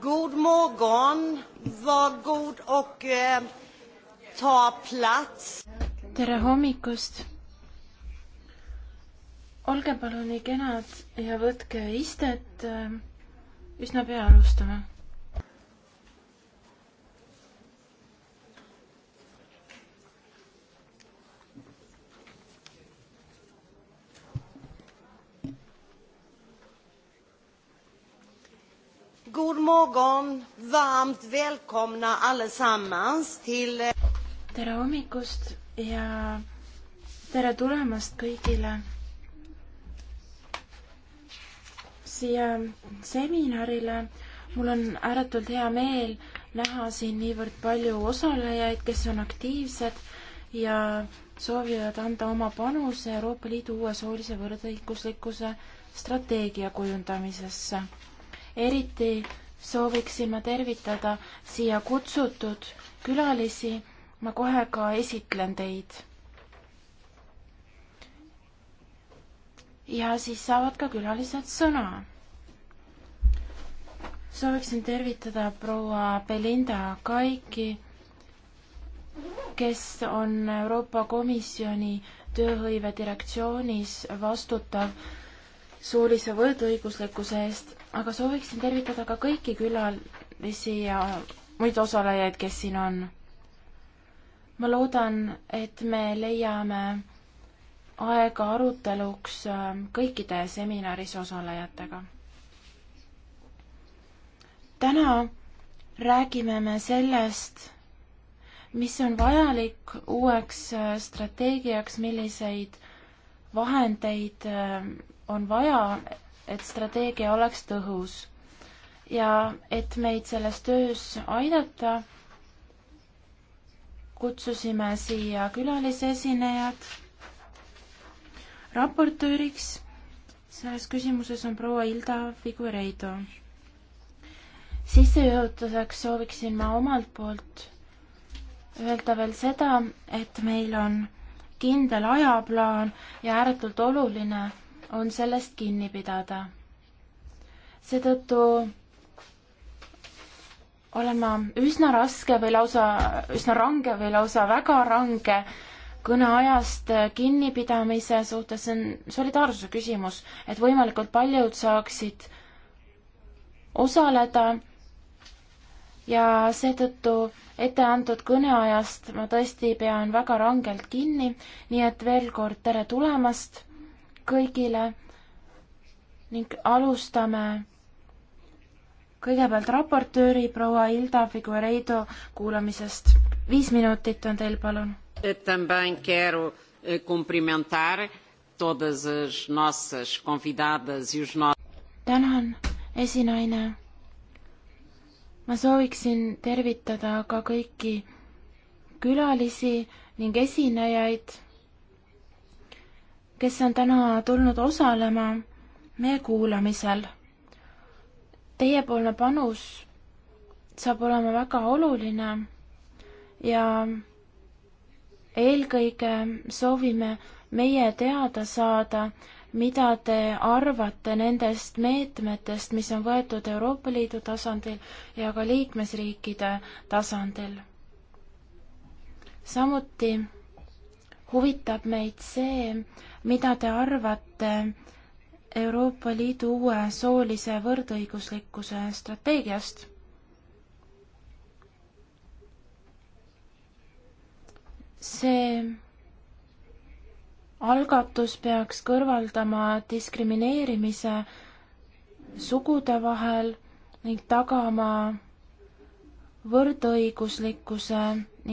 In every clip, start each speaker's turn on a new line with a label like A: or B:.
A: God morgon, var god och eh, ta plats. tere
B: hommikust. olge palun nii kenad ja võtke istet. Eh, üsna pea alustame
A: morgon! Varmt välkomna allesammans till... Eh, tere hommikust ja tere tulemast kõigile
B: siia seminarile. mul on ääretult hea meel näha siin niivõrd palju osalejaid, kes on aktiivsed ja soovivad anda oma panuse Euroopa Liidu uue soolise võrdõiguslikkuse strateegia kujundamisesse. eriti sooviksin ma tervitada siia kutsutud külalisi. ma kohe ka esitlen teid. ja siis saavad ka külalised sõna. sooviksin tervitada proua Belinda Kaiki, kes on Euroopa Komisjoni tööhõive direktsioonis vastutav soolise võrdõiguslikkuse eest, aga sooviksin tervitada ka kõiki külalisi ja muid osalejaid, kes siin on. ma loodan, et me leiame aega aruteluks ähm, kõikide seminaris osalejatega. täna räägime me sellest, mis on vajalik uueks äh, strateegiaks, milliseid vahendeid ähm, on vaja, et strateegia oleks tõhus ja et meid selles töös aidata, kutsusime siia külalisesinejad raportööriks selles küsimuses on proua Hilda Figureido. sissejuhatuseks sooviksin ma omalt poolt öelda veel seda, et meil on kindel ajaplaan ja ääretult oluline, on sellest kinni pidada. seetõttu olen ma üsna raske või lausa, üsna range või lausa väga range kõneajast kinnipidamise suhtes, see on solidaarsuse küsimus, et võimalikult paljud saaksid osaleda ja seetõttu ette antud kõneajast ma tõesti pean väga rangelt kinni, nii et veel kord tere tulemast kõigile ning alustame kõigepealt raportööri proua Hilda Figueiredo kuulamisest. viis minutit on teil, palun.
A: Também quero eh, cumprimentar todas as nossas convidadas e os nossos.
B: tänan, esinaine. ma sooviksin tervitada ka kõiki külalisi ning esinejaid kes on täna tulnud osalema meie kuulamisel. Teiepoolne panus saab olema väga oluline ja eelkõige soovime meie teada saada, mida te arvate nendest meetmetest, mis on võetud Euroopa Liidu tasandil ja ka liikmesriikide tasandil. samuti huvitab meid see, mida te arvate Euroopa Liidu uue soolise võrdõiguslikkuse strateegiast? see algatus peaks kõrvaldama diskrimineerimise sugude vahel ning tagama võrdõiguslikkuse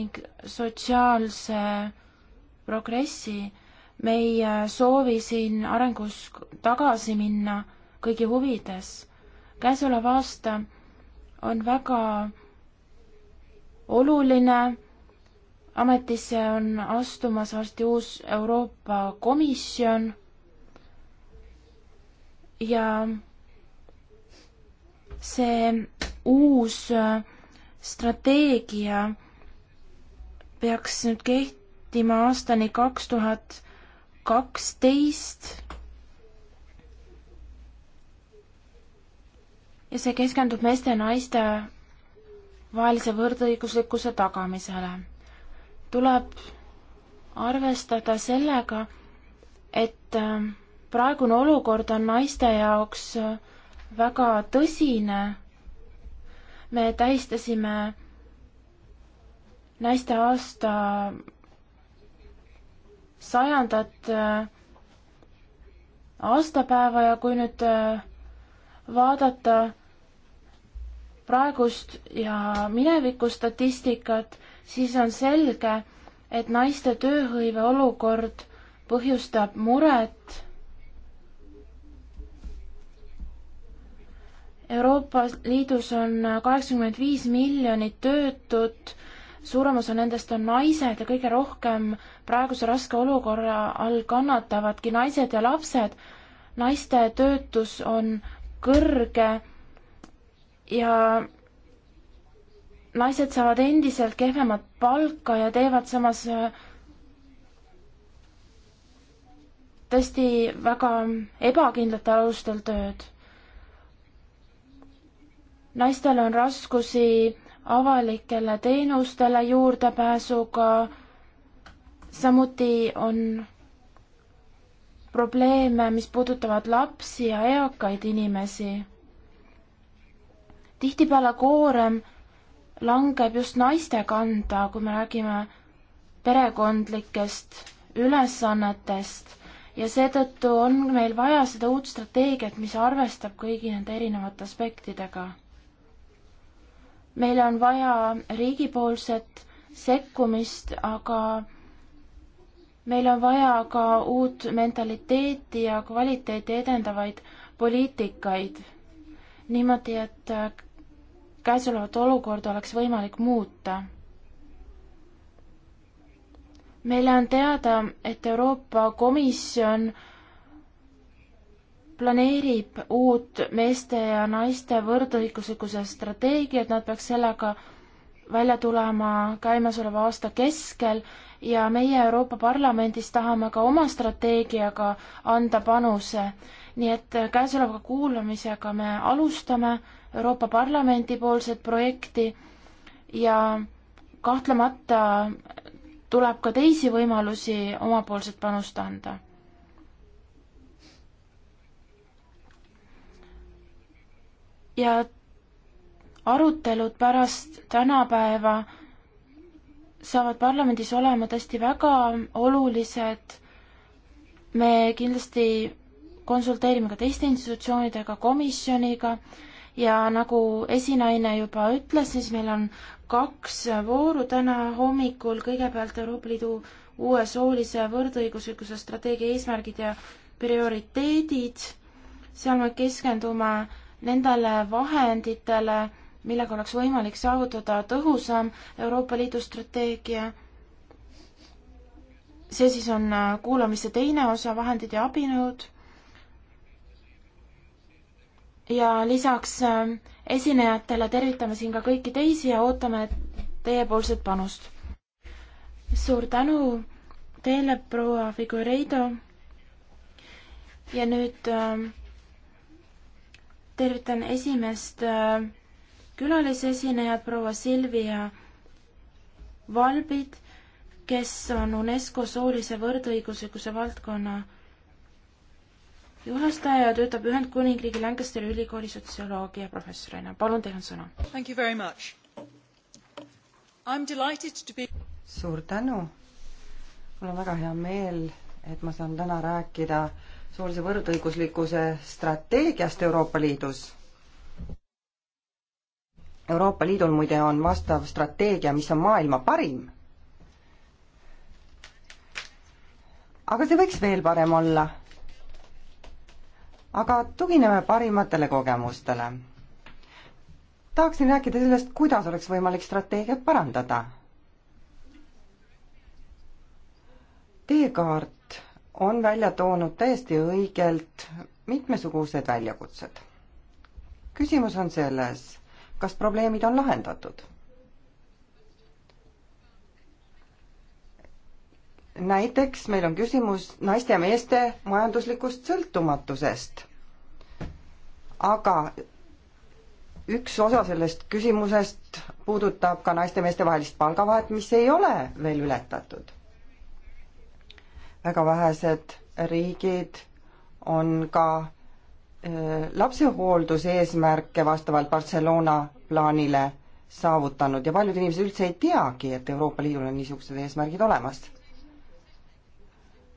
B: ning sotsiaalse progressi me ei äh, soovi siin arengus tagasi minna kõigi huvides. käesolev aasta on väga oluline. ametisse on astumas varsti uus Euroopa Komisjon ja see uus äh, strateegia peaks nüüd kehtima aastani kaks tuhat kaksteist. ja see keskendub meeste ja naiste vahelise võrdõiguslikkuse tagamisele. tuleb arvestada sellega, et äh, praegune olukord on naiste jaoks äh, väga tõsine. me tähistasime naiste aasta sajandat äh, aastapäeva ja kui nüüd äh, vaadata praegust ja mineviku statistikat, siis on selge, et naiste tööhõive olukord põhjustab muret. Euroopa Liidus on kaheksakümmend viis miljonit töötut suurem osa nendest on naised ja kõige rohkem praeguse raske olukorra all kannatavadki naised ja lapsed. naiste töötus on kõrge ja naised saavad endiselt kehvemat palka ja teevad samas äh, tõesti väga ebakindlatel alustel tööd. naistel on raskusi avalikele teenustele juurdepääsuga, samuti on probleeme, mis puudutavad lapsi ja eakaid inimesi. tihtipeale koorem langeb just naiste kanda, kui me räägime perekondlikest ülesannetest ja seetõttu on meil vaja seda uut strateegiat, mis arvestab kõigi nende erinevate aspektidega meil on vaja riigipoolset sekkumist, aga meil on vaja ka uut mentaliteeti ja kvaliteeti edendavaid poliitikaid. niimoodi, et äh, käesolevat olukorda oleks võimalik muuta. meile on teada, et Euroopa Komisjon planeerib uut meeste ja naiste võrdõiguslikkuse strateegiat, nad peaks sellega välja tulema käimasoleva aasta keskel ja meie Euroopa Parlamendis tahame ka oma strateegiaga anda panuse. nii et käesoleva kuulamisega me alustame Euroopa Parlamendi poolset projekti ja kahtlemata tuleb ka teisi võimalusi omapoolset panust anda ja arutelud pärast tänapäeva saavad parlamendis olema tõesti väga olulised. me kindlasti konsulteerime ka teiste institutsioonidega, komisjoniga ja nagu esinaine juba ütles, siis meil on kaks vooru täna hommikul, kõigepealt Euroopa Liidu uue soolise võrdõiguslikkuse strateegia eesmärgid ja prioriteedid. seal me keskendume nendele vahenditele, millega oleks võimalik saavutada tõhusam Euroopa Liidu strateegia. see siis on äh, kuulamise teine osa, vahendid ja abinõud. ja lisaks äh, esinejatele tervitame siin ka kõiki teisi ja ootame teiepoolset panust. suur tänu teile, proua Figureido. ja nüüd äh, tervitan esimest äh, külalisesinejat, proua Silvia Valbit, kes on UNESCO soolise võrdõiguslikkuse valdkonna juhastaja ja töötab Ühendkuningriigi Lancasteri ülikooli sotsioloogia professorina. palun, teil on sõna. suur tänu. mul on väga hea
C: meel, et ma saan täna rääkida äh, soolise võrdõiguslikkuse strateegiast Euroopa Liidus. Euroopa Liidul muide on vastav strateegia, mis on maailma parim. aga see võiks veel parem olla. aga tugineme parimatele kogemustele. tahaksin rääkida sellest, kuidas oleks võimalik strateegiat parandada teekaart on välja toonud täiesti õigelt mitmesugused väljakutsed. küsimus on selles, kas probleemid on lahendatud. näiteks meil on küsimus naiste ja meeste majanduslikust sõltumatusest. aga üks osa sellest küsimusest puudutab ka naiste-meeste vahelist palgavahet, mis ei ole veel ületatud väga vähesed riigid on ka äh, lapsehoolduse eesmärke vastavalt Barcelona plaanile saavutanud ja paljud inimesed üldse ei teagi, et Euroopa Liidul on niisugused eesmärgid olemas.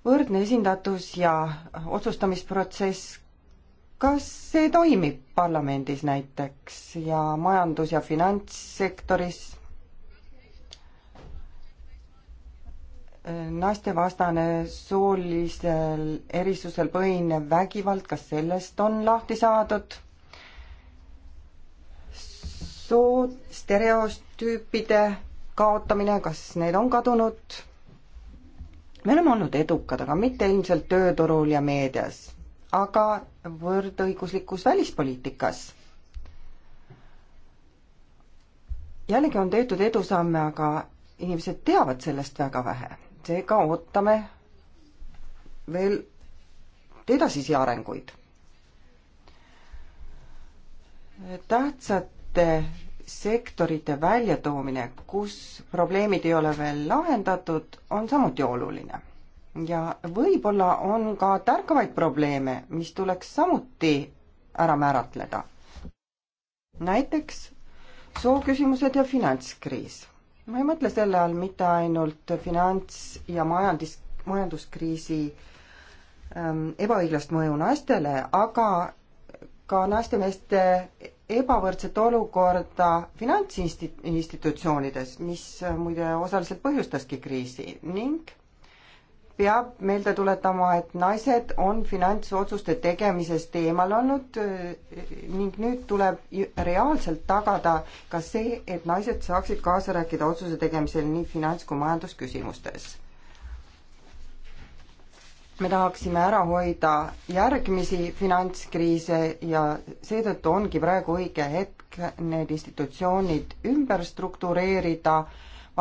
C: võrdne esindatus ja otsustamisprotsess, kas see toimib parlamendis näiteks ja majandus- ja finantssektoris naistevastane soolisel erisusel põhinev vägivald, kas sellest on lahti saadud? soo stereotüüpide kaotamine, kas need on kadunud? me oleme olnud edukad, aga mitte ilmselt tööturul ja meedias, aga võrdõiguslikkus välispoliitikas jällegi on tehtud edusamme, aga inimesed teavad sellest väga vähe seega ootame veel edasisi arenguid. tähtsate sektorite väljatoomine, kus probleemid ei ole veel lahendatud, on samuti oluline. ja võib-olla on ka tärkavaid probleeme, mis tuleks samuti ära määratleda. näiteks sooküsimused ja finantskriis ma ei mõtle selle all mitte ainult finants- ja majandis, majanduskriisi ähm, ebaõiglast mõju naistele, aga ka naistemeeste ebavõrdset olukorda finantsinstitutsioonides, mis äh, muide osaliselt põhjustaski kriisi ning peab meelde tuletama, et naised on finantsotsuste tegemisest eemal olnud eh, ning nüüd tuleb reaalselt tagada ka see, et naised saaksid kaasa rääkida otsuse tegemisel nii finants- kui majandusküsimustes. me tahaksime ära hoida järgmisi finantskriise ja seetõttu ongi praegu õige hetk need institutsioonid ümber struktureerida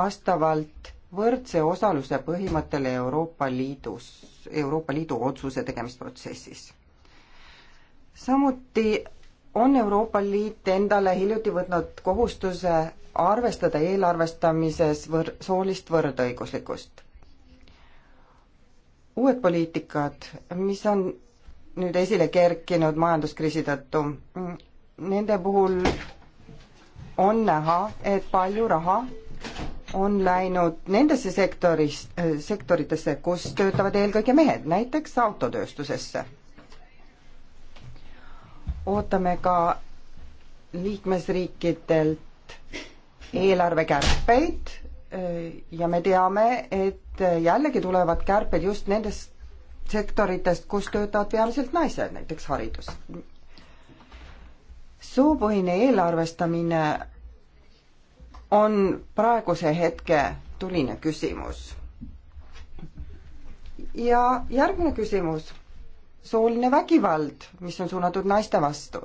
C: vastavalt võrdse osaluse põhimõttele Euroopa Liidus, Euroopa Liidu otsuse tegemisprotsessis. samuti on Euroopa Liit endale hiljuti võtnud kohustuse arvestada eelarvestamises võr-, soolist võrdõiguslikkust. uued poliitikad, mis on nüüd esile kerkinud majanduskriisi tõttu, nende puhul on näha, et palju raha on läinud nendesse sektoris, äh, sektoritesse, kus töötavad eelkõige mehed, näiteks autotööstusesse. ootame ka liikmesriikidelt eelarvekärpeid äh, ja me teame, et jällegi tulevad kärped just nendest sektoritest, kus töötavad peamiselt naised, näiteks haridus. soopõhine eelarvestamine on praeguse hetke tuline küsimus. ja järgmine küsimus, sooline vägivald, mis on suunatud naiste vastu.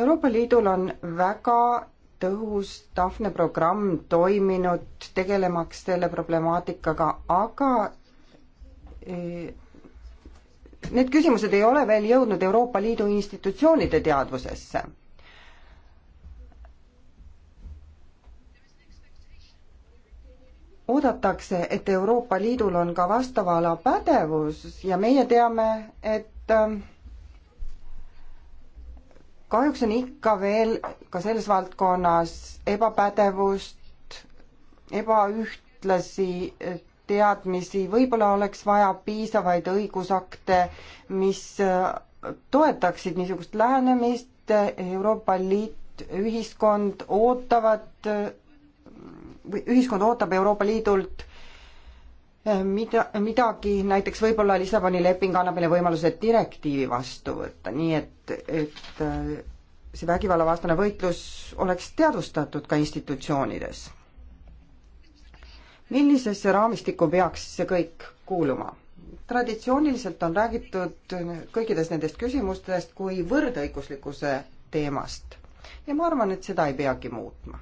C: Euroopa Liidul on väga tõhus Daphne programm toiminud, tegelemaks selle problemaatikaga, aga e, need küsimused ei ole veel jõudnud Euroopa Liidu institutsioonide teadvusesse oodatakse, et Euroopa Liidul on ka vastava ala pädevus ja meie teame, et ähm, kahjuks on ikka veel ka selles valdkonnas ebapädevust, ebaühtlasi äh, teadmisi, võib-olla oleks vaja piisavaid õigusakte, mis äh, toetaksid niisugust lähenemist, Euroopa Liit, ühiskond ootavad äh, ühiskond ootab Euroopa Liidult eh, mida, midagi, näiteks võib-olla Lissaboni leping annab meile võimaluse direktiivi vastu võtta, nii et, et eh, see vägivallavastane võitlus oleks teadvustatud ka institutsioonides. millisesse raamistikku peaks see kõik kuuluma? traditsiooniliselt on räägitud kõikidest nendest küsimustest kui võrdõiguslikkuse teemast ja ma arvan, et seda ei peagi muutma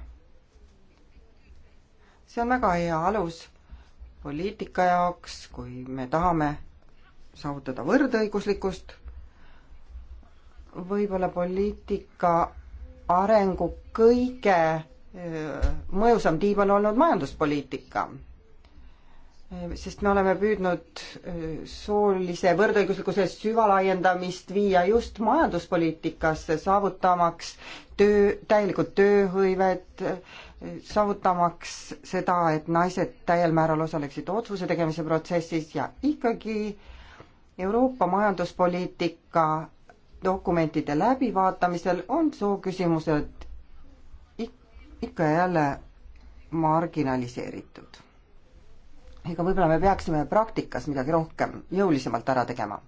C: see on väga hea alus poliitika jaoks, kui me tahame saavutada võrdõiguslikkust. võib-olla poliitika arengu kõige mõjusam tiib on olnud majanduspoliitika. sest me oleme püüdnud soolise võrdõiguslikkuse süvalaiendamist viia just majanduspoliitikasse, saavutamaks töö, täielikult tööhõivet, saavutamaks seda, et naised täiel määral osaleksid otsuse tegemise protsessis ja ikkagi Euroopa majanduspoliitika dokumentide läbivaatamisel on sooküsimused ikka ja jälle marginaliseeritud. ega võib-olla me peaksime praktikas midagi rohkem, jõulisemalt ära tegema.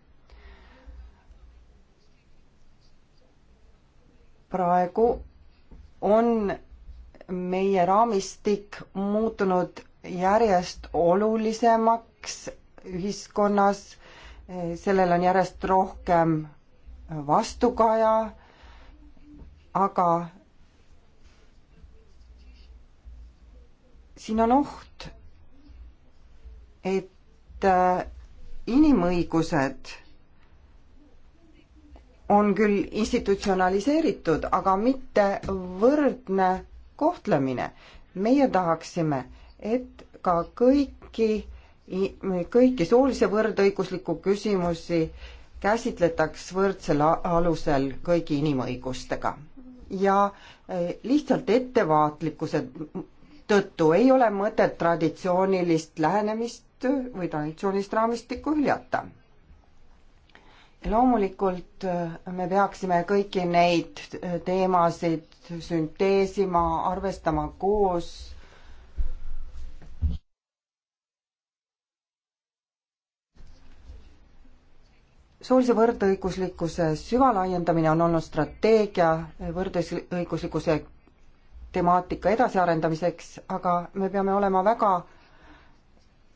C: praegu on meie raamistik muutunud järjest olulisemaks ühiskonnas, sellel on järjest rohkem vastukaja, aga siin on oht, et äh, inimõigused on küll institutsionaliseeritud, aga mitte võrdne kohtlemine. meie tahaksime, et ka kõiki, kõiki soolise võrdõiguslikku küsimusi käsitletaks võrdsel alusel kõigi inimõigustega. ja eh, lihtsalt ettevaatlikkuse tõttu ei ole mõtet traditsioonilist lähenemist või traditsioonilist raamistikku hüljata loomulikult äh, me peaksime kõiki neid teemasid sünteesima, arvestama koos. soolise võrdõiguslikkuse süvalaiendamine on olnud strateegia võrdõiguslikkuse temaatika edasiarendamiseks, aga me peame olema väga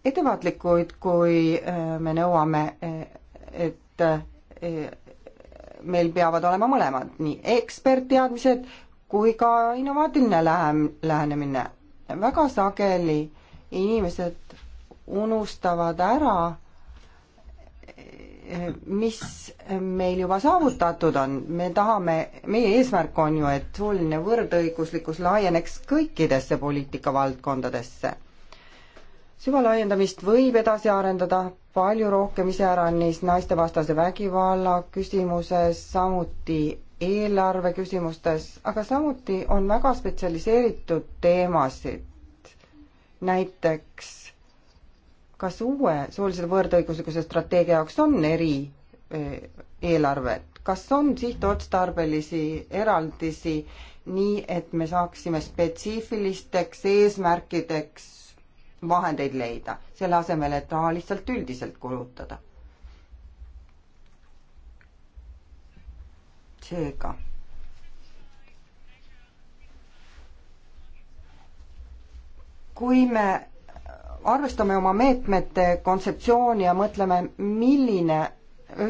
C: ettevaatlikud, kui äh, me nõuame, äh, et meil peavad olema mõlemad, nii ekspertteadmised kui ka innovaatiline lähem-, lähenemine. väga sageli inimesed unustavad ära, mis meil juba saavutatud on, me tahame, meie eesmärk on ju, et sooline võrdõiguslikkus laieneks kõikidesse poliitikavaldkondadesse. süvalaiendamist võib edasi arendada palju rohkem iseäranis naistevastase vägivalla küsimuses, samuti eelarve küsimustes, aga samuti on väga spetsialiseeritud teemasid. näiteks, kas uue soolise võrdõiguslikkuse strateegia jaoks on eri eh, eelarved, kas on sihtotstarbelisi eraldisi, nii et me saaksime spetsiifilisteks eesmärkideks vahendeid leida, selle asemel, et raha lihtsalt üldiselt kulutada. seega. kui me arvestame oma meetmete kontseptsiooni ja mõtleme, milline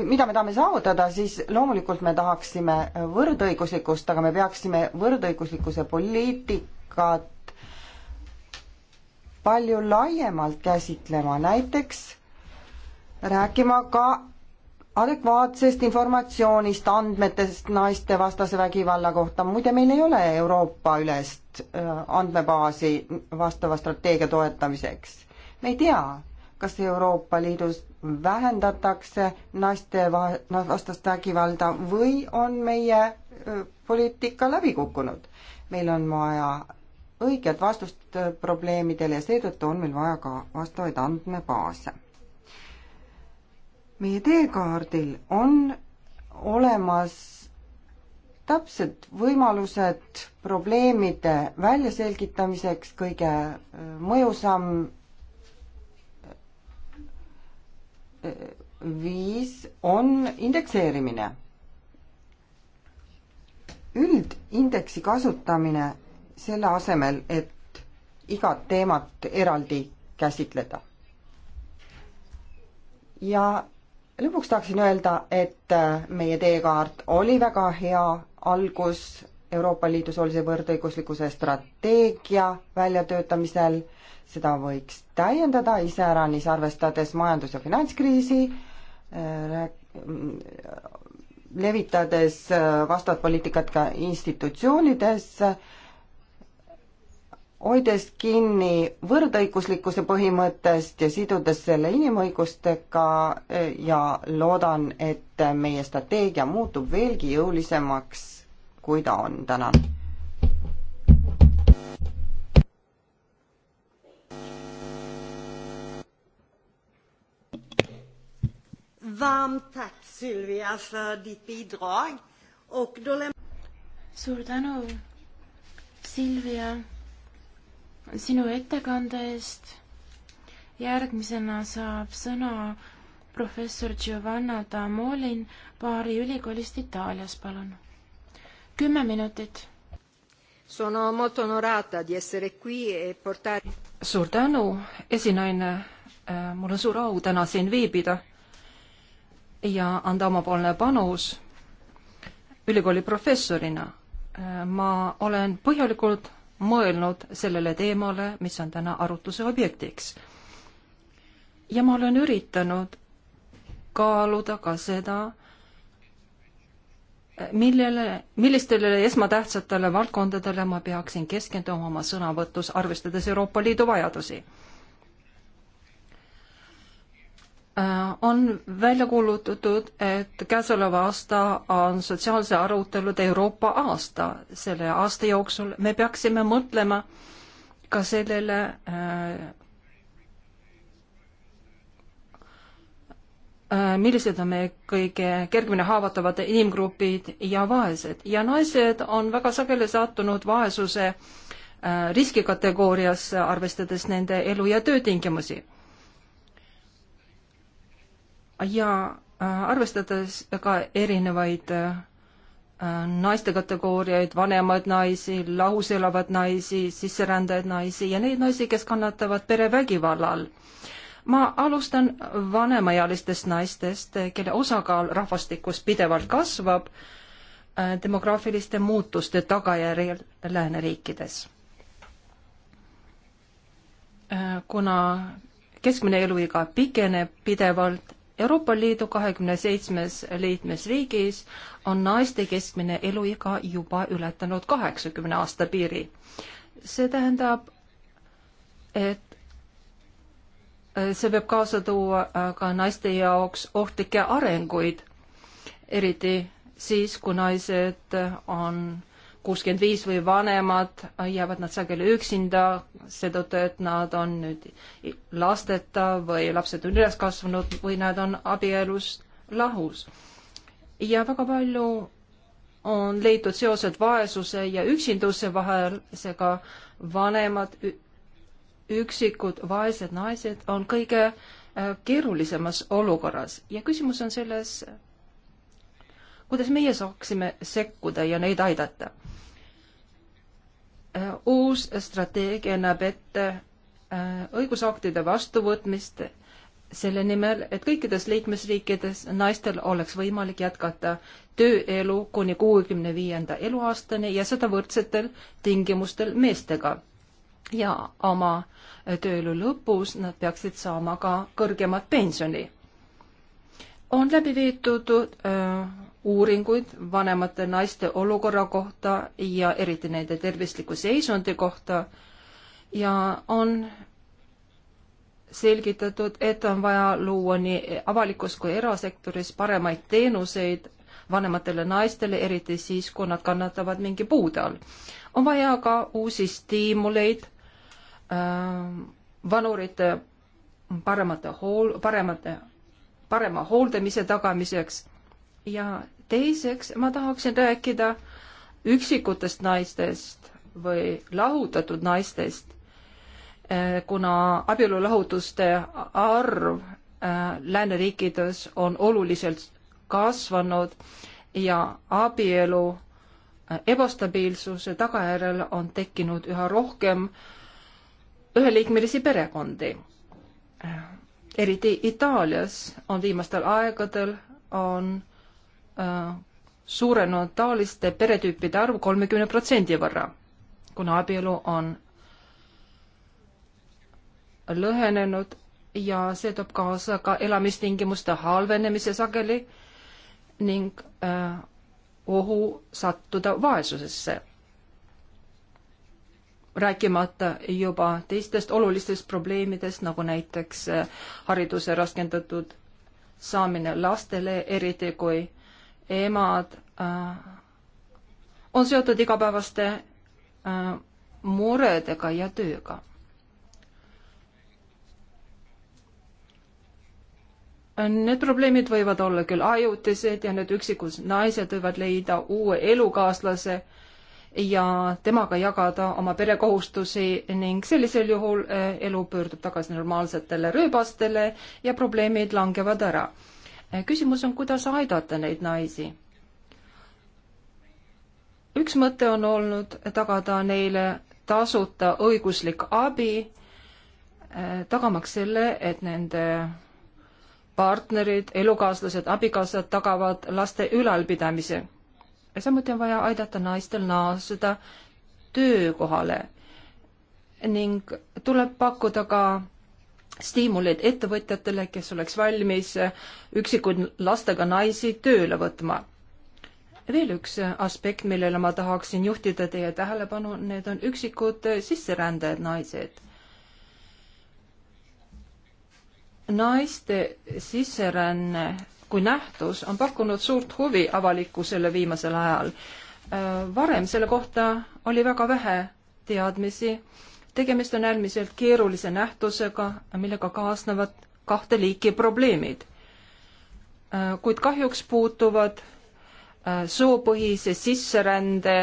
C: mida me tahame saavutada, siis loomulikult me tahaksime võrdõiguslikkust, aga me peaksime võrdõiguslikkuse poliitikat palju laiemalt käsitlema, näiteks rääkima ka adekvaatsest informatsioonist, andmetest naistevastase vägivalla kohta, muide meil ei ole Euroopa-ülest äh, andmebaasi vastava strateegia toetamiseks. me ei tea, kas Euroopa Liidus vähendatakse naiste vastast vägivalda või on meie äh, poliitika läbi kukkunud. meil on vaja õiget vastust äh, probleemidele ja seetõttu on meil vaja ka vastavaid andmebaase. meie teekaardil on olemas täpsed võimalused probleemide väljaselgitamiseks, kõige äh, mõjusam äh, viis on indekseerimine. üldindeksi kasutamine selle asemel, et igat teemat eraldi käsitleda. ja lõpuks tahaksin öelda, et äh, meie teekaart oli väga hea algus Euroopa Liidu soolise võrdõiguslikkuse strateegia väljatöötamisel, seda võiks täiendada iseäranis, arvestades majandus- ja finantskriisi, äh, äh, levitades vastavat poliitikat ka institutsioonides, hoides kinni võrdõiguslikkuse põhimõttest ja sidudes selle inimõigustega e, ja loodan, et meie strateegia muutub veelgi jõulisemaks, kui ta on, tänan.
A: suur tänu, Silvia
B: sinu ettekande eest. järgmisena saab sõna professor Giovanna Tamolin Bari ülikoolist
D: Itaalias, palun. kümme minutit. Sono molto onorata di essere qui e portare suur tänu, esinaine. Äh, mul on suur au täna siin viibida ja anda omapoolne panus ülikooli professorina. Äh, ma olen põhjalikult mõelnud sellele teemale, mis on täna arutluse objektiks. ja ma olen üritanud kaaluda ka seda, millele, millistele esmatähtsatele valdkondadele ma peaksin keskenduma oma sõnavõtus, arvestades Euroopa Liidu vajadusi Äh, on välja kuulutatud, et käesoleva aasta on sotsiaalse arutelude Euroopa aasta. selle aasta jooksul me peaksime mõtlema ka sellele äh, äh,, millised on meie kõige kergemini haavatavad inimgrupid ja vaesed. ja naised on väga sageli sattunud vaesuse äh, riskikategooriasse, arvestades nende elu- ja töötingimusi ja äh, arvestades ka erinevaid äh, naiste kategooriaid, vanemaid naisi, lahus elavad naisi, sisserändajaid naisi ja neid naisi, kes kannatavad perevägivallal. ma alustan vanemaealistest naistest, kelle osakaal rahvastikus pidevalt kasvab äh, demograafiliste muutuste tagajärjel lääneriikides. kuna keskmine eluiga pikeneb pidevalt Euroopa Liidu kahekümne seitsmes liikmesriigis on naiste keskmine eluiga juba ületanud kaheksakümne aasta piiri. see tähendab, et äh, see võib kaasa tuua äh, ka naiste jaoks ohtlikke arenguid, eriti siis, kui naised äh, on kuuskümmend viis või vanemad, jäävad nad sageli üksinda seetõttu, et nad on nüüd lasteta või lapsed on üles kasvanud või nad on abielust lahus. ja väga palju on leitud seosed vaesuse ja üksinduse vahel, seega vanemad, üksikud vaesed naised on kõige äh, keerulisemas olukorras ja küsimus on selles, kuidas meie saaksime sekkuda ja neid aidata. Äh, uus strateegia näeb ette äh, õigusaktide vastuvõtmist selle nimel, et kõikides liikmesriikides naistel oleks võimalik jätkata tööelu kuni kuuekümne viienda eluaastani ja seda võrdsetel tingimustel meestega. ja oma tööelu lõpus nad peaksid saama ka kõrgemat pensioni. on läbi viidud öö, äh, uuringuid vanemate naiste olukorra kohta ja eriti nende tervisliku seisundi kohta ja on selgitatud, et on vaja luua nii avalikus kui erasektoris paremaid teenuseid vanematele naistele, eriti siis, kui nad kannatavad mingi puude all. on vaja ka uusi stiimuleid äh, vanurite paremate hool-, paremate, parema hooldamise tagamiseks ja teiseks ma tahaksin rääkida üksikutest naistest või lahutatud naistest, eh, kuna abielulahutuste arv eh, lääneriikides on oluliselt kasvanud ja abielu eh, ebastabiilsuse tagajärjel on tekkinud üha rohkem üheliikmelisi perekondi. eriti Itaalias on viimastel aegadel, on Äh, suurenenud taoliste peretüüpide arv kolmekümne protsendi võrra, kuna abielu on lõhenenud ja see toob kaasa ka elamistingimuste halvenemise sageli ning äh, ohu sattuda vaesusesse. rääkimata juba teistest olulistest probleemidest, nagu näiteks äh, hariduse raskendatud saamine lastele, eriti kui äh, emad äh, on seotud igapäevaste äh, muredega ja tööga. Need probleemid võivad olla küll ajutised ja need üksikud naised võivad leida uue elukaaslase ja temaga jagada oma perekohustusi ning sellisel juhul äh, elu pöördub tagasi normaalsetele rööbastele ja probleemid langevad ära Eh, küsimus on, kuidas aidata neid naisi. üks mõte on olnud tagada neile tasuta õiguslik abi, eh, tagamaks selle, et nende partnerid, elukaaslased, abikaasad tagavad laste ülalpidamise. samuti on vaja aidata naistel naaseda töökohale ning tuleb pakkuda ka stiimulid ettevõtjatele, kes oleks valmis üksikuid lastega naisi tööle võtma. veel üks aspekt, millele ma tahaksin juhtida teie tähelepanu, need on üksikud sisserändajad naised. naiste sisseränne kui nähtus on pakkunud suurt huvi avalikkusele viimasel ajal. varem selle kohta oli väga vähe teadmisi tegemist on äärmiselt keerulise nähtusega, millega kaasnevad kahte liiki probleemid. Äh, kuid kahjuks puutuvad äh, soopõhise sisserände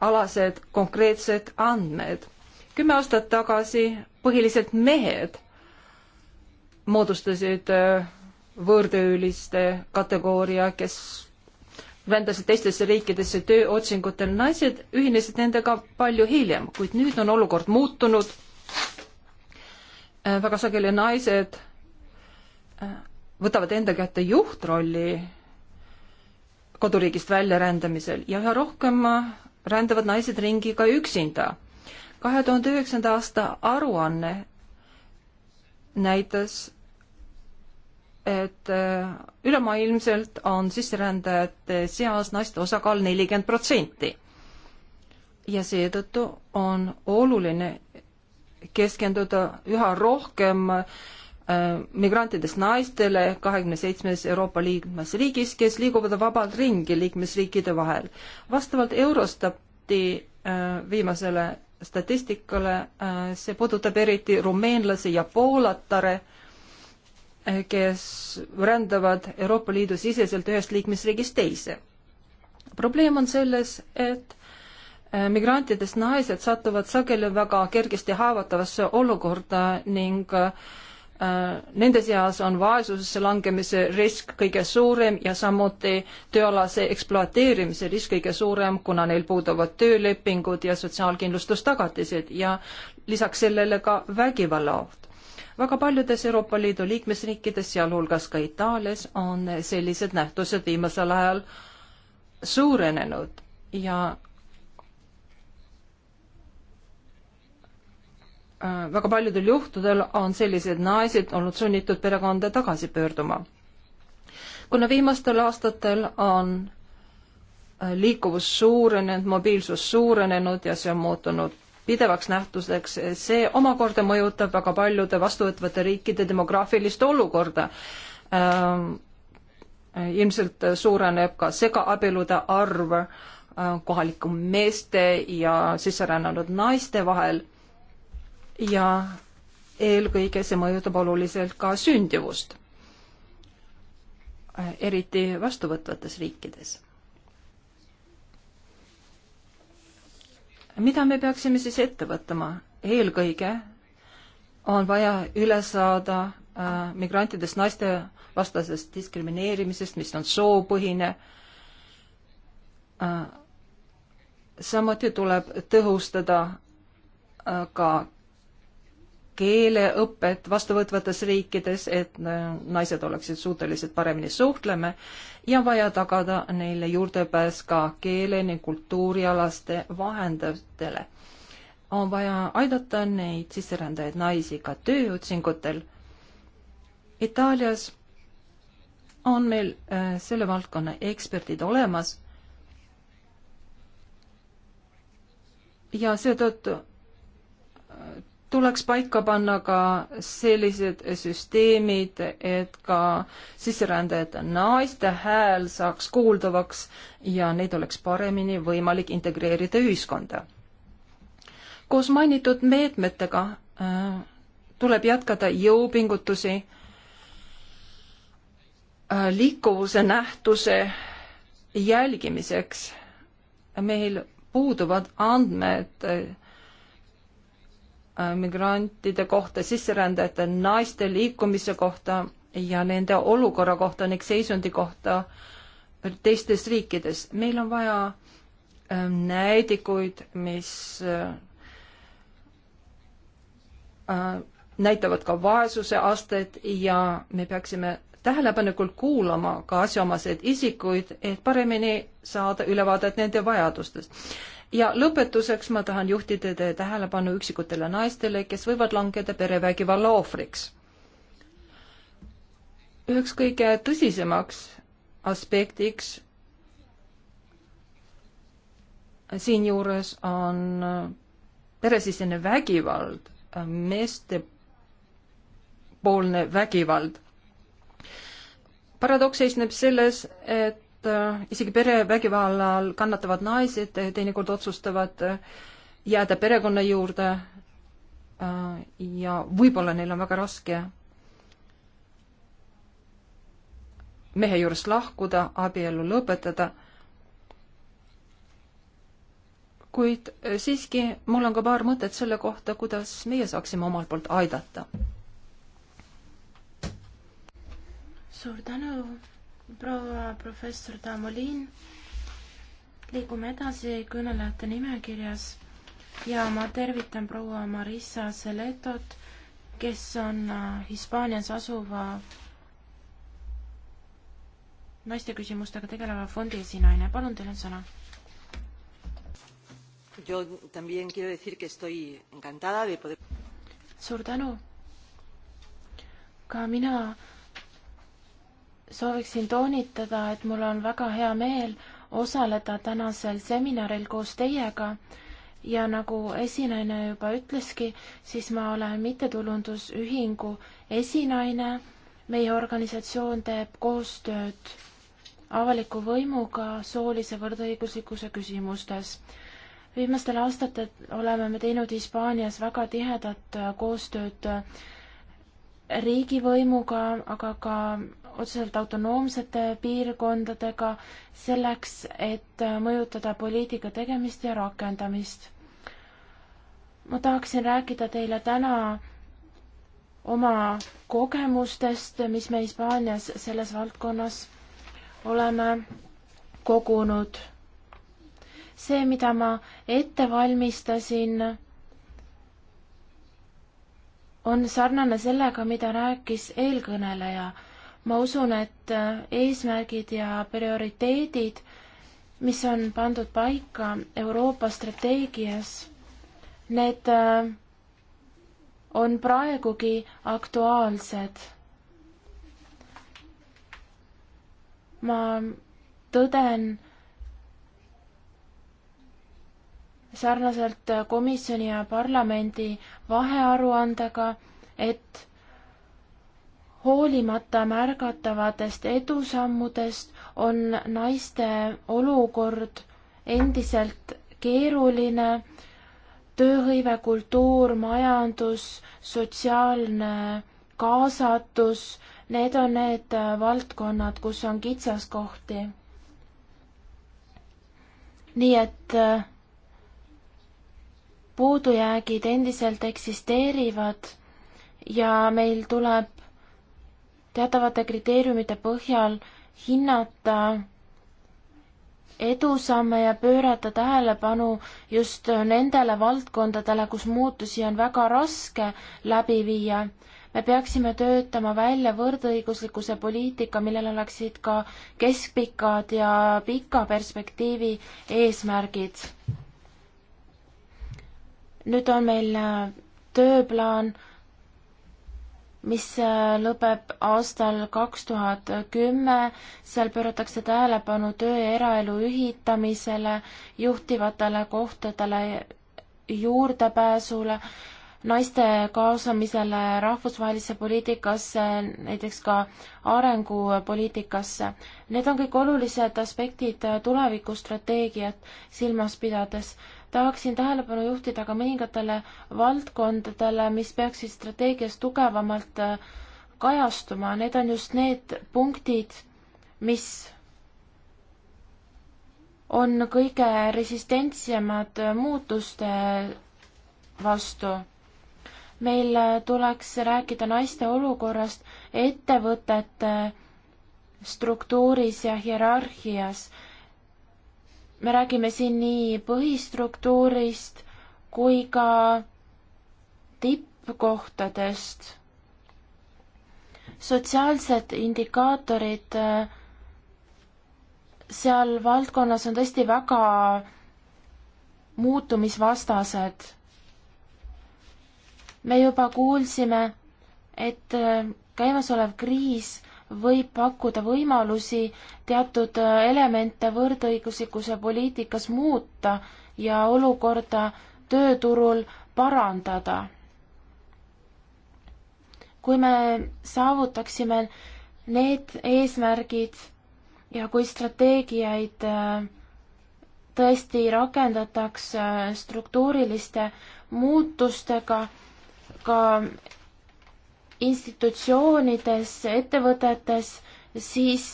D: alased konkreetsed andmed. kümme aastat tagasi põhiliselt mehed moodustasid äh, võõrtööliste kategooria, kes rändasid teistesse riikidesse tööotsingutel, naised ühinesid nendega palju hiljem, kuid nüüd on olukord muutunud. Äh, väga sageli naised äh, võtavad enda kätte juhtrolli koduriigist väljarändamisel ja üha rohkem äh, rändavad naised ringi ka üksinda. kahe tuhande üheksanda aasta aruanne näitas et äh, ülemaailmselt on sisserändajate seas naiste osakaal nelikümmend protsenti. ja seetõttu on oluline keskenduda üha rohkem äh, migrantidest naistele kahekümne seitsmes Euroopa liikmesriigis, kes liiguvad vabalt ringi liikmesriikide vahel. vastavalt Eurostati äh, viimasele statistikale äh, see puudutab eriti rumeenlasi ja poolatare äh, kes rändavad Euroopa Liidu siseselt ühest liikmesriigist teise. probleem on selles, et äh, migrantidest naised satuvad sageli väga kergesti haavatavasse olukorda ning äh, nende seas on vaesusesse langemise risk kõige suurem ja samuti tööalase ekspluateerimise risk kõige suurem, kuna neil puuduvad töölepingud ja sotsiaalkindlustustagatised ja lisaks sellele ka vägivalla oht väga paljudes Euroopa Liidu liikmesriikides, sealhulgas ka Itaalias, on sellised nähtused viimasel ajal suurenenud ja äh, väga paljudel juhtudel on sellised naised olnud sunnitud perekonda tagasi pöörduma. kuna viimastel aastatel on äh, liikuvus suurenenud, mobiilsus suurenenud ja see on muutunud pidevaks nähtuseks, see omakorda mõjutab väga paljude vastuvõtvate riikide demograafilist olukorda ähm,. ilmselt suureneb ka segaabielude arv äh, kohaliku meeste ja sisserännanud naiste vahel ja eelkõige see mõjutab oluliselt ka sündivust, äh, eriti vastuvõtvates riikides mida me peaksime siis ette võtma? eelkõige on vaja üle saada äh, migrantidest naiste vastasest diskrimineerimisest, mis on soopõhine äh,. samuti tuleb tõhustada äh, ka keeleõpet vastuvõtvates riikides, et naised oleksid suutelised paremini suhtlema ja vaja tagada neile juurdepääs ka keele ning kultuurialaste vahendajatele. on vaja aidata neid sisserändajaid naisi ka tööotsingutel. Itaalias on meil äh, selle valdkonna eksperdid olemas ja seetõttu äh, tuleks paika panna ka sellised süsteemid, et ka sisserändajate naiste hääl saaks kuuldavaks ja neid oleks paremini võimalik integreerida ühiskonda. koos mainitud meetmetega äh, tuleb jätkata jõupingutusi äh, liikuvuse nähtuse jälgimiseks. meil puuduvad andmed äh, Äh, migrantide kohta, sisserändajate naiste liikumise kohta ja nende olukorra kohta ning seisundi kohta teistes riikides. meil on vaja ähm, näidikuid, mis äh, äh, näitavad ka vaesuse astet ja me peaksime tähelepanelikult kuulama ka asjaomaseid isikuid, et paremini saada ülevaadet nende vajadustest ja lõpetuseks ma tahan juhtida teie tähelepanu üksikutele naistele, kes võivad langeda perevägivalla ohvriks. üheks kõige tõsisemaks aspektiks siinjuures on peresisene vägivald, meestepoolne vägivald. paradoks seisneb selles, et et äh, isegi perevägivallal kannatavad naised teinekord otsustavad äh, jääda perekonna juurde äh, ja võib-olla neil on väga raske mehe juurest lahkuda, abielu lõpetada. kuid siiski mul on ka paar mõtet selle kohta, kuidas meie saaksime omalt poolt aidata.
B: suur tänu proua professor Tamolin. liigume edasi kõnelejate nimekirjas ja ma tervitan proua Marissa Seletot, kes on äh, Hispaanias asuva naiste küsimustega tegeleva fondi esinaine. palun, teil on sõna. suur tänu. ka mina sooviksin toonitada, et mul on väga hea meel osaleda tänasel seminaril koos teiega ja nagu esinaine juba ütleski, siis ma olen mittetulundusühingu esinaine. meie organisatsioon teeb koostööd avaliku võimuga soolise võrdõiguslikkuse küsimustes. viimastel aastatel oleme me teinud Hispaanias väga tihedat koostööd riigivõimuga, aga ka otseselt autonoomsete piirkondadega selleks, et mõjutada poliitika tegemist ja rakendamist. ma tahaksin rääkida teile täna oma kogemustest, mis me Hispaanias selles valdkonnas oleme kogunud. see, mida ma ette valmistasin, on sarnane sellega, mida rääkis eelkõneleja ma usun, et äh, eesmärgid ja prioriteedid, mis on pandud paika Euroopa strateegias, need äh, on praegugi aktuaalsed. ma tõden sarnaselt komisjoni ja parlamendi vahearuandega, et hoolimata märgatavatest edusammudest on naiste olukord endiselt keeruline. tööhõive, kultuur, majandus, sotsiaalne kaasatus, need on need äh, valdkonnad, kus on kitsaskohti. nii et äh, puudujäägid endiselt eksisteerivad ja meil tuleb teatavate kriteeriumite põhjal hinnata edusamme ja pöörata tähelepanu just nendele valdkondadele, kus muutusi on väga raske läbi viia. me peaksime töötama välja võrdõiguslikkuse poliitika, millel oleksid ka keskpikad ja pika perspektiivi eesmärgid. nüüd on meil äh, tööplaan mis äh, lõpeb aastal kaks tuhat kümme, seal pööratakse tähelepanu töö ja eraelu ühitamisele, juhtivatele kohtadele juurdepääsule, naiste kaasamisele rahvusvahelisse poliitikasse, näiteks ka arengupoliitikasse. Need on kõik olulised aspektid äh, tulevikustrateegiat silmas pidades tahaksin tähelepanu juhtida ka mõningatele valdkondadele, mis peaksid strateegias tugevamalt äh, kajastuma, need on just need punktid, mis on kõige resistentsemad muutuste vastu. meil äh, tuleks rääkida naiste olukorrast ettevõtete struktuuris ja hierarhias me räägime siin nii põhistruktuurist kui ka tippkohtadest. sotsiaalsed indikaatorid äh, seal valdkonnas on tõesti väga muutumisvastased. me juba kuulsime, et äh, käimasolev kriis võib pakkuda võimalusi teatud äh, elemente võrdõiguslikkuse poliitikas muuta ja olukorda tööturul parandada. kui me saavutaksime need eesmärgid ja kui strateegiaid äh, tõesti rakendataks äh, struktuuriliste muutustega ka institutsioonides, ettevõtetes, siis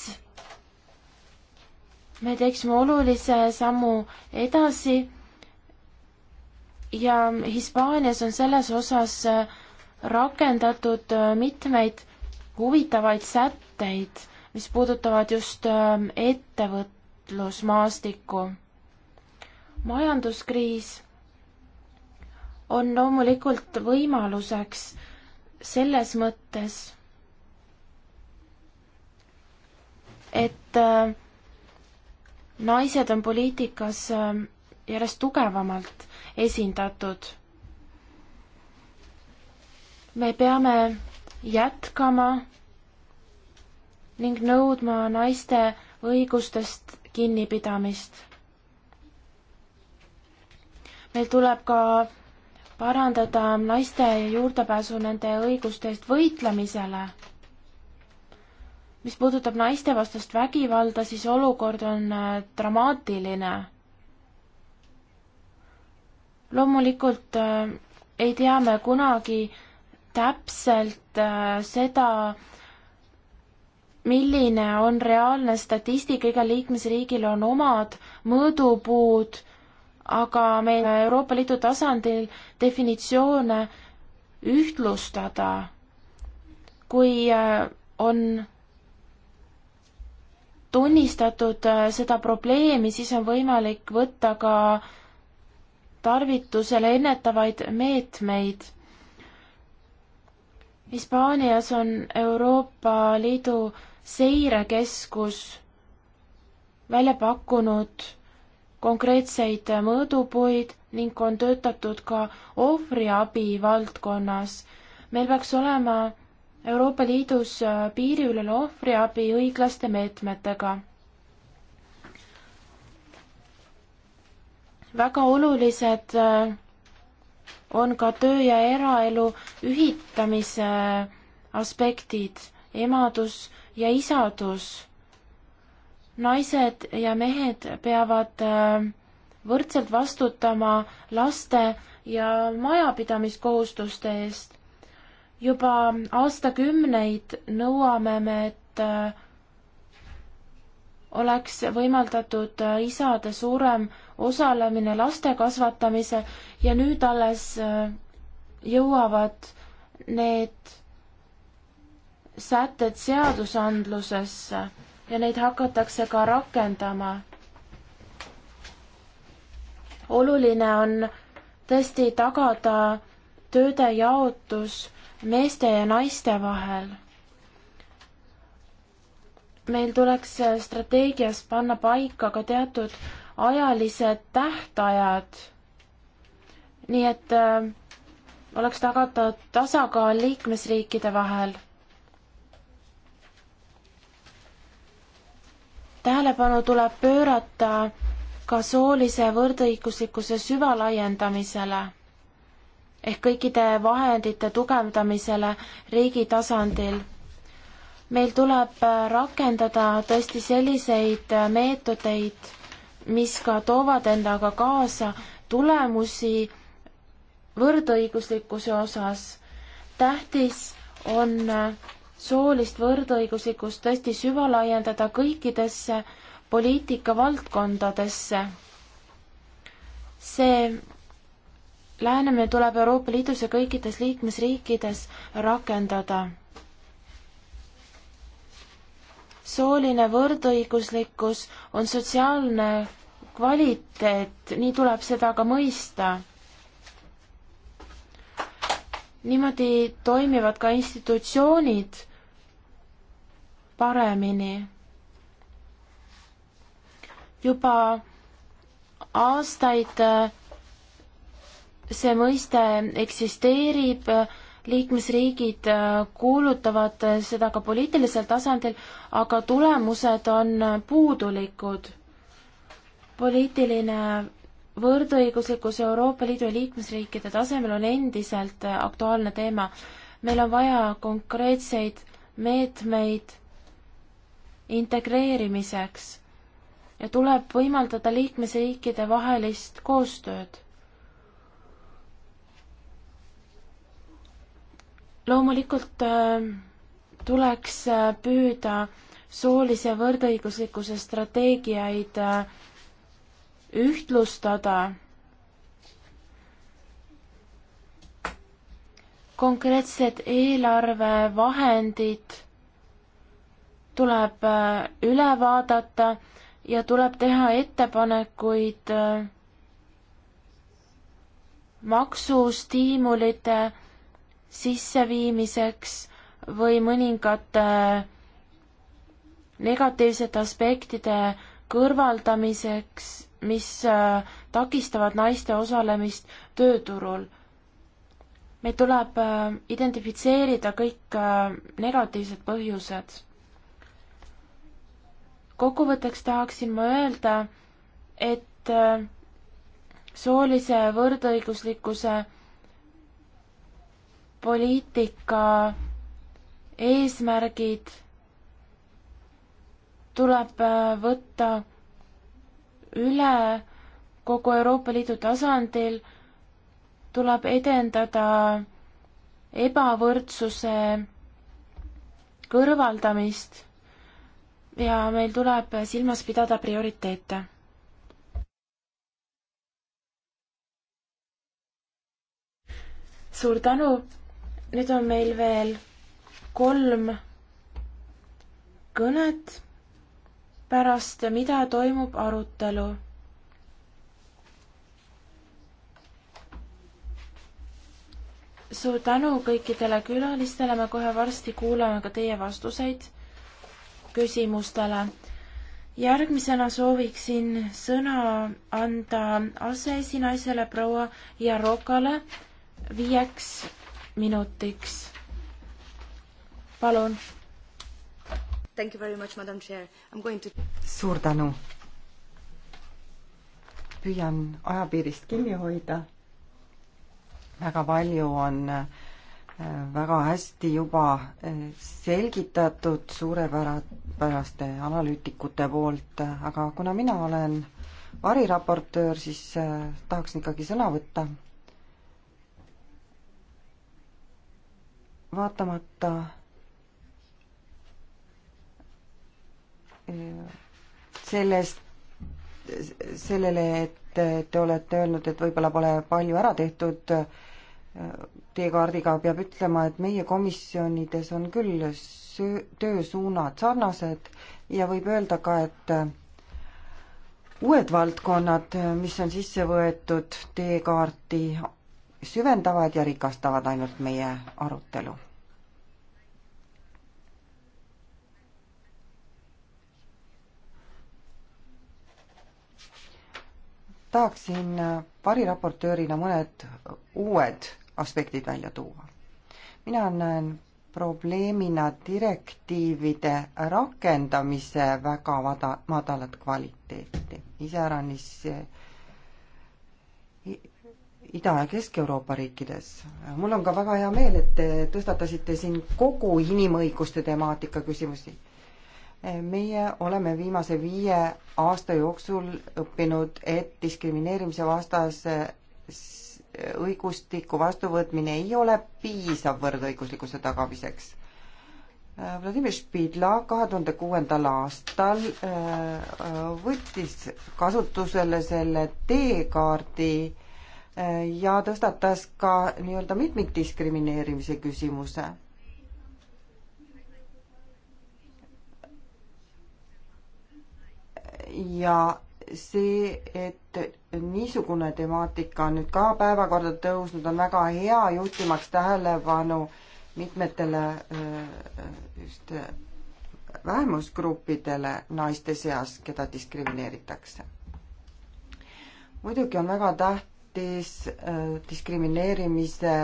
B: me teeksime olulise sammu edasi ja Hispaanias on selles osas äh, rakendatud äh, mitmeid huvitavaid sätteid, mis puudutavad just äh, ettevõtlusmaastikku. majanduskriis on loomulikult võimaluseks selles mõttes, et äh, naised on poliitikas äh, järjest tugevamalt esindatud. me peame jätkama ning nõudma naiste õigustest kinnipidamist. meil tuleb ka parandada naiste juurdepääsu nende õiguste eest võitlemisele. mis puudutab naistevastast vägivalda, siis olukord on äh, dramaatiline. loomulikult äh, ei tea me kunagi täpselt äh, seda, milline on reaalne statistika, igal liikmesriigil on omad mõõdupuud aga meil Euroopa Liidu tasandil definitsioone ühtlustada, kui äh, on tunnistatud äh, seda probleemi, siis on võimalik võtta ka tarvitusele ennetavaid meetmeid. Hispaanias on Euroopa Liidu seirekeskus välja pakkunud konkreetseid mõõdupuid ning on töötatud ka ohvriabi valdkonnas. meil peaks olema Euroopa Liidus äh, piiriülene ohvriabi õiglaste meetmetega. väga olulised äh, on ka töö ja eraelu ühitamise aspektid, emadus ja isadus naised ja mehed peavad äh, võrdselt vastutama laste ja majapidamiskohustuste eest. juba aastakümneid nõuame me, et äh, oleks võimaldatud äh, isade suurem osalemine laste kasvatamisel ja nüüd alles jõuavad need sätted seadusandlusesse ja neid hakatakse ka rakendama. oluline on tõesti tagada tööde jaotus meeste ja naiste vahel. meil tuleks strateegias panna paika ka teatud ajalised tähtajad. nii et äh, oleks tagatud tasakaal liikmesriikide vahel tähelepanu tuleb pöörata ka soolise võrdõiguslikkuse süvalaiendamisele ehk kõikide vahendite tugevdamisele riigi tasandil. meil tuleb äh, rakendada tõesti selliseid äh, meetodeid, mis ka toovad endaga kaasa tulemusi võrdõiguslikkuse osas. tähtis on äh, soolist võrdõiguslikkust tõesti süvalaiendada kõikidesse poliitikavaldkondadesse. see lähenemine tuleb Euroopa Liidus ja kõikides liikmesriikides rakendada. sooline võrdõiguslikkus on sotsiaalne kvaliteet, nii tuleb seda ka mõista niimoodi toimivad ka institutsioonid paremini. juba aastaid äh, see mõiste eksisteerib, äh, liikmesriigid äh, kuulutavad seda ka poliitilisel tasandil, aga tulemused on puudulikud. poliitiline võrdõiguslikkus Euroopa Liidu ja liikmesriikide tasemel on endiselt äh, aktuaalne teema. meil on vaja konkreetseid meetmeid integreerimiseks ja tuleb võimaldada liikmesriikide vahelist koostööd. loomulikult äh, tuleks äh, püüda soolise võrdõiguslikkuse strateegiaid äh, ühtlustada konkreetsed eelarvevahendid tuleb äh, üle vaadata ja tuleb teha ettepanekuid äh, maksustiimulite sisseviimiseks või mõningate äh, negatiivsete aspektide kõrvaldamiseks mis äh, takistavad naiste osalemist tööturul. meil tuleb äh, identifitseerida kõik äh, negatiivsed põhjused. kokkuvõtteks tahaksin ma öelda, et soolise võrdõiguslikkuse poliitika eesmärgid tuleb võtta üle kogu Euroopa Liidu tasandil tuleb edendada ebavõrdsuse kõrvaldamist ja meil tuleb silmas pidada prioriteete. suur tänu, nüüd on meil veel kolm kõnet pärast mida toimub arutelu. suur tänu kõikidele külalistele, me kohe varsti kuulame ka teie vastuseid küsimustele. järgmisena sooviksin sõna anda aseesinaisele proua Jarokale viieks minutiks. palun
A: Thank you very much, madam chair. I am going to
B: suur
C: tänu. püüan ajapiirist kinni hoida. väga palju on äh, väga hästi juba äh, selgitatud suurepäraste analüütikute poolt, äh, aga kuna mina olen variraportöör, siis tahaksin ikkagi sõna võtta vaatamata sellest, sellele, et te olete öelnud, et võib-olla pole palju ära tehtud teekaardiga, peab ütlema, et meie komisjonides on küll töösuunad sarnased ja võib öelda ka, et uued valdkonnad, mis on sisse võetud teekaarti, süvendavad ja rikastavad ainult meie arutelu tahaksin variraportöörina mõned uued aspektid välja tuua. mina näen probleemina direktiivide rakendamise väga vada-, madalat kvaliteeti, iseäranis Ida- ja Kesk-Euroopa riikides. mul on ka väga hea meel, et te tõstatasite siin kogu inimõiguste temaatika küsimusi meie oleme viimase viie aasta jooksul õppinud, et diskrimineerimise vastase õigustiku vastuvõtmine ei ole piisav võrdõiguslikkuse tagamiseks. Vladimir Špidla kahe tuhande kuuendal aastal äh, võttis kasutusele selle teekaardi äh, ja tõstatas ka nii-öelda mitmikdiskrimineerimise küsimuse ja see, et niisugune temaatika on nüüd ka päevakorda tõusnud, on väga hea, juhtimaks tähelepanu mitmetele äh, just äh, vähemusgruppidele naiste seas, keda diskrimineeritakse. muidugi on väga tähtis äh, diskrimineerimise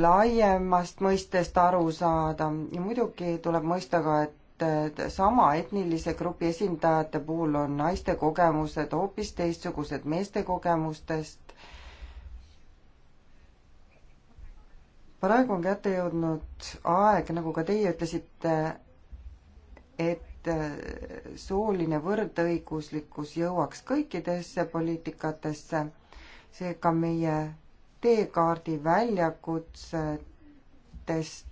C: laiemast mõistest aru saada ja muidugi tuleb mõista ka, et et sama etnilise grupi esindajate puhul on naiste kogemused hoopis teistsugused meeste kogemustest. praegu on kätte jõudnud aeg, nagu ka teie ütlesite, et eh, sooline võrdõiguslikkus jõuaks kõikidesse poliitikatesse, seega meie teekaardi väljakutsed test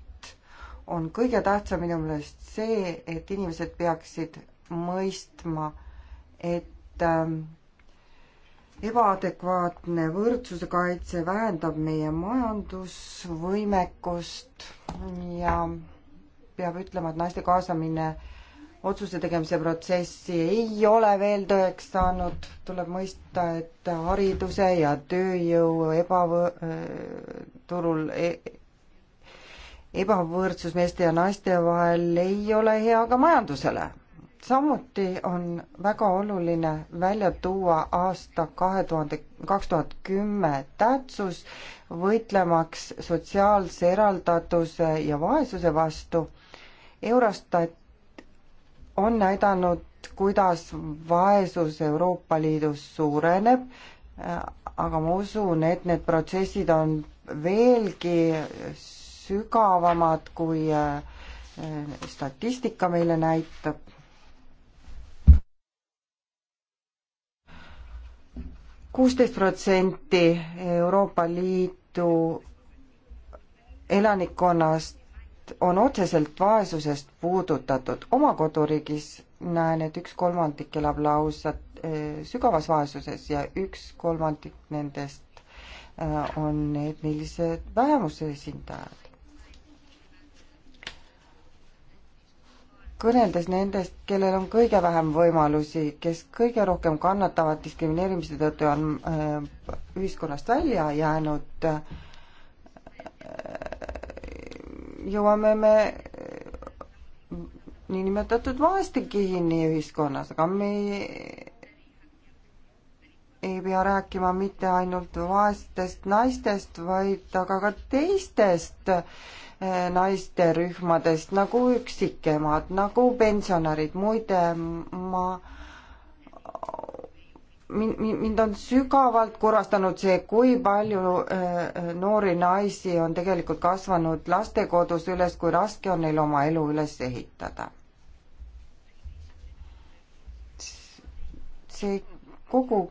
C: on kõige tähtsam minu meelest see, et inimesed peaksid mõistma, et ähm, ebaadekvaatne võrdsuse kaitse vähendab meie majandusvõimekust ja peab ütlema, et naiste kaasamine otsuse tegemise protsessi ei ole veel tõeks saanud, tuleb mõista, et hariduse ja tööjõu ebaturul äh, e ebavõrdsus meeste ja naiste vahel ei ole hea ka majandusele. samuti on väga oluline välja tuua aasta kahe tuhande, kaks tuhat kümme tähtsus, võitlemaks sotsiaalse eraldatuse ja vaesuse vastu. Eurostat on näidanud, kuidas vaesus Euroopa Liidus suureneb, aga ma usun, et need protsessid on veelgi sügavamad, kui äh, statistika meile näitab. kuusteist protsenti Euroopa Liidu elanikkonnast on otseselt vaesusest puudutatud. oma koduriigis näen, et üks kolmandik elab lausa äh, sügavas vaesuses ja üks kolmandik nendest äh, on etnilised vähemuse esindajad. kõneldes nendest, kellel on kõige vähem võimalusi, kes kõige rohkem kannatavad diskrimineerimise tõttu, on äh, ühiskonnast välja jäänud, äh, jõuame me äh, niinimetatud vaestekihini ühiskonnas, aga me ei ei pea rääkima mitte ainult vaestest naistest, vaid aga ka teistest eh, naisterühmadest nagu üksikemad, nagu pensionärid, muide ma mind, mind on sügavalt kurvastanud see, kui palju eh, noori naisi on tegelikult kasvanud lastekodus üles, kui raske on neil oma elu üles ehitada. see kogu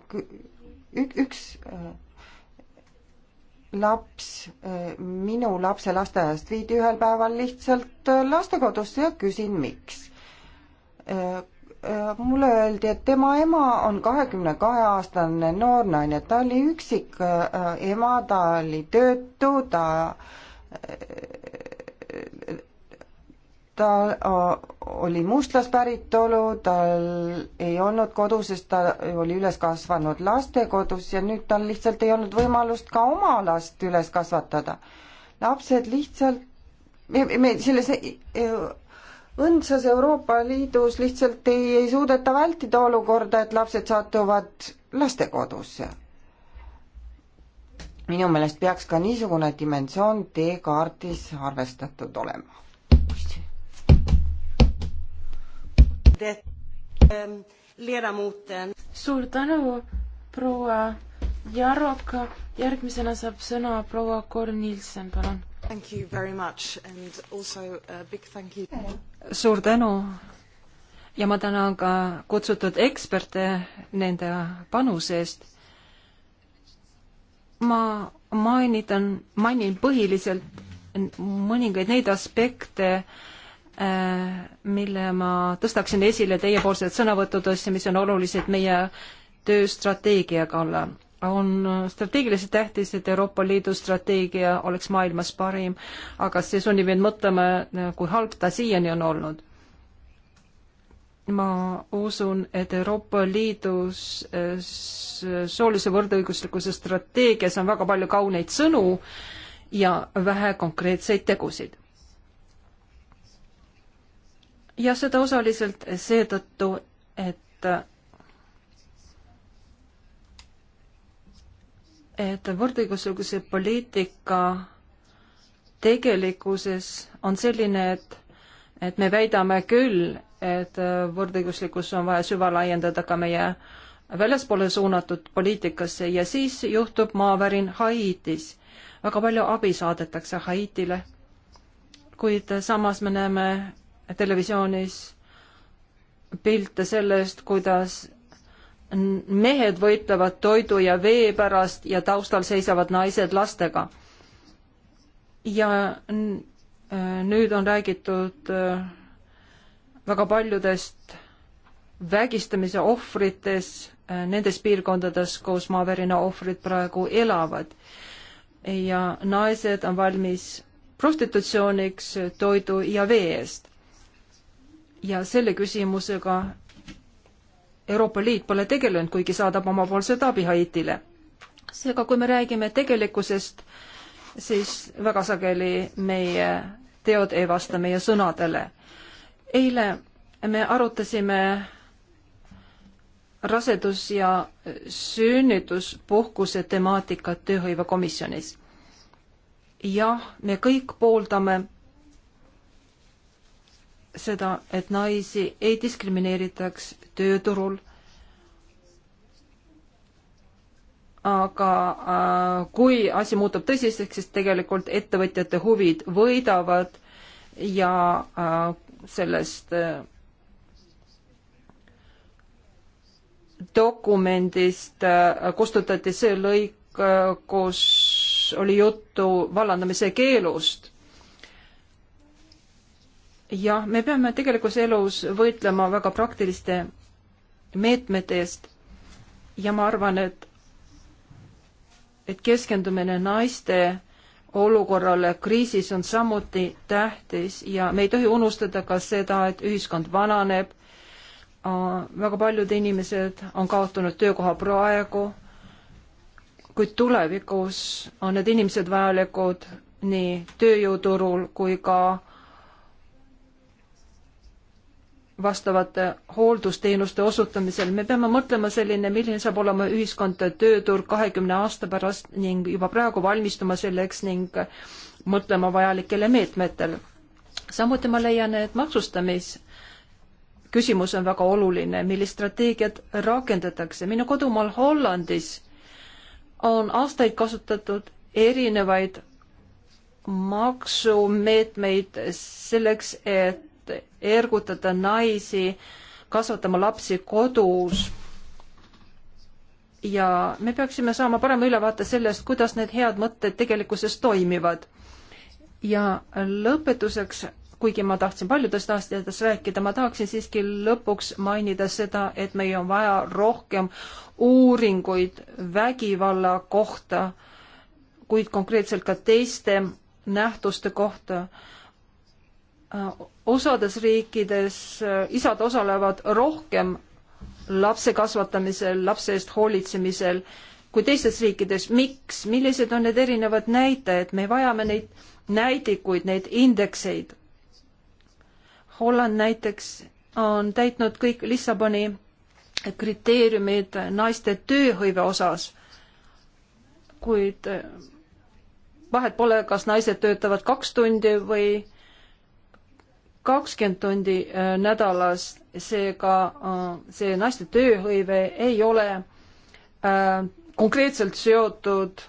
C: ük, üks äh, laps äh, minu lapse lasteaiast viidi ühel päeval lihtsalt äh, lastekodusse ja küsin, miks mulle öeldi, et tema ema on kahekümne kahe aastane noor naine, ta oli üksik ema, ta oli töötu, ta ta oli mustlas päritolu, tal ei olnud kodu, sest ta oli üles kasvanud lastekodus ja nüüd tal lihtsalt ei olnud võimalust ka oma last üles kasvatada. lapsed lihtsalt, me, me selles e, e, õndsas Euroopa Liidus lihtsalt ei, ei suudeta vältida olukorda, et lapsed satuvad lastekodusse. minu meelest peaks ka niisugune dimensioon teekaardis arvestatud olema
A: ordet ehm, ledamoten. suur tänu, proua Jaroka.
B: järgmisena saab sõna proua Korn-Nielsen, palun. Thank you very much and
A: also a big thank you.
D: suur tänu ja ma tänan ka kutsutud eksperte nende panuse eest. ma mainitan, mainin põhiliselt mõningaid neid aspekte, Äh, mille ma tõstaksin esile teiepoolsed sõnavõttudesse, mis on olulised meie tööstrateegia kallal. on strateegiliselt tähtis, et Euroopa Liidu strateegia oleks maailmas parim, aga see sunnib mind mõtlema, äh, kui halb ta siiani on olnud. ma usun, et Euroopa Liidus äh, soolise võrdõiguslikkuse strateegias on väga palju kauneid sõnu ja vähe konkreetseid tegusid ja seda osaliselt seetõttu, et et võrdõiguslikkuse poliitika tegelikkuses on selline, et, et me väidame küll, et võrdõiguslikkus on vaja süvalaiendada ka meie väljaspoole suunatud poliitikasse ja siis juhtub maavärin Haitis. väga palju abi saadetakse Haitile, kuid samas me näeme televisioonis pilte sellest, kuidas mehed võitlevad toidu ja vee pärast ja taustal seisavad naised lastega. ja äh, nüüd on räägitud äh, väga paljudest vägistamise ohvrites äh, nendes piirkondades, kus maavärina ohvrid praegu elavad. ja naised on valmis prostitutsiooniks toidu ja vee eest ja selle küsimusega Euroopa Liit pole tegelenud, kuigi saadab omapoolset abi Haitile. seega, kui me räägime tegelikkusest, siis väga sageli meie teod ei vasta meie sõnadele. eile me arutasime rasedus- ja sünnituspuhkuse temaatikat tööhõivekomisjonis. jah, me kõik pooldame seda, et naisi ei diskrimineeritaks tööturul. aga äh, kui asi muutub tõsiseks, siis tegelikult ettevõtjate huvid võidavad ja äh, sellest äh, dokumendist kustutati see lõik, kus oli juttu vallandamise keelust jah, me peame tegelikus elus võitlema väga praktiliste meetmete eest ja ma arvan, et, et keskendumine naiste olukorrale kriisis on samuti tähtis ja me ei tohi unustada ka seda, et ühiskond vananeb. väga paljud inimesed on kaotanud töökoha praegu, kuid tulevikus on need inimesed vajalikud nii tööjõuturul kui ka vastavate hooldusteenuste osutamisel. me peame mõtlema selline, milline saab olema ühiskond tööturg kahekümne aasta pärast ning juba praegu valmistuma selleks ning mõtlema vajalikele meetmetele. samuti ma leian, et maksustamis küsimus on väga oluline, millist strateegiat rakendatakse. minu kodumaal Hollandis on aastaid kasutatud erinevaid maksumeetmeid selleks, et et ergutada naisi kasvatama lapsi kodus. ja me peaksime saama parema ülevaate sellest, kuidas need head mõtted tegelikkuses toimivad. ja lõpetuseks kuigi ma tahtsin paljudest asjadest rääkida, ma tahaksin siiski lõpuks mainida seda, et meil on vaja rohkem uuringuid vägivalla kohta, kuid konkreetselt ka teiste nähtuste kohta. Äh, osades riikides äh, isad osalevad rohkem lapse kasvatamisel, lapse eest hoolitsemisel kui teistes riikides. miks, millised on need erinevad näitajad, me vajame neid näidikuid, neid indekseid. Holland näiteks on täitnud kõik Lissaboni kriteeriumid naiste tööhõive osas, kuid vahet pole, kas naised töötavad kaks tundi või kakskümmend tundi äh, nädalas, seega äh, see naiste tööhõive ei ole äh, konkreetselt seotud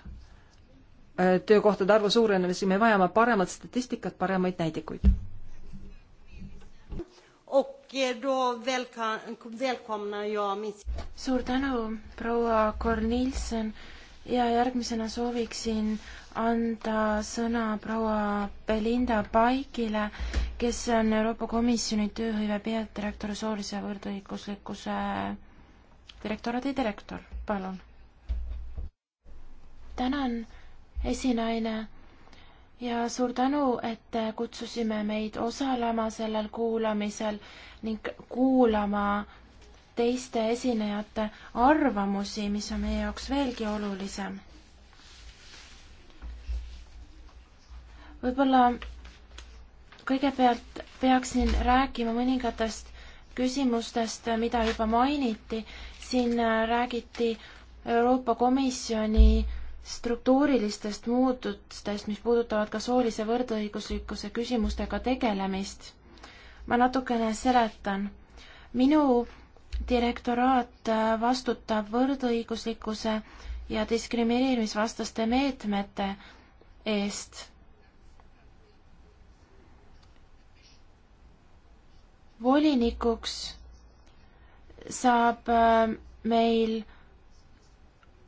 D: töökohtade arvu suurenemisi, me vajame paremat statistikat, paremaid näidikuid.
A: Eh,
B: suur tänu, proua Kornilson ja järgmisena sooviksin anda sõna proua Belinda Paikile, kes on Euroopa Komisjoni tööhõive peadirektor soolise võrdõiguslikkuse direktoraadi direktor, palun. tänan, esinaine ja suur tänu, et kutsusime meid osalema sellel kuulamisel ning kuulama teiste esinejate arvamusi, mis on meie jaoks veelgi olulisem. võib-olla kõigepealt peaksin rääkima mõningatest küsimustest, mida juba mainiti. siin räägiti Euroopa Komisjoni struktuurilistest muutustest, mis puudutavad ka soolise võrdõiguslikkuse küsimustega tegelemist. ma natukene seletan. minu direktoraat äh, vastutab võrdõiguslikkuse ja diskrimineerimisvastaste meetmete eest. volinikuks saab äh, meil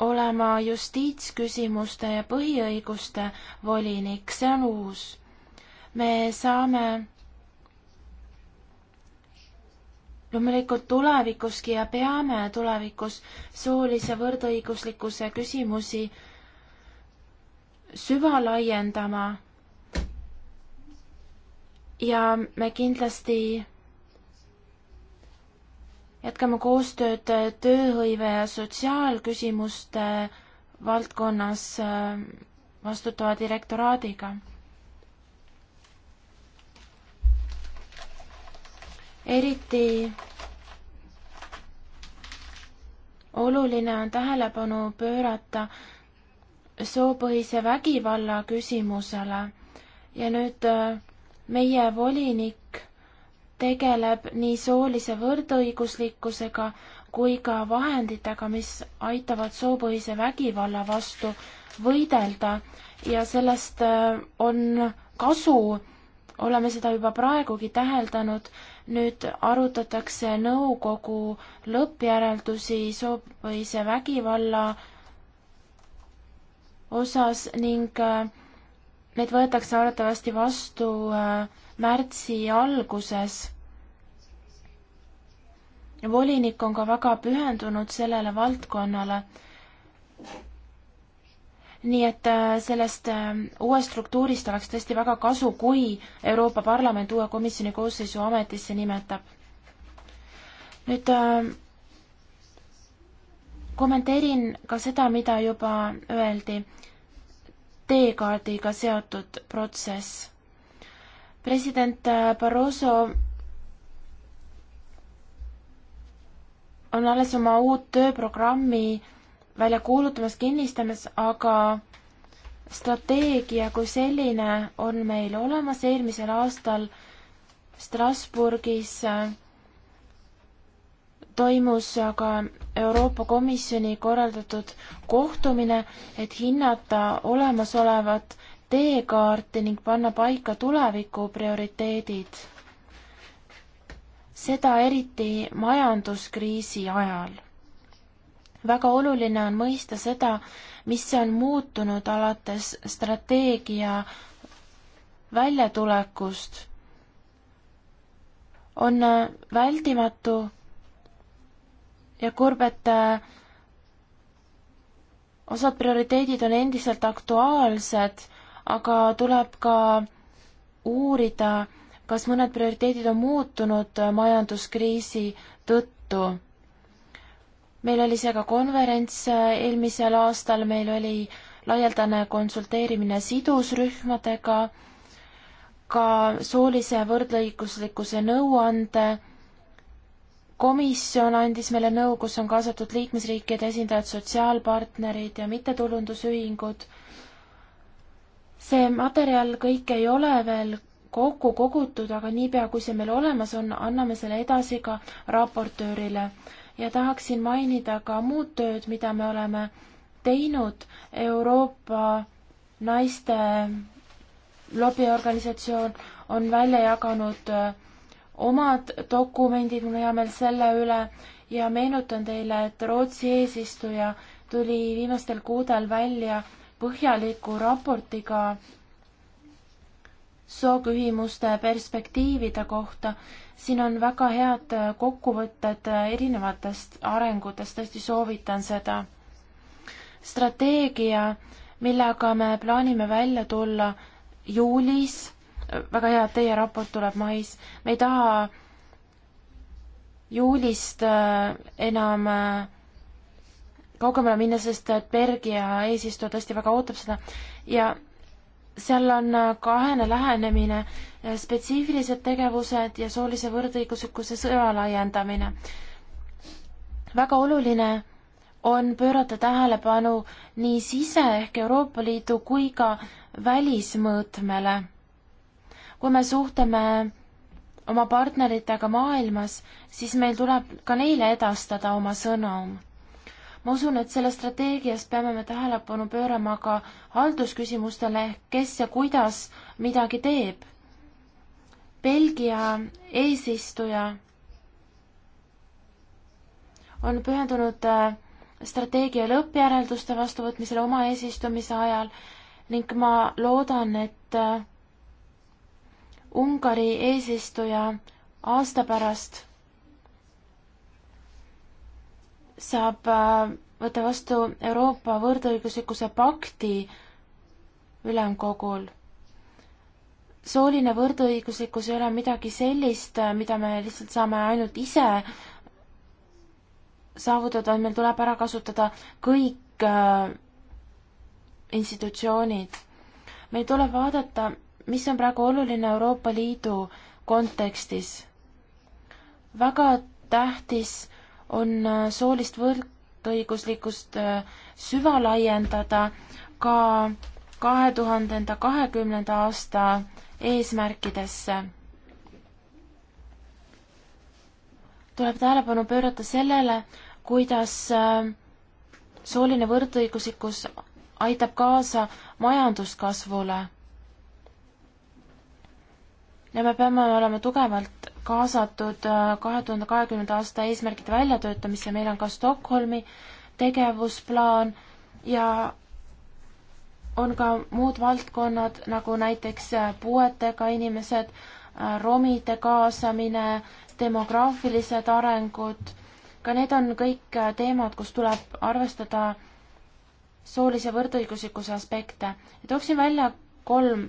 B: olema justiitsküsimuste ja põhiõiguste volinik, see on uus. me saame loomulikult tulevikuski ja peame tulevikus soolise võrdõiguslikkuse küsimusi süvalaiendama. ja me kindlasti jätkame koostööd tööhõive ja sotsiaalküsimuste valdkonnas äh, vastutava direktoraadiga eriti oluline on tähelepanu pöörata soopõhise vägivalla küsimusele ja nüüd äh, meie volinik tegeleb nii soolise võrdõiguslikkusega kui ka vahenditega, mis aitavad soopõhise vägivalla vastu võidelda ja sellest äh, on kasu, oleme seda juba praegugi täheldanud nüüd arutatakse nõukogu lõppjäreldusi soopõhise vägivalla osas ning äh, need võetakse arvatavasti vastu äh, märtsi alguses. volinik on ka väga pühendunud sellele valdkonnale nii et äh, sellest äh, uuest struktuurist oleks tõesti väga kasu, kui Euroopa Parlament uue komisjoni koosseisu ametisse nimetab. nüüd äh, kommenteerin ka seda, mida juba öeldi teekaardiga seotud protsess. president Barroso on alles oma uut tööprogrammi välja kuulutamas, kinnistamas, aga strateegia kui selline on meil olemas, eelmisel aastal Strasburgis äh, toimus aga Euroopa Komisjoni korraldatud kohtumine, et hinnata olemasolevat teekaarti ning panna paika tuleviku prioriteedid. seda eriti majanduskriisi ajal väga oluline on mõista seda, mis on muutunud alates strateegia väljatulekust. on äh, väldimatu ja kurb, et äh, osad prioriteedid on endiselt aktuaalsed, aga tuleb ka uurida, kas mõned prioriteedid on muutunud äh, majanduskriisi tõttu meil oli see ka konverents äh, eelmisel aastal, meil oli laialdane konsulteerimine sidusrühmadega, ka soolise võrdõiguslikkuse nõuande komisjon andis meile nõu, kus on kaasatud liikmesriikide esindajad, sotsiaalpartnerid ja mittetulundusühingud. see materjal kõik ei ole veel kokku kogutud, aga niipea, kui see meil olemas on, anname selle edasi ka raportöörile ja tahaksin mainida ka muud tööd, mida me oleme teinud Euroopa naiste lobiorganisatsioon on välja jaganud äh, omad dokumendid, mul on hea meel selle üle ja meenutan teile, et Rootsi eesistuja tuli viimastel kuudel välja põhjaliku raportiga sooküsimuste perspektiivide kohta. siin on väga head kokkuvõtted erinevatest arengutest, tõesti soovitan seda. strateegia, millega me plaanime välja tulla juulis, väga hea, et teie raport tuleb mais, me ei taha juulist äh, enam äh, kaugemale minna, sest et Berg ja eesistuja tõesti väga ootab seda ja seal on äh, kahene lähenemine, äh, spetsiifilised tegevused ja soolise võrdõiguslikkuse sõja laiendamine. väga oluline on pöörata tähelepanu nii sise- ehk Euroopa Liidu kui ka välismõõtmele. kui me suhtleme oma partneritega maailmas, siis meil tuleb ka neile edastada oma sõnum ma usun, et selles strateegias peame me tähelepanu pöörama ka haldusküsimustele, kes ja kuidas midagi teeb. Belgia eesistuja on pühendunud äh, strateegia lõppjärelduste vastuvõtmisele oma eesistumise ajal ning ma loodan, et äh, Ungari eesistuja aasta pärast saab äh, võtta vastu Euroopa võrdõiguslikkuse pakti ülemkogul. sooline võrdõiguslikkus ei ole midagi sellist, äh, mida me lihtsalt saame ainult ise saavutada, vaid meil tuleb ära kasutada kõik äh, institutsioonid. meil tuleb vaadata, mis on praegu oluline Euroopa Liidu kontekstis. väga tähtis on äh, soolist võrdõiguslikkust äh, süvalaiendada ka kahe tuhandenda kahekümnenda aasta eesmärkidesse. tuleb tähelepanu pöörata sellele, kuidas äh, sooline võrdõiguslikkus aitab kaasa majanduskasvule. ja me peame olema tugevalt kaasatud äh, kahe tuhande kahekümnenda aasta eesmärgide väljatöötamisse, meil on ka Stockholmi tegevusplaan ja on ka muud valdkonnad, nagu näiteks äh, puuetega inimesed, äh, romide kaasamine, demograafilised arengud, ka need on kõik teemad, kus tuleb arvestada soolise võrdõiguslikkuse aspekte. tooksin välja kolm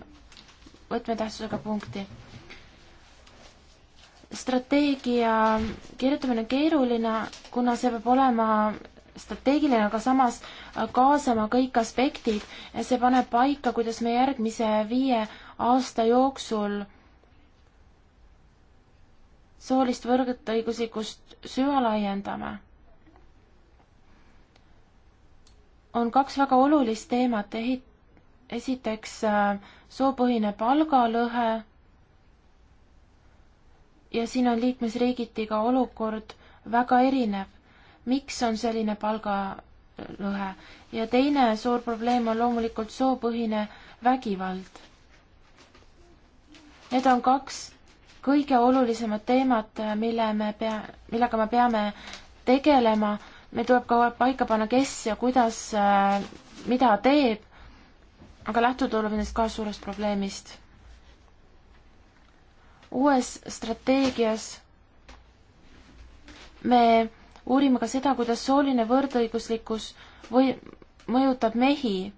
B: võtmetähtsusega punkti strateegia kirjutamine on keeruline, kuna see peab olema strateegiline, aga samas kaasama kõik aspektid. see paneb paika, kuidas me järgmise viie aasta jooksul soolist võrdõiguslikkust süvalaiendame. on kaks väga olulist teemat, esiteks äh, soopõhine palgalõhe ja siin on liikmesriigiti ka olukord väga erinev. miks on selline palgalõhe? ja teine suur probleem on loomulikult soopõhine vägivald. Need on kaks kõige olulisemad teemad, mille me pea, millega me peame tegelema, meil tuleb ka paika panna, kes ja kuidas, äh, mida teeb, aga lähtuda tuleb nendest kahest suurest probleemist uues strateegias me uurime ka seda, kuidas sooline võrdõiguslikkus või mõjutab mehi.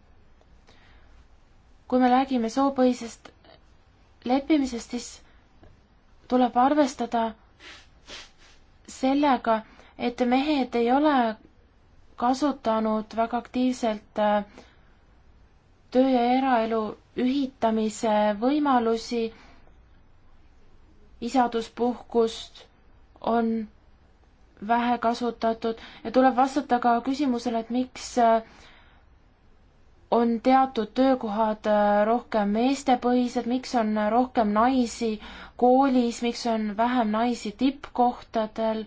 B: kui me räägime soopõhisest leppimisest, siis tuleb arvestada sellega, et mehed ei ole kasutanud väga aktiivselt äh, töö ja eraelu ühitamise võimalusi isaduspuhkust on vähe kasutatud ja tuleb vastata ka küsimusele, et miks äh, on teatud töökohad äh, rohkem meestepõhised, miks on äh, rohkem naisi koolis, miks on vähem naisi tippkohtadel.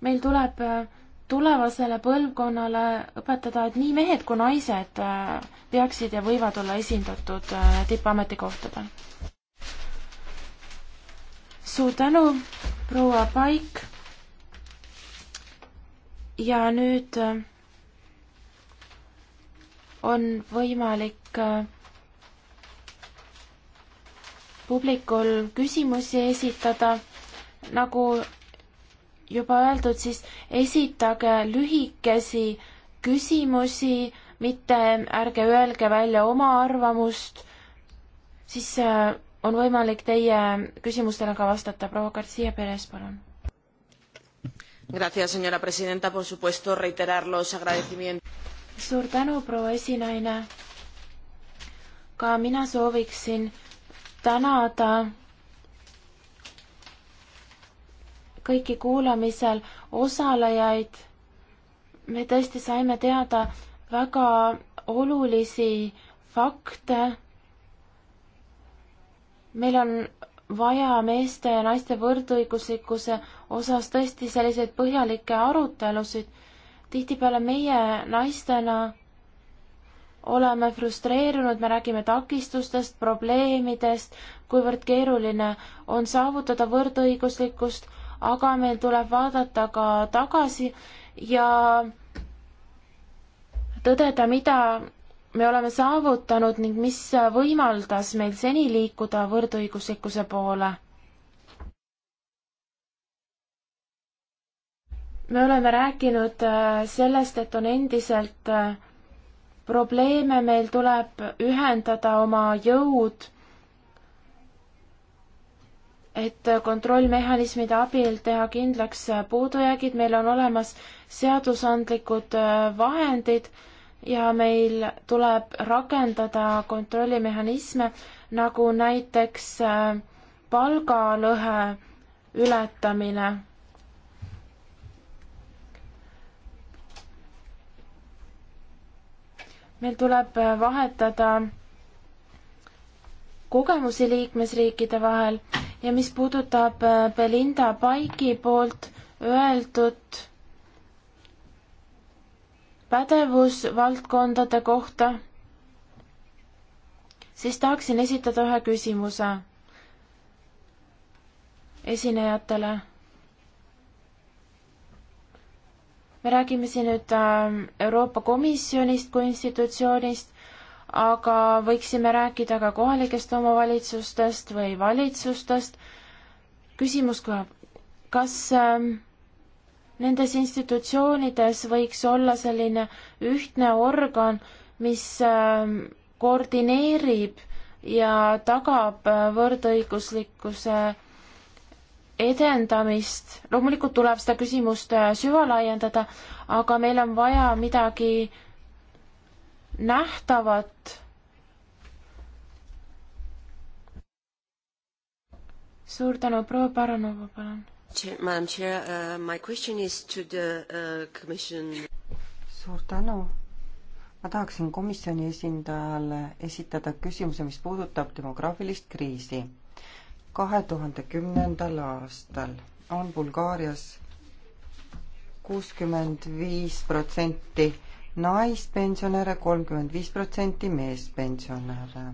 B: meil tuleb tulevasele põlvkonnale õpetada, et nii mehed kui naised äh, peaksid ja võivad olla esindatud äh, tippametikohtadel. suur tänu, proua Paik. ja nüüd äh, on võimalik publikul küsimusi esitada, nagu juba öeldud, siis esitage lühikesi küsimusi, mitte ärge öelge välja oma arvamust, siis äh, on võimalik teie küsimustele ka vastata. proua Garcia Perez, palun.
A: Gracias, señora presidenta, por supuesto reiterar los agradecimientos.
B: suur tänu, proua esinaine. ka mina sooviksin tänada kõiki kuulamisel osalejaid. me tõesti saime teada väga olulisi fakte. meil on vaja meeste ja naiste võrdõiguslikkuse osas tõesti selliseid põhjalikke arutelusid. tihtipeale meie naistena oleme frustreerunud, me räägime takistustest, probleemidest, kuivõrd keeruline on saavutada võrdõiguslikkust, aga meil tuleb vaadata ka tagasi ja tõdeda, mida me oleme saavutanud ning mis võimaldas meil seni liikuda võrdõiguslikkuse poole. me oleme rääkinud äh, sellest, et on endiselt äh, probleeme, meil tuleb ühendada oma jõud et kontrollmehhanismide abil teha kindlaks puudujäägid, meil on olemas seadusandlikud äh, vahendid ja meil tuleb rakendada kontrollimehhanisme, nagu näiteks äh, palgalõhe ületamine. meil tuleb äh, vahetada kogemusi liikmesriikide vahel ja mis puudutab äh, Belinda Paiki poolt öeldud pädevusvaldkondade kohta, siis tahaksin esitada ühe küsimuse esinejatele. me räägime siin nüüd äh, Euroopa Komisjonist kui institutsioonist, aga võiksime rääkida ka kohalikest omavalitsustest või valitsustest. küsimus kõlab, kas ähm, nendes institutsioonides võiks olla selline ühtne organ, mis ähm, koordineerib ja tagab äh, võrdõiguslikkuse edendamist, loomulikult tuleb seda küsimust äh, süvalaiendada, aga meil on vaja midagi äh, nähtavat. suur tänu, proua Paranova, palun.
D: Madam Chair
A: uh,, my question is to the uh, commission.
B: suur tänu.
C: ma tahaksin komisjoni esindajale esitada küsimuse, mis puudutab demograafilist kriisi. kahe tuhande kümnendal aastal on Bulgaarias kuuskümmend viis protsenti naispensionäre, kolmkümmend viis protsenti meespensionäre,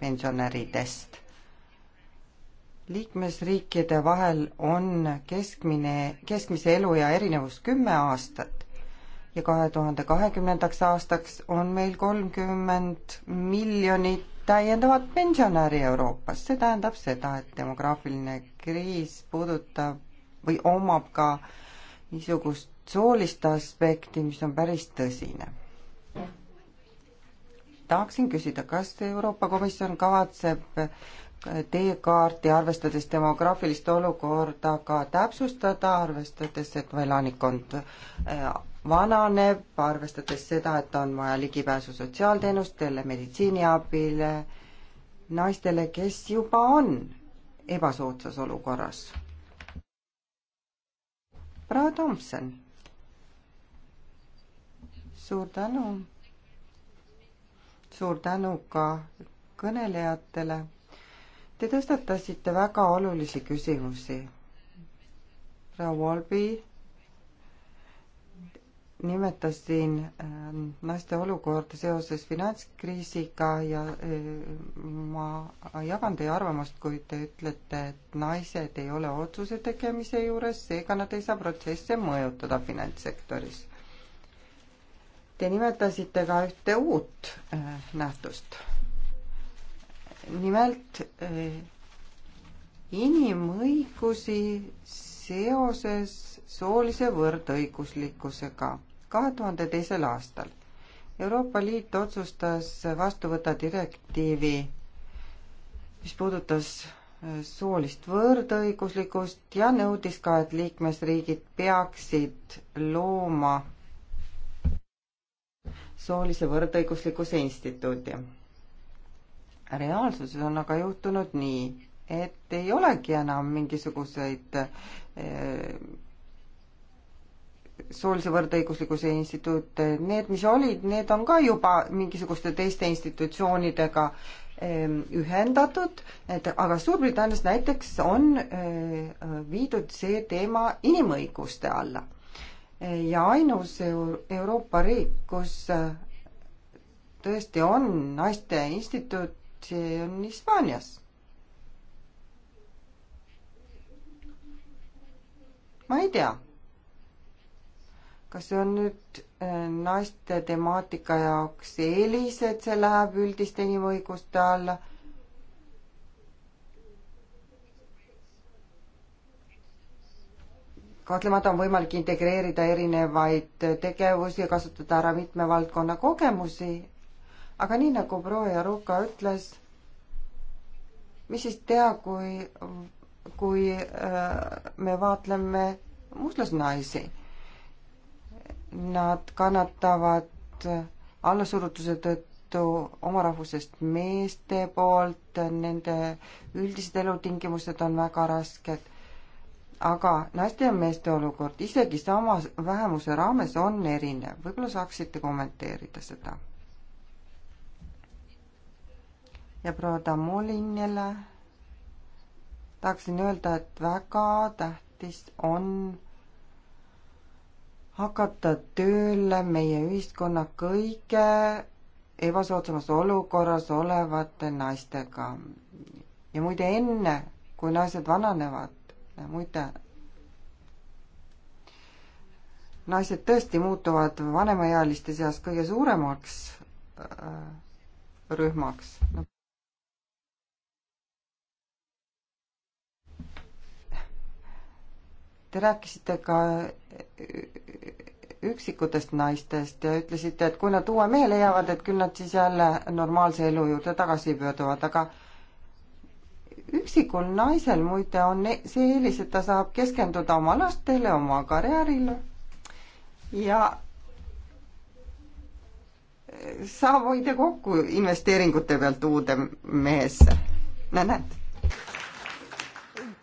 C: pensionäridest. liikmesriikide vahel on keskmine, keskmise eluea erinevus kümme aastat ja kahe tuhande kahekümnendaks aastaks on meil kolmkümmend miljonit täiendavat pensionäri Euroopas, see tähendab seda, et demograafiline kriis puudutab või omab ka niisugust soolist aspekti, mis on päris tõsine. tahaksin küsida, kas Euroopa Komisjon kavatseb teekaarti, arvestades demograafilist olukorda, ka täpsustada, arvestades, et elanikkond äh, vananeb, arvestades seda, et on vaja ligipääsu sotsiaalteenustele, meditsiiniabile, naistele, kes juba on ebasoodsas olukorras. proua Tomson suur tänu. suur tänu ka kõnelejatele. Te tõstatasite väga olulisi küsimusi. proua Olbi nimetas siin ähm, naiste olukorda seoses finantskriisiga ja äh, ma jagan teie arvamust, kui te ütlete, et naised ei ole otsuse tegemise juures, seega nad ei saa protsesse mõjutada finantssektoris Te nimetasite ka ühte uut äh, nähtust. nimelt äh, inimõigusi seoses soolise võrdõiguslikkusega kahe tuhande teisel aastal. Euroopa Liit otsustas vastu võtta direktiivi, mis puudutas äh, soolist võrdõiguslikkust ja nõudis ka, et liikmesriigid peaksid looma soolise võrdõiguslikkuse instituuti. reaalsuses on aga juhtunud nii, et ei olegi enam mingisuguseid eh, soolise võrdõiguslikkuse instituut, need, mis olid, need on ka juba mingisuguste teiste institutsioonidega eh, ühendatud, et aga Suurbritannias näiteks on eh, viidud see teema inimõiguste alla ja ainus Euroopa riik, kus äh, tõesti on naiste instituut, see on Hispaanias ma ei tea, kas see on nüüd äh, naiste temaatika jaoks eelis, et see läheb üldiste inimõiguste alla kahtlemata on võimalik integreerida erinevaid tegevusi ja kasutada ära mitme valdkonna kogemusi. aga nii nagu proua Jaruka ütles, mis siis teha, kui, kui äh, me vaatleme mustlasnaisi? Nad kannatavad allasurutuse tõttu tõttu omarahvusest meeste poolt, nende üldised elutingimused on väga rasked aga naiste ja meeste olukord isegi sama vähemuse raames on erinev, võib-olla saaksite kommenteerida seda? ja proua Tamulinile tahaksin öelda, et väga tähtis on hakata tööle meie ühiskonna kõige ebasoodsamas olukorras olevate naistega. ja muide, enne kui naised vananevad, muide, naised tõesti muutuvad vanemaealiste seas kõige suuremaks äh, rühmaks. Te rääkisite ka üksikutest naistest ja ütlesite, et kui nad uue mehe leiavad, et küll nad siis jälle normaalse elu juurde tagasi pöörduvad, aga üksikul naisel muide on e-, see eelis, et ta saab keskenduda oma lastele, oma karjäärile ja saab hoida kokku investeeringute pealt uude mehesse. näed.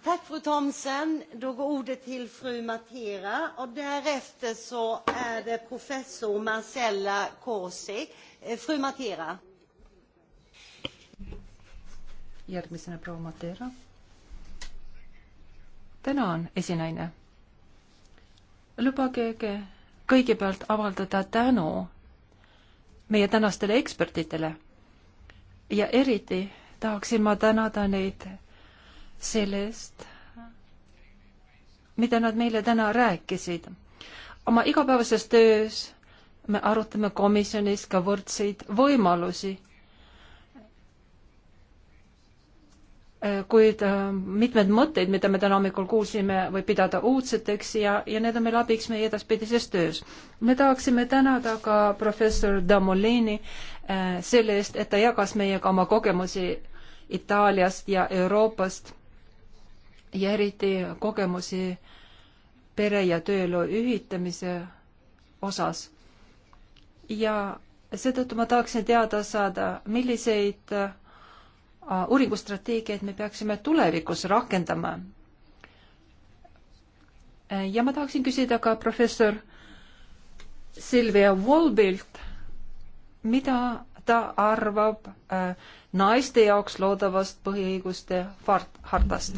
A: Tack fru Thomsen. Då går ordet till fru Matera och därefter så är det professor Marcella Corsi. Eh, fru Matera
D: järgmisena proua Matera. tänan, esinaine. lubage kõigepealt avaldada tänu meie tänastele ekspertidele ja eriti tahaksin ma tänada neid selle eest, mida nad meile täna rääkisid. oma igapäevases töös me arutame komisjonis ka võrdseid võimalusi kuid äh, mitmed mõtteid, mida me täna hommikul kuulsime, võib pidada uudseteks ja, ja need on meil abiks meie edaspidises töös. me tahaksime tänada ka professor Damolini äh, selle eest, et ta jagas meiega oma kogemusi Itaaliast ja Euroopast ja eriti kogemusi pere- ja tööelu ühitamise osas. ja seetõttu ma tahaksin teada saada, milliseid Äh, uuringustrateegiaid me peaksime tulevikus rakendama. Äh, ja ma tahaksin küsida ka professor Silvia Wolbilt, mida ta arvab äh, naiste jaoks loodavast põhiõiguste hartast.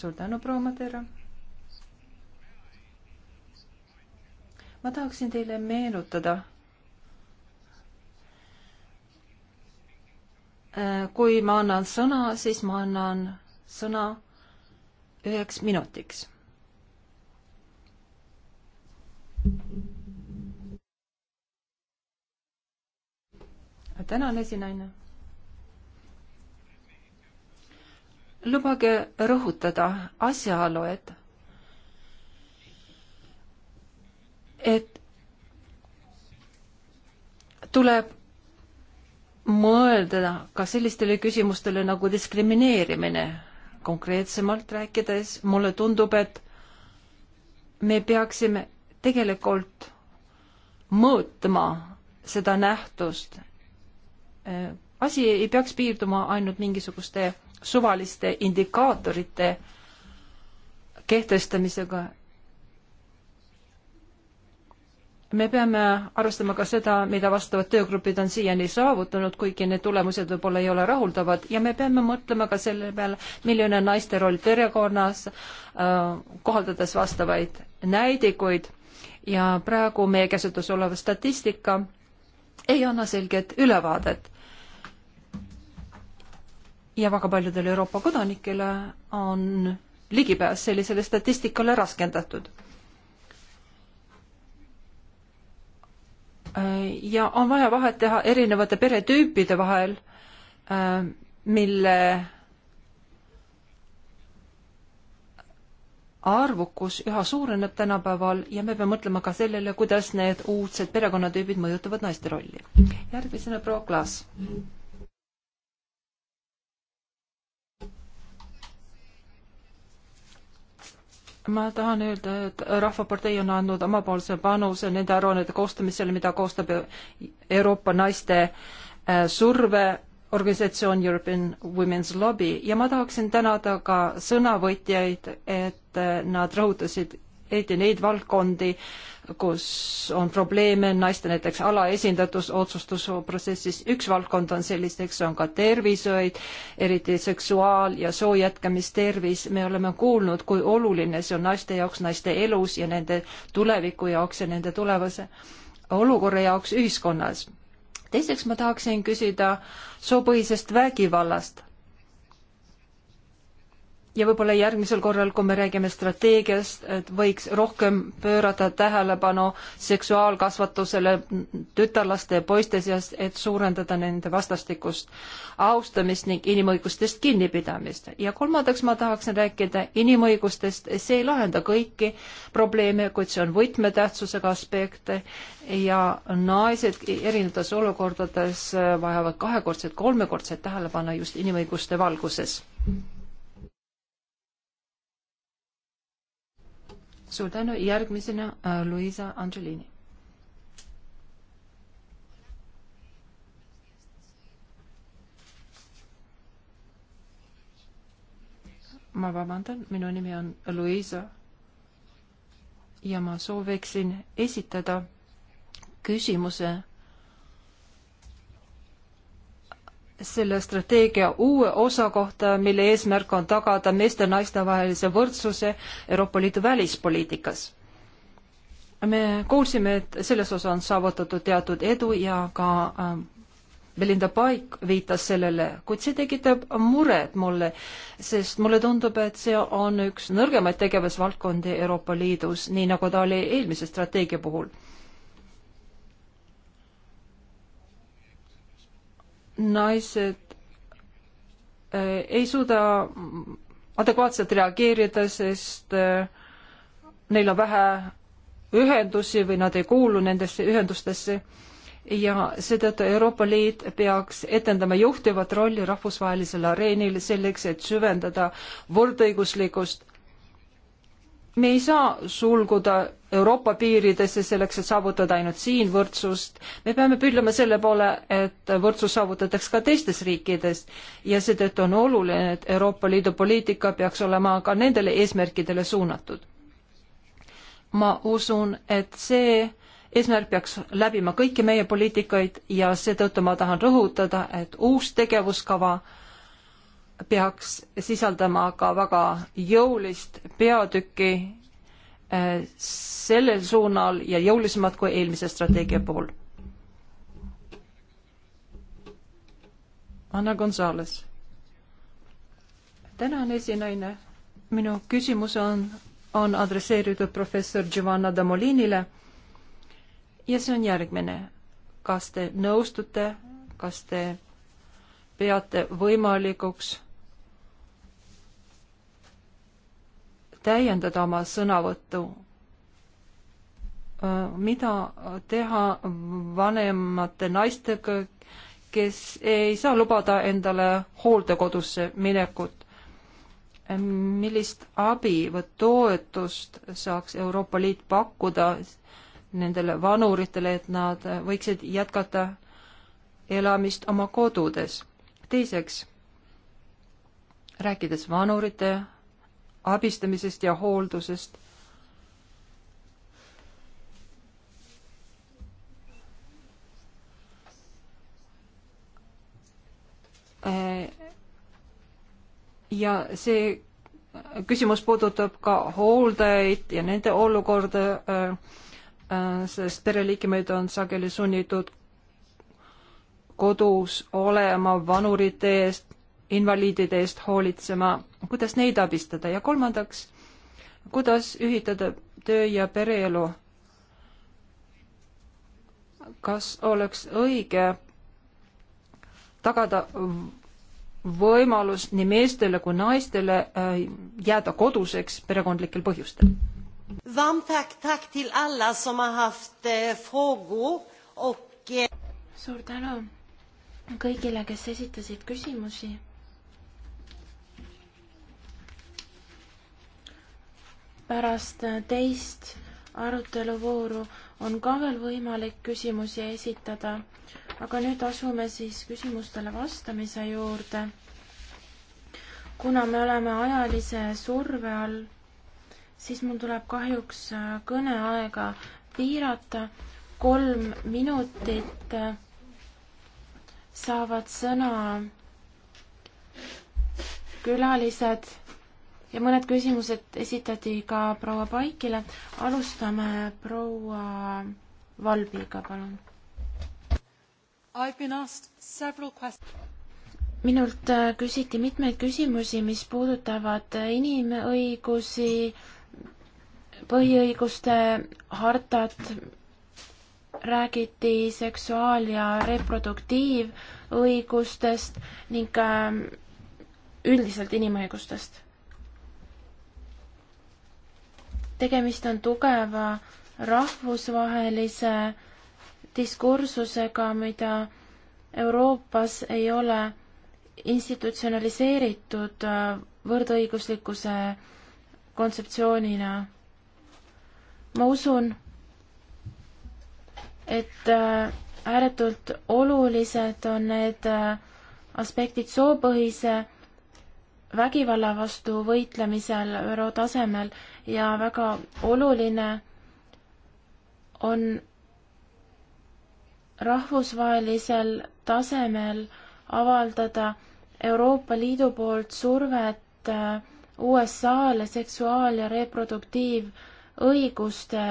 D: suur tänu, proua Madera. ma tahaksin teile meenutada Äh, kui ma annan sõna, siis ma annan sõna üheks minutiks. tänan, esinaine. lubage rõhutada asjaolu, et, et tuleb mõelda ka sellistele küsimustele nagu diskrimineerimine. konkreetsemalt rääkides, mulle tundub, et me peaksime tegelikult mõõtma seda nähtust. Äh, asi ei peaks piirduma ainult mingisuguste suvaliste indikaatorite kehtestamisega me peame arvestama ka seda, mida vastavad töögrupid on siiani saavutanud, kuigi need tulemused võib-olla ei ole rahuldavad ja me peame mõtlema ka selle peale, milline on naiste roll perekonnas äh,, kohaldades vastavaid näidikuid ja praegu meie käsutus olev statistika ei anna selget ülevaadet. ja väga paljudele Euroopa kodanikele on ligipääs sellisele statistikale raskendatud Äh, ja on vaja vahet teha erinevate peretüüpide vahel, äh, mille arvukus üha suureneb tänapäeval ja me peame mõtlema ka sellele, kuidas need uudsed perekonnatüübid mõjutavad naiste rolli. järgmisena proua Klaas mm. -hmm ma tahan öelda, et Rahvapartei on andnud omapoolse panuse nende aruannete koostamisele, mida koostab Euroopa naiste äh, surveorganisatsioon European Women's Lobby ja ma tahaksin tänada ka sõnavõtjaid, et äh, nad rõhutasid eriti neid valdkondi, kus on probleeme naiste näiteks alaesindatus otsustusprotsessis. üks valdkond on sellisteks, on ka tervishoid, eriti seksuaal- ja soo jätkamistervis. me oleme kuulnud, kui oluline see on naiste jaoks, naiste elus ja nende tuleviku jaoks ja nende tulevase olukorra jaoks ühiskonnas. teiseks ma tahaksin küsida soopõhisest vägivallast ja võib-olla järgmisel korral, kui me räägime strateegiast, et võiks rohkem pöörata tähelepanu seksuaalkasvatusele tütarlaste ja poiste seas, et suurendada nende vastastikust austamist ning inimõigustest kinnipidamist. ja kolmandaks ma tahaksin rääkida inimõigustest, see ei lahenda kõiki probleeme, kuid see on võtmetähtsusega aspekte ja naised erinevates olukordades vajavad kahekordset, kolmekordset tähelepanu just inimõiguste valguses. suur tänu, järgmisena äh, Luisa Angelini. ma vabandan, minu nimi on Luisa ja ma sooviksin esitada küsimuse selle strateegia uue osa kohta, mille eesmärk on tagada meeste ja naiste vahelise võrdsuse Euroopa Liidu välispoliitikas. me kuulsime, et selles osas on saavutatud teatud edu ja ka äh, Belinda Paik viitas sellele, kuid see tekitab muret mulle, sest mulle tundub, et see on üks nõrgemaid tegevusvaldkondi Euroopa Liidus, nii nagu ta oli eelmise strateegia puhul naised äh, ei suuda adekvaatselt reageerida, sest äh, neil on vähe ühendusi või nad ei kuulu nendesse ühendustesse ja seetõttu Euroopa Liit peaks etendama juhtivat rolli rahvusvahelisel areenil selleks, et süvendada võrdõiguslikkust me ei saa sulguda Euroopa piiridesse selleks, et saavutada ainult siin võrdsust. me peame püüdlema selle poole, et võrdsus saavutataks ka teistes riikides ja seetõttu on oluline, et Euroopa Liidu poliitika peaks olema ka nendele eesmärkidele suunatud. ma usun, et see eesmärk peaks läbima kõiki meie poliitikaid ja seetõttu ma tahan rõhutada, et uus tegevuskava äh, peaks sisaldama ka väga jõulist peatükki äh, sellel suunal ja jõulisemad kui eelmise strateegia puhul. Anna Gonzales. tänan, esinaine. minu küsimus on, on adresseeritud professor Giovanna Damolinile ja see on järgmine. kas te nõustute, kas te peate võimalikuks täiendada oma sõnavõttu. mida teha vanemate naistega, kes ei saa lubada endale hooldekodusse minekut? millist abi või toetust saaks Euroopa Liit pakkuda nendele vanuritele, et nad võiksid jätkata elamist oma kodudes? teiseks, rääkides vanurite abistamisest ja hooldusest. ja see küsimus puudutab ka hooldajaid ja nende olukorda, sest pereliikmed on sageli sunnitud kodus olema vanurite eest, invaliidide eest hoolitsema kuidas neid abistada ja kolmandaks, kuidas ühitada töö ja pereelu. kas oleks õige tagada võimalus nii meestele kui naistele äh, jääda koduseks perekondlikel põhjustel?
A: Eh, eh, suur tänu kõigile, kes esitasid
B: küsimusi pärast teist aruteluvooru on ka veel võimalik küsimusi esitada, aga nüüd asume siis küsimustele vastamise juurde. kuna me oleme ajalise surve all, siis mul tuleb kahjuks kõneaega piirata. kolm minutit saavad sõna külalised ja mõned küsimused esitati ka proua Paikile. alustame proua Valbiga, palun. minult äh, küsiti mitmeid küsimusi, mis puudutavad inimõigusi, põhiõiguste hartat, räägiti seksuaal- ja reproduktiivõigustest ning ähm, üldiselt inimõigustest tegemist on tugeva rahvusvahelise diskursusega, mida Euroopas ei ole institutsionaliseeritud äh, võrdõiguslikkuse kontseptsioonina. ma usun, et äh, ääretult olulised on need äh, aspektid soopõhise vägivalla vastu võitlemisel ÜRO tasemel ja väga oluline on rahvusvahelisel tasemel avaldada Euroopa Liidu poolt survet äh, USA-le seksuaal- ja reproduktiivõiguste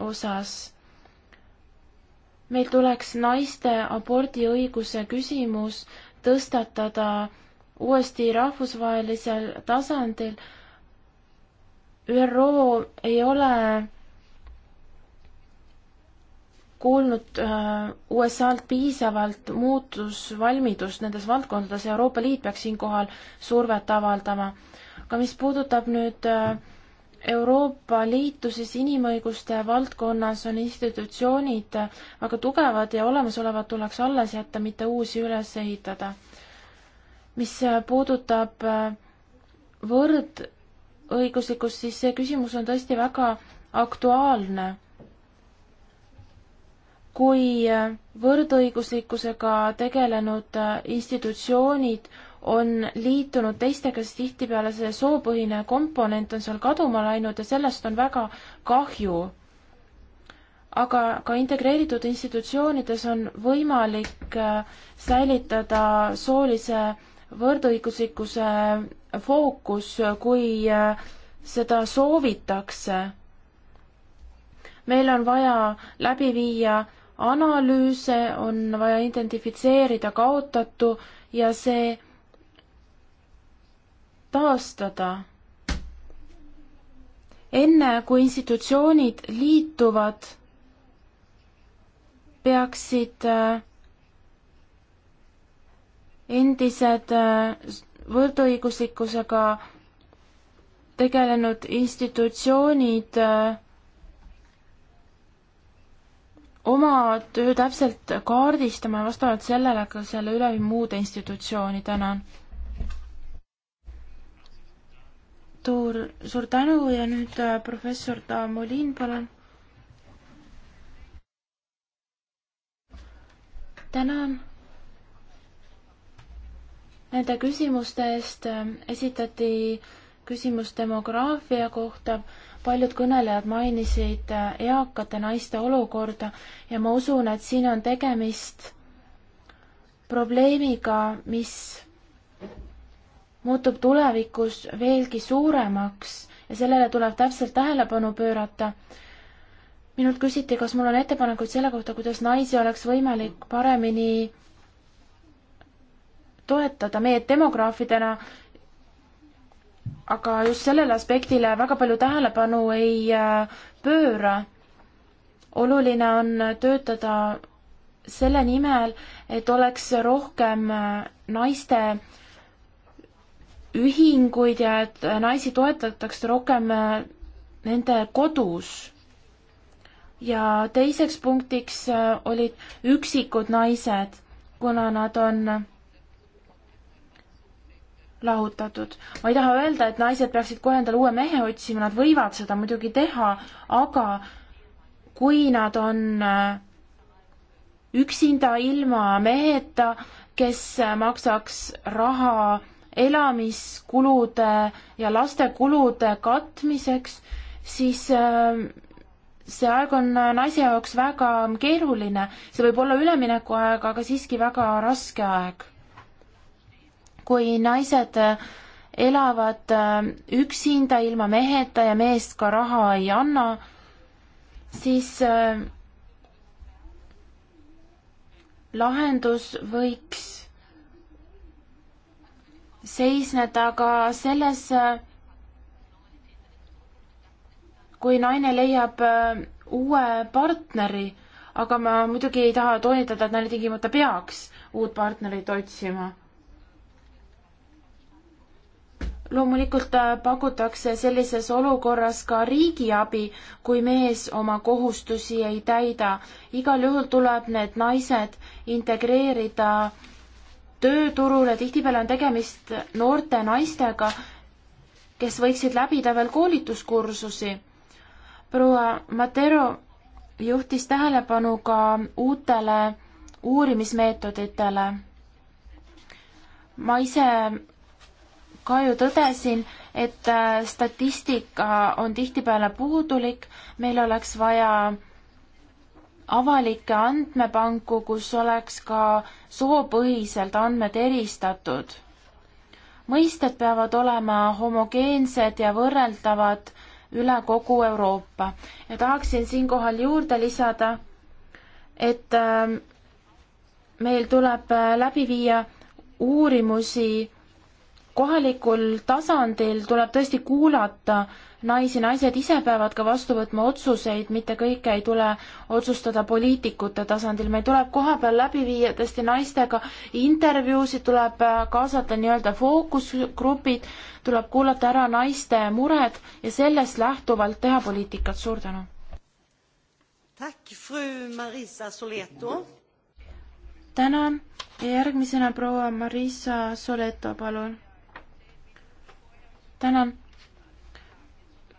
B: osas. meil tuleks naiste abordiõiguse küsimus tõstatada uuesti rahvusvahelisel tasandil ÜRO ei ole kuulnud äh, USA-lt piisavalt muutusvalmidust nendes valdkondades, Euroopa Liit peaks siinkohal survet avaldama. aga mis puudutab nüüd äh, Euroopa Liitu, siis inimõiguste valdkonnas on institutsioonid äh, väga tugevad ja olemasolevad tuleks alles jätta, mitte uusi üles ehitada. mis puudutab võrd- õiguslikust, siis see küsimus on tõesti väga aktuaalne. kui äh, võrdõiguslikkusega tegelenud äh, institutsioonid on liitunud teistega, siis tihtipeale see soopõhine komponent on seal kaduma läinud ja sellest on väga kahju. aga ka integreeritud institutsioonides on võimalik äh, säilitada soolise võrdõiguslikkuse fookus, kui äh, seda soovitakse. meil on vaja läbi viia analüüse, on vaja identifitseerida kaotatu ja see taastada. enne kui institutsioonid liituvad, peaksid äh, endised äh, võrdõiguslikkusega tegelenud institutsioonid äh, oma töö täpselt kaardistama ja vastavalt sellele ka selle üle muude institutsiooni tänan. suur, suur tänu ja nüüd äh, professor Taamolin, palun. tänan nende küsimuste eest. Äh, esitati küsimus demograafia kohta. paljud kõnelejad mainisid äh, eakate naiste olukorda ja ma usun, et siin on tegemist probleemiga, mis muutub tulevikus veelgi suuremaks ja sellele tuleb täpselt tähelepanu pöörata. minult küsiti, kas mul on ettepanekuid selle kohta, kuidas naisi oleks võimalik paremini toetada, meie demograafidena aga just sellele aspektile väga palju tähelepanu ei äh, pööra. oluline on töötada selle nimel, et oleks rohkem äh, naiste ühinguid ja et äh, naisi toetatakse rohkem nende kodus. ja teiseks punktiks olid üksikud naised, kuna nad on lahutatud. ma ei taha öelda, et naised peaksid kohe endale uue mehe otsima, nad võivad seda muidugi teha, aga kui nad on äh, üksinda ilma meheta, kes äh, maksaks raha elamiskulude ja lastekulude katmiseks, siis äh, see aeg on naise jaoks väga keeruline, see võib olla üleminekuaeg, aga siiski väga raske aeg kui naised äh, elavad äh, üksinda ilma meheta ja mees ka raha ei anna, siis äh, lahendus võiks seisneda ka selles, kui naine leiab uue partneri, aga ma muidugi ei taha toonitada, et naine tingimata peaks uut partnerit otsima loomulikult äh, pakutakse sellises olukorras ka riigiabi, kui mees oma kohustusi ei täida. igal juhul tuleb need naised integreerida tööturule, tihtipeale on tegemist noorte naistega, kes võiksid läbida veel koolituskursusi. proua Matero juhtis tähelepanu ka uutele uurimismeetoditele. ma ise ka ju tõdesin, et äh, statistika on tihtipeale puudulik, meil oleks vaja avalikke andmepanku, kus oleks ka soopõhiselt andmed eristatud. mõisted peavad olema homogeensed ja võrreldavad üle kogu Euroopa ja tahaksin siinkohal juurde lisada, et ähm, meil tuleb äh, läbi viia uurimusi kohalikul tasandil tuleb tõesti kuulata naisi, naised ise peavad ka vastu võtma otsuseid, mitte kõike ei tule otsustada poliitikute tasandil. meil tuleb kohapeal läbi viia tõesti naistega intervjuusid, tuleb äh, kaasata nii-öelda fookusgrupid, tuleb kuulata ära naiste mured ja sellest lähtuvalt teha poliitikat. suur tänu! tänan ja järgmisena proua Marisa Soleto, palun tänan.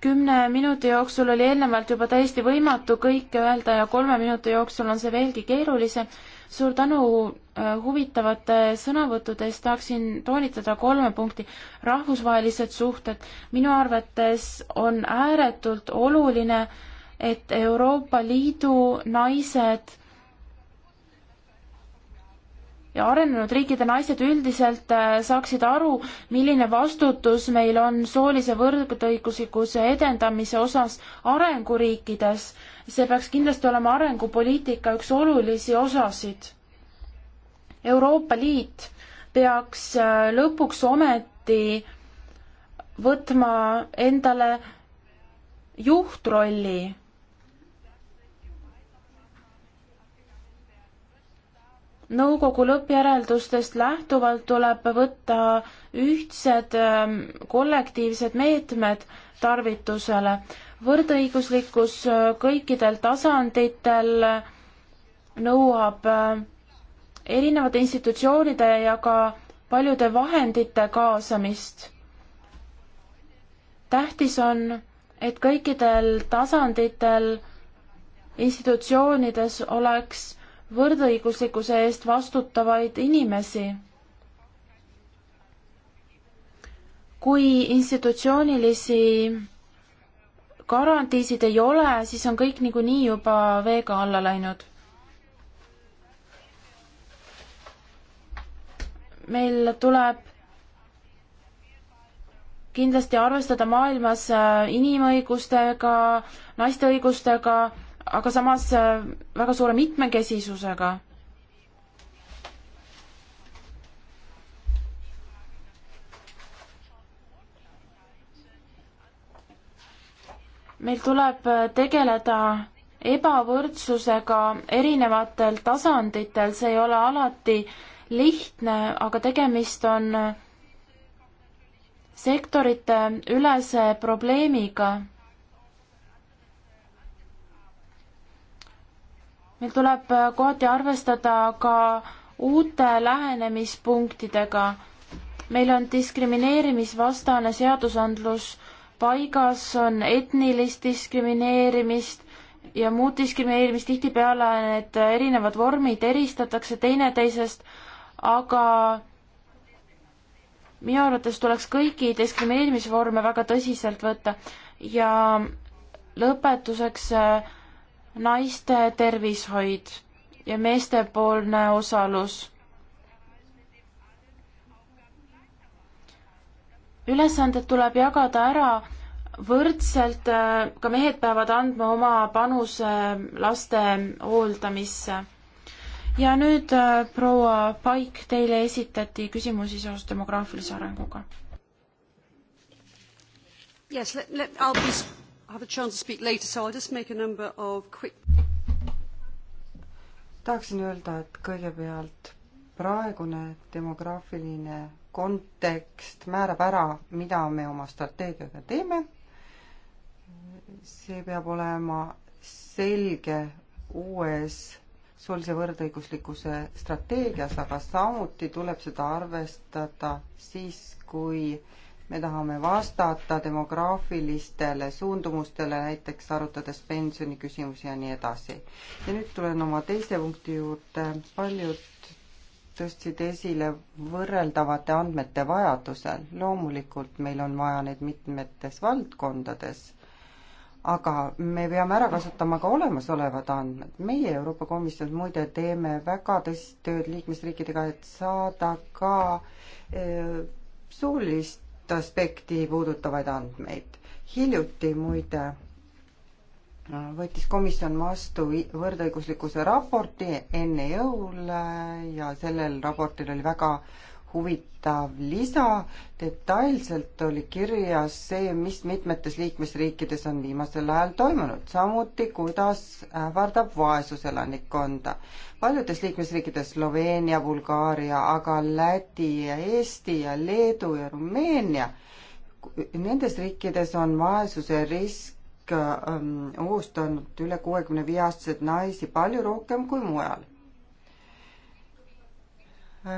B: kümne minuti jooksul oli eelnevalt juba täiesti võimatu kõike öelda ja kolme minuti jooksul on see veelgi keerulisem. suur tänu äh, huvitavate sõnavõttude eest, tahaksin toonitada kolme punkti. rahvusvahelised suhted, minu arvates on ääretult oluline, et Euroopa Liidu naised ja arenenud riikide naised üldiselt äh, saaksid aru, milline vastutus meil on soolise võrdõiguslikkuse edendamise osas arenguriikides. see peaks kindlasti olema arengupoliitika üks olulisi osasid. Euroopa Liit peaks äh, lõpuks ometi võtma endale juhtrolli nõukogu lõppjäreldustest lähtuvalt tuleb võtta ühtsed ähm, kollektiivsed meetmed tarvitusele. võrdõiguslikkus äh, kõikidel tasanditel nõuab äh, erinevate institutsioonide ja ka paljude vahendite kaasamist. tähtis on, et kõikidel tasanditel institutsioonides oleks võrdõiguslikkuse eest vastutavaid inimesi. kui institutsioonilisi garantiisid ei ole, siis on kõik niikuinii juba veega alla läinud. meil tuleb kindlasti arvestada maailmas inimõigustega, naiste õigustega aga samas äh, väga suure mitmekesisusega. meil tuleb äh, tegeleda ebavõrdsusega erinevatel tasanditel, see ei ole alati lihtne, aga tegemist on äh, sektorite ülese probleemiga meil tuleb äh, kohati arvestada ka uute lähenemispunktidega. meil on diskrimineerimisvastane seadusandlus paigas, on etnilist diskrimineerimist ja muud diskrimineerimist, tihtipeale need erinevad vormid eristatakse teineteisest, aga minu arvates tuleks kõiki diskrimineerimisvorme väga tõsiselt võtta ja lõpetuseks äh, naiste tervishoid ja meestepoolne osalus. ülesanded tuleb jagada ära võrdselt, äh, ka mehed peavad andma oma panuse laste hooldamisse. ja nüüd äh, proua Paik, teile esitati küsimusi seoses demograafilise arenguga.
D: Yes, let, let, I'll be
A: have a chance to speak later, so I'll just make a number of quick
C: tahaksin öelda, et kõigepealt praegune demograafiline kontekst määrab ära, mida me oma strateegiaga teeme. see peab olema selge uues soolise võrdõiguslikkuse strateegias, aga samuti tuleb seda arvestada siis, kui me tahame vastata demograafilistele suundumustele, näiteks arutades pensioniküsimusi ja nii edasi. ja nüüd tulen oma teise punkti juurde, paljud tõstsid esile võrreldavate andmete vajaduse, loomulikult meil on vaja neid mitmetes valdkondades, aga me peame ära kasutama ka olemasolevad andmed. meie Euroopa Komisjonis muide teeme väga tõsist tööd liikmesriikidega, et saada ka öö, eh, soolist aspekti puudutavaid andmeid. hiljuti muide võttis komisjon vastu võrdõiguslikkuse raporti enne jõule ja sellel raportil oli väga äh, huvitav lisa. detailselt oli kirjas see, mis mitmetes liikmesriikides on viimasel ajal toimunud, samuti kuidas ähvardab vaesus elanikkonda. paljudes liikmesriikides Sloveenia, Bulgaaria, aga Läti ja Eesti ja Leedu ja Rumeenia, nendes riikides on vaesuse risk ähm, ohustanud üle kuuekümne viie aastaseid naisi palju rohkem kui mujal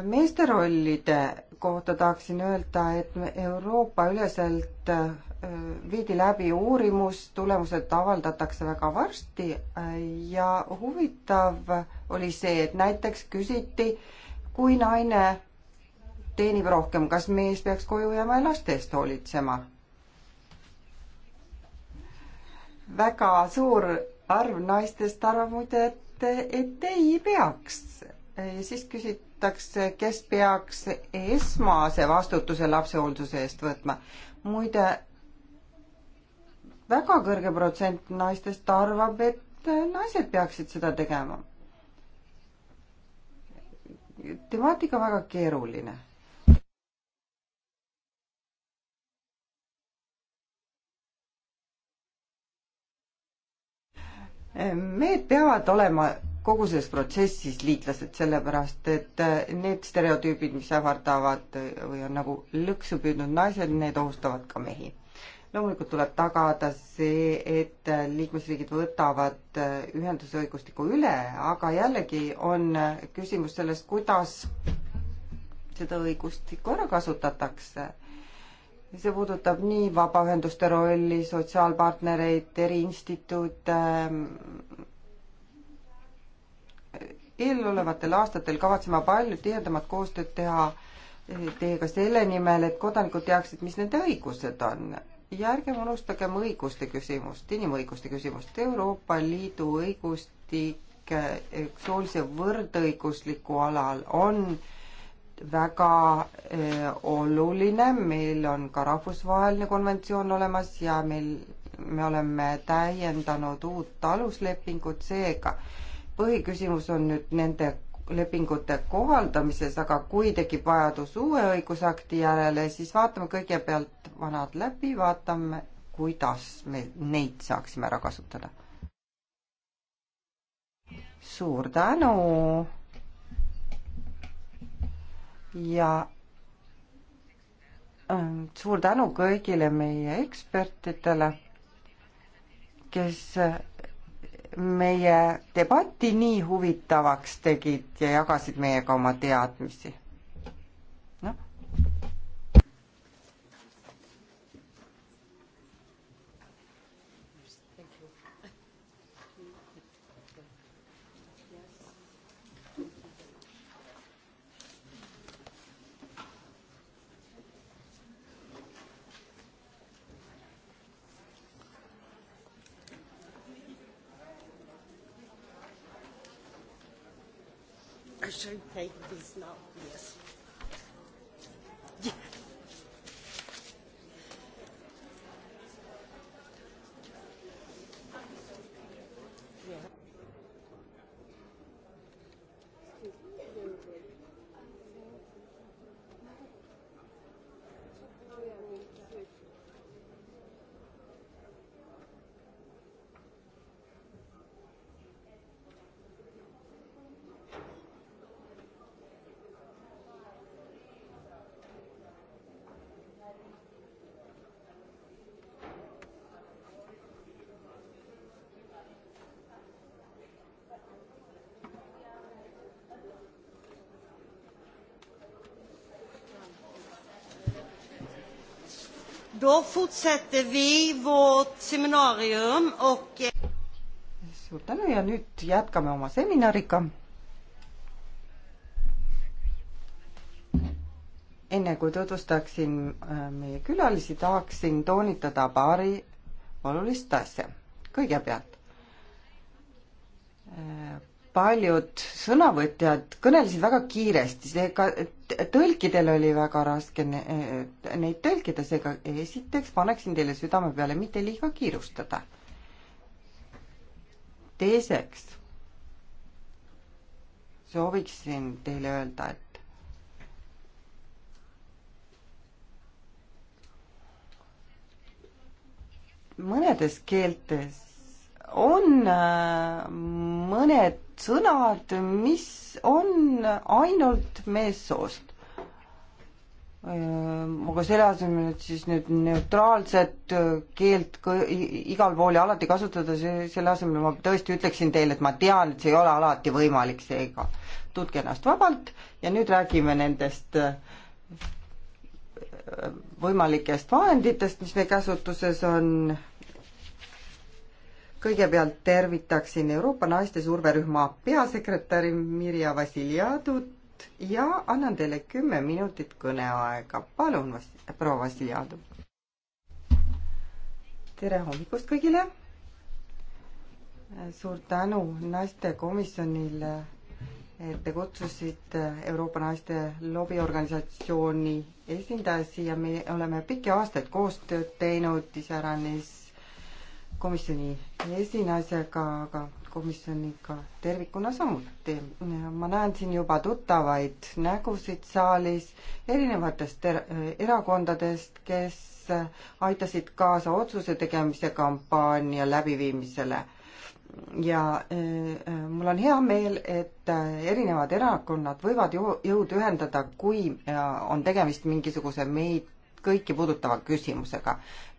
C: meeste rollide kohta tahaksin öelda, et Euroopa üleselt äh, viidi läbi uurimus, tulemused avaldatakse väga varsti äh, ja huvitav oli see, et näiteks küsiti, kui naine teenib rohkem, kas mees peaks koju jääma ja laste eest hoolitsema? väga suur arv naistest arvab muide, et, et ei peaks. siis küsiti otsustatakse, kes peaks esmase vastutuse lapsehoolduse eest võtma. muide, väga kõrge protsent naistest arvab, et naised peaksid seda tegema. temaatika väga keeruline mehed peavad olema kogu selles protsessis liitlased, sellepärast et äh, need stereotüübid, mis ähvardavad äh, või on nagu lõksu püüdnud naised, need ohustavad ka mehi. loomulikult tuleb tagada see, et äh, liikmesriigid võtavad ühenduse õigustiku üle, aga jällegi on küsimus selles, kuidas seda õigustikku ära kasutatakse see puudutab nii vabaühenduste rolli, sotsiaalpartnereid, eri instituute, eelolevatel aastatel kavatsema palju tihedamat koostööd teha eh, teiega selle nimel, et kodanikud teaksid, mis nende õigused on. ja ärgem unustagem õiguste küsimust, inimõiguste küsimust. Euroopa Liidu õigustik eh, soolise võrdõigusliku alal on väga äh, oluline, meil on ka rahvusvaheline konventsioon olemas ja meil, me oleme täiendanud uut aluslepingut, seega äh, põhiküsimus on nüüd nende lepingute kohaldamises, aga kui tekib vajadus uue õigusakti järele, siis vaatame kõigepealt vanad läbi, vaatame, kuidas me neid saaksime ära kasutada. suur tänu. ja ähm, suur tänu kõigile meie ekspertidele, kes äh, meie debatti nii huvitavaks tegid ja jagasid meiega oma teadmisi
A: take this now. Då fortsätter vi vårt seminarium och... Eh, suur tänu ja nüüd
C: jätkame oma seminariga. enne kui tutvustaksin äh, meie külalisi, tahaksin toonitada paari olulist asja. kõigepealt paljud sõnavõtjad kõnelesid väga kiiresti, seega tõlkidel oli väga raske ne neid tõlkida, seega esiteks paneksin teile südame peale mitte liiga kiirustada. teiseks sooviksin teile öelda, et mõnedes keeltes on äh, mõned sõnad, mis on ainult meessoost. Äh, aga selle asemel, et siis nüüd neutraalset äh, keelt igal pool ja alati kasutada, see, selle asemel ma tõesti ütleksin teile, et ma tean, et see ei ole alati võimalik, seega tundke ennast vabalt ja nüüd räägime nendest võimalikest vahenditest, mis meie käsutuses on kõigepealt tervitaksin Euroopa naiste surverühma peasekretäri Mirja Vassiljadut ja annan teile kümme minutit kõneaega. palun, proua Vassiljadu. tere hommikust kõigile. suur tänu naistekomisjonile, et te kutsusite Euroopa naiste lobiorganisatsiooni esindaja siia. me oleme pikki aastaid koostööd teinud iseäranis komisjoni esinaisega, aga komisjoniga tervikuna samuti. ma näen siin juba tuttavaid nägusid saalis erinevatest er erakondadest, kes aitasid kaasa otsuse tegemise kampaania läbiviimisele. ja äh, mul on hea meel, et erinevad erakonnad võivad jõud ühendada, kui on tegemist mingisuguse meid kõiki puudutava küsimusega.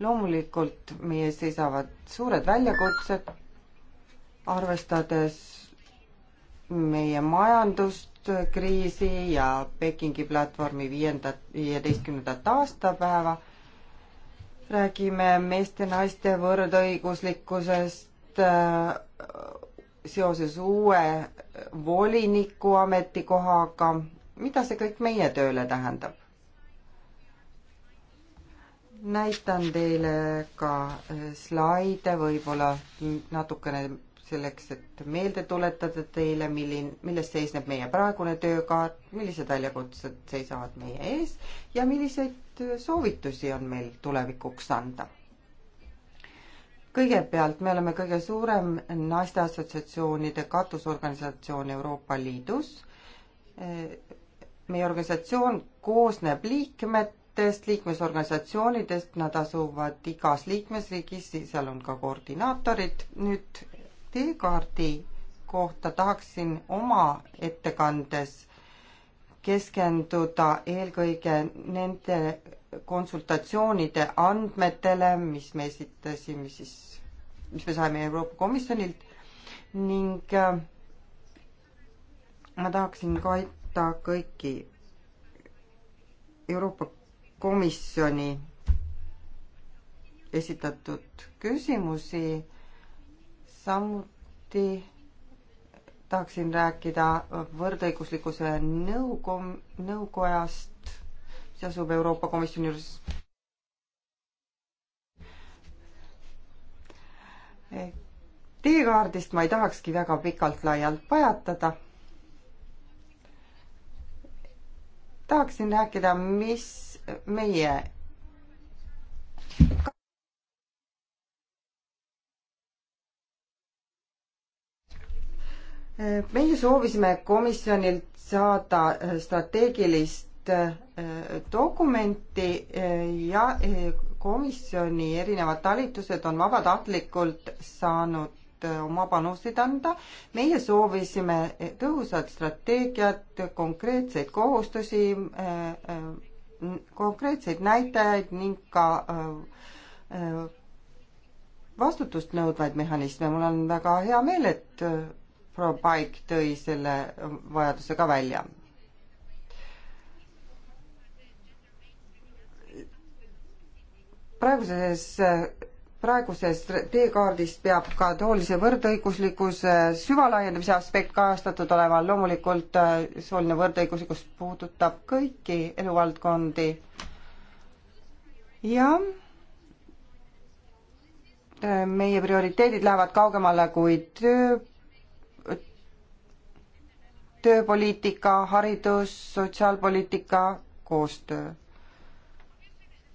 C: loomulikult meie seisavad suured väljakutsed, arvestades meie majandust, äh, kriisi ja Pekingi platvormi viiendat, viieteistkümnendat aastapäeva. räägime meeste-naiste võrdõiguslikkusest äh, seoses uue voliniku ametikohaga. mida see kõik meie tööle tähendab? näitan teile ka äh, slaide võib-olla natukene selleks, et meelde tuletada teile, milline, milles seisneb meie praegune töökaart, millised väljakutsed seisavad meie ees ja milliseid äh, soovitusi on meil tulevikuks anda. kõigepealt me oleme kõige suurem naiste assotsiatsioonide katusorganisatsioon Euroopa Liidus. Äh, meie organisatsioon koosneb liikmetest, liikmetest, liikmesorganisatsioonidest, nad asuvad igas liikmesriigis, seal on ka koordinaatorid. nüüd teekaardi kohta tahaksin oma ettekandes keskenduda eelkõige nende konsultatsioonide andmetele, mis me esitasime siis, mis me saime Euroopa Komisjonilt ning äh, ma tahaksin kaita kõiki Euroopa komisjoni esitatud küsimusi, samuti tahaksin rääkida võrdõiguslikkuse nõukom-, nõukojast, mis asub Euroopa Komisjoni juures. teekaardist ma ei tahakski väga pikalt-laialt pajatada. tahaksin rääkida, mis meie meie soovisime komisjonilt saada strateegilist äh, dokumenti äh, ja äh, komisjoni erinevad talitused on vabatahtlikult saanud oma panuseid anda. meie soovisime tõhusat strateegiat, konkreetseid kohustusi konkreetseid näitajaid ning ka äh, äh, vastutust nõudvaid mehhanisme. mul on väga hea meel, et äh, proua Paik tõi selle vajaduse ka välja. praeguses praegusest teekaardist peab ka toolise võrdõiguslikkuse süvalaiendamise aspekt kajastatud olema, loomulikult äh, sooline võrdõiguslikkus puudutab kõiki eluvaldkondi. ja äh, meie prioriteedid lähevad kaugemale kui töö, tööpoliitika, haridus, sotsiaalpoliitika, koostöö.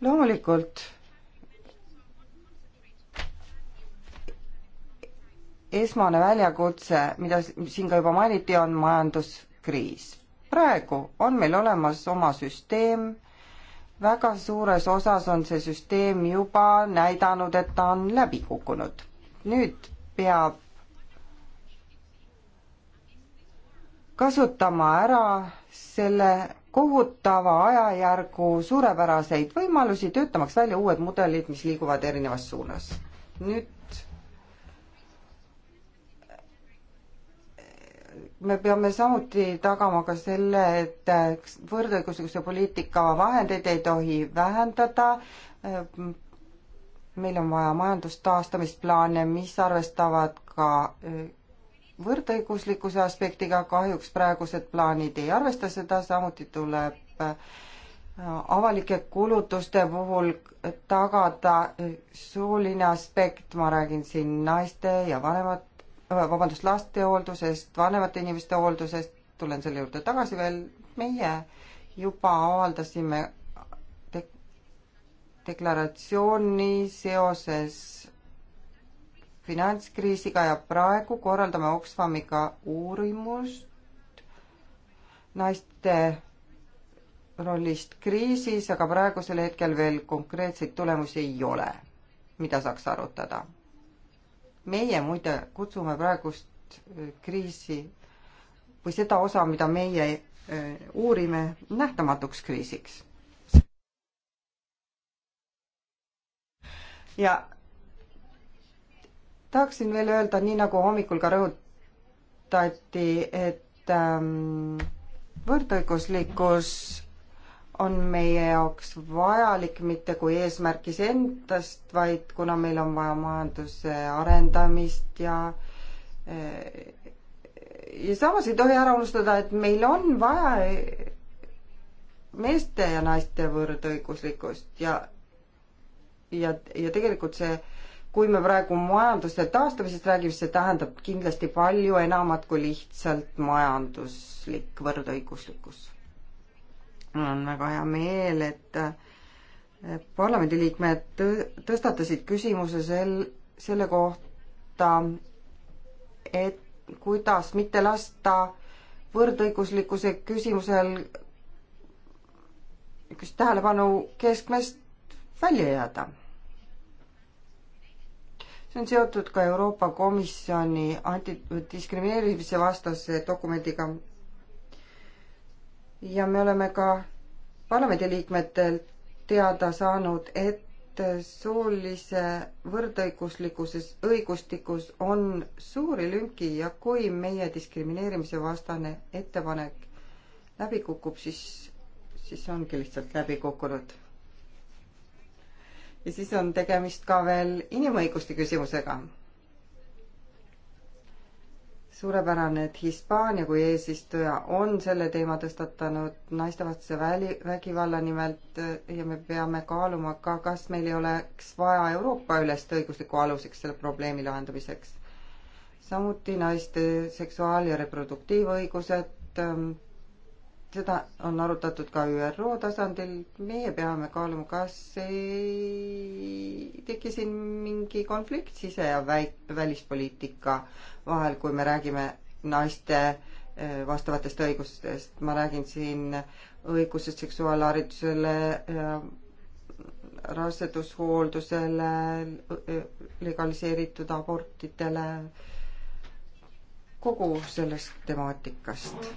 C: loomulikult esmane väljakutse, mida siin ka juba mainiti, on majanduskriis. praegu on meil olemas oma süsteem, väga suures osas on see süsteem juba näidanud, et ta on läbi kukkunud. nüüd peab kasutama ära selle kohutava ajajärgu suurepäraseid võimalusi, töötamaks välja uued mudelid, mis liiguvad erinevas suunas. nüüd me peame samuti tagama ka selle, et võrdõiguslikkuse poliitika vahendeid ei tohi vähendada. meil on vaja majandustaastamisplaane, mis arvestavad ka e, võrdõiguslikkuse aspektiga, kahjuks praegused plaanid ei arvesta seda, samuti tuleb e, avalike kulutuste puhul tagada e, sooline aspekt, ma räägin siin naiste ja vanemate Äh, vabandust, lastehooldusest, vanemate inimeste hooldusest, tulen selle juurde tagasi veel, meie juba avaldasime de-, deklaratsiooni seoses finantskriisiga ja praegu korraldame Oxfamiga uurimust naiste rollist kriisis, aga praegusel hetkel veel konkreetseid tulemusi ei ole, mida saaks arutada meie muide kutsume praegust äh, kriisi või seda osa, mida meie äh, uurime, nähtamatuks kriisiks. ja tahaksin veel öelda, nii nagu hommikul ka rõhutati, et ähm, võrdõiguslikkus on meie jaoks vajalik mitte kui eesmärkis endast, vaid kuna meil on vaja majanduse arendamist ja eh, ja samas ei tohi ära unustada, et meil on vaja meeste ja naiste võrdõiguslikkust ja ja, ja tegelikult see, kui me praegu majanduse taastamisest räägime, see tähendab kindlasti palju enamat kui lihtsalt majanduslik võrdõiguslikkus mul on väga hea meel, et parlamendiliikmed tõstatasid küsimuse sel, selle kohta, et kuidas mitte lasta võrdõiguslikkuse küsimusel kas tähelepanu keskmest välja jääda. see on seotud ka Euroopa Komisjoni antidiskrimineerimise vastase dokumendiga ja me oleme ka parlamendiliikmetelt teada saanud, et soolise võrdõiguslikkuses, õigustikus on suuri lünki ja kui meie diskrimineerimise vastane ettepanek läbi kukub, siis, siis ongi lihtsalt läbi kukkunud. ja siis on tegemist ka veel inimõiguste küsimusega suurepärane, et Hispaania kui eesistuja on selle teema tõstatanud naistevastase väli, vägivalla nimelt ja me peame kaaluma ka, kas meil ei oleks vaja Euroopa-ülest õiguslikku aluseks selle probleemi lahendamiseks. samuti naiste seksuaal- ja reproduktiivõigused, seda on arutatud ka ÜRO tasandil, meie peame kaaluma, kas ei teki siin mingi konflikt sise- ja väi-, välispoliitika vahel, kui me räägime naiste eh, vastavatest õigustest, ma räägin siin õigusest seksuaalharidusele, eh, rasedushooldusele, legaliseeritud abortidele, kogu sellest temaatikast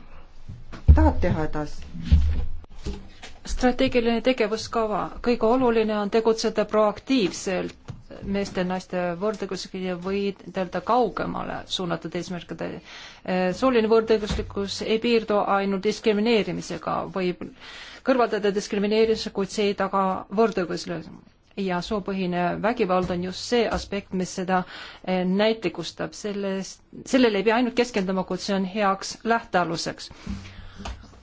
C: tahab teha edasi?
D: strateegiline tegevuskava, kõige oluline on tegutseda proaktiivselt meeste-naiste võrdõiguslikkusega ja võidelda kaugemale suunatud eesmärkide. sooline võrdõiguslikkus ei piirdu ainult diskrimineerimisega, võib kõrvaldada diskrimineerimise, kuid see ei taga võrdõiguslikkust ja soopõhine vägivald on just see aspekt, mis seda eh, näitlikustab, selles, sellele ei pea ainult keskenduma, kuid see on heaks lähtealuseks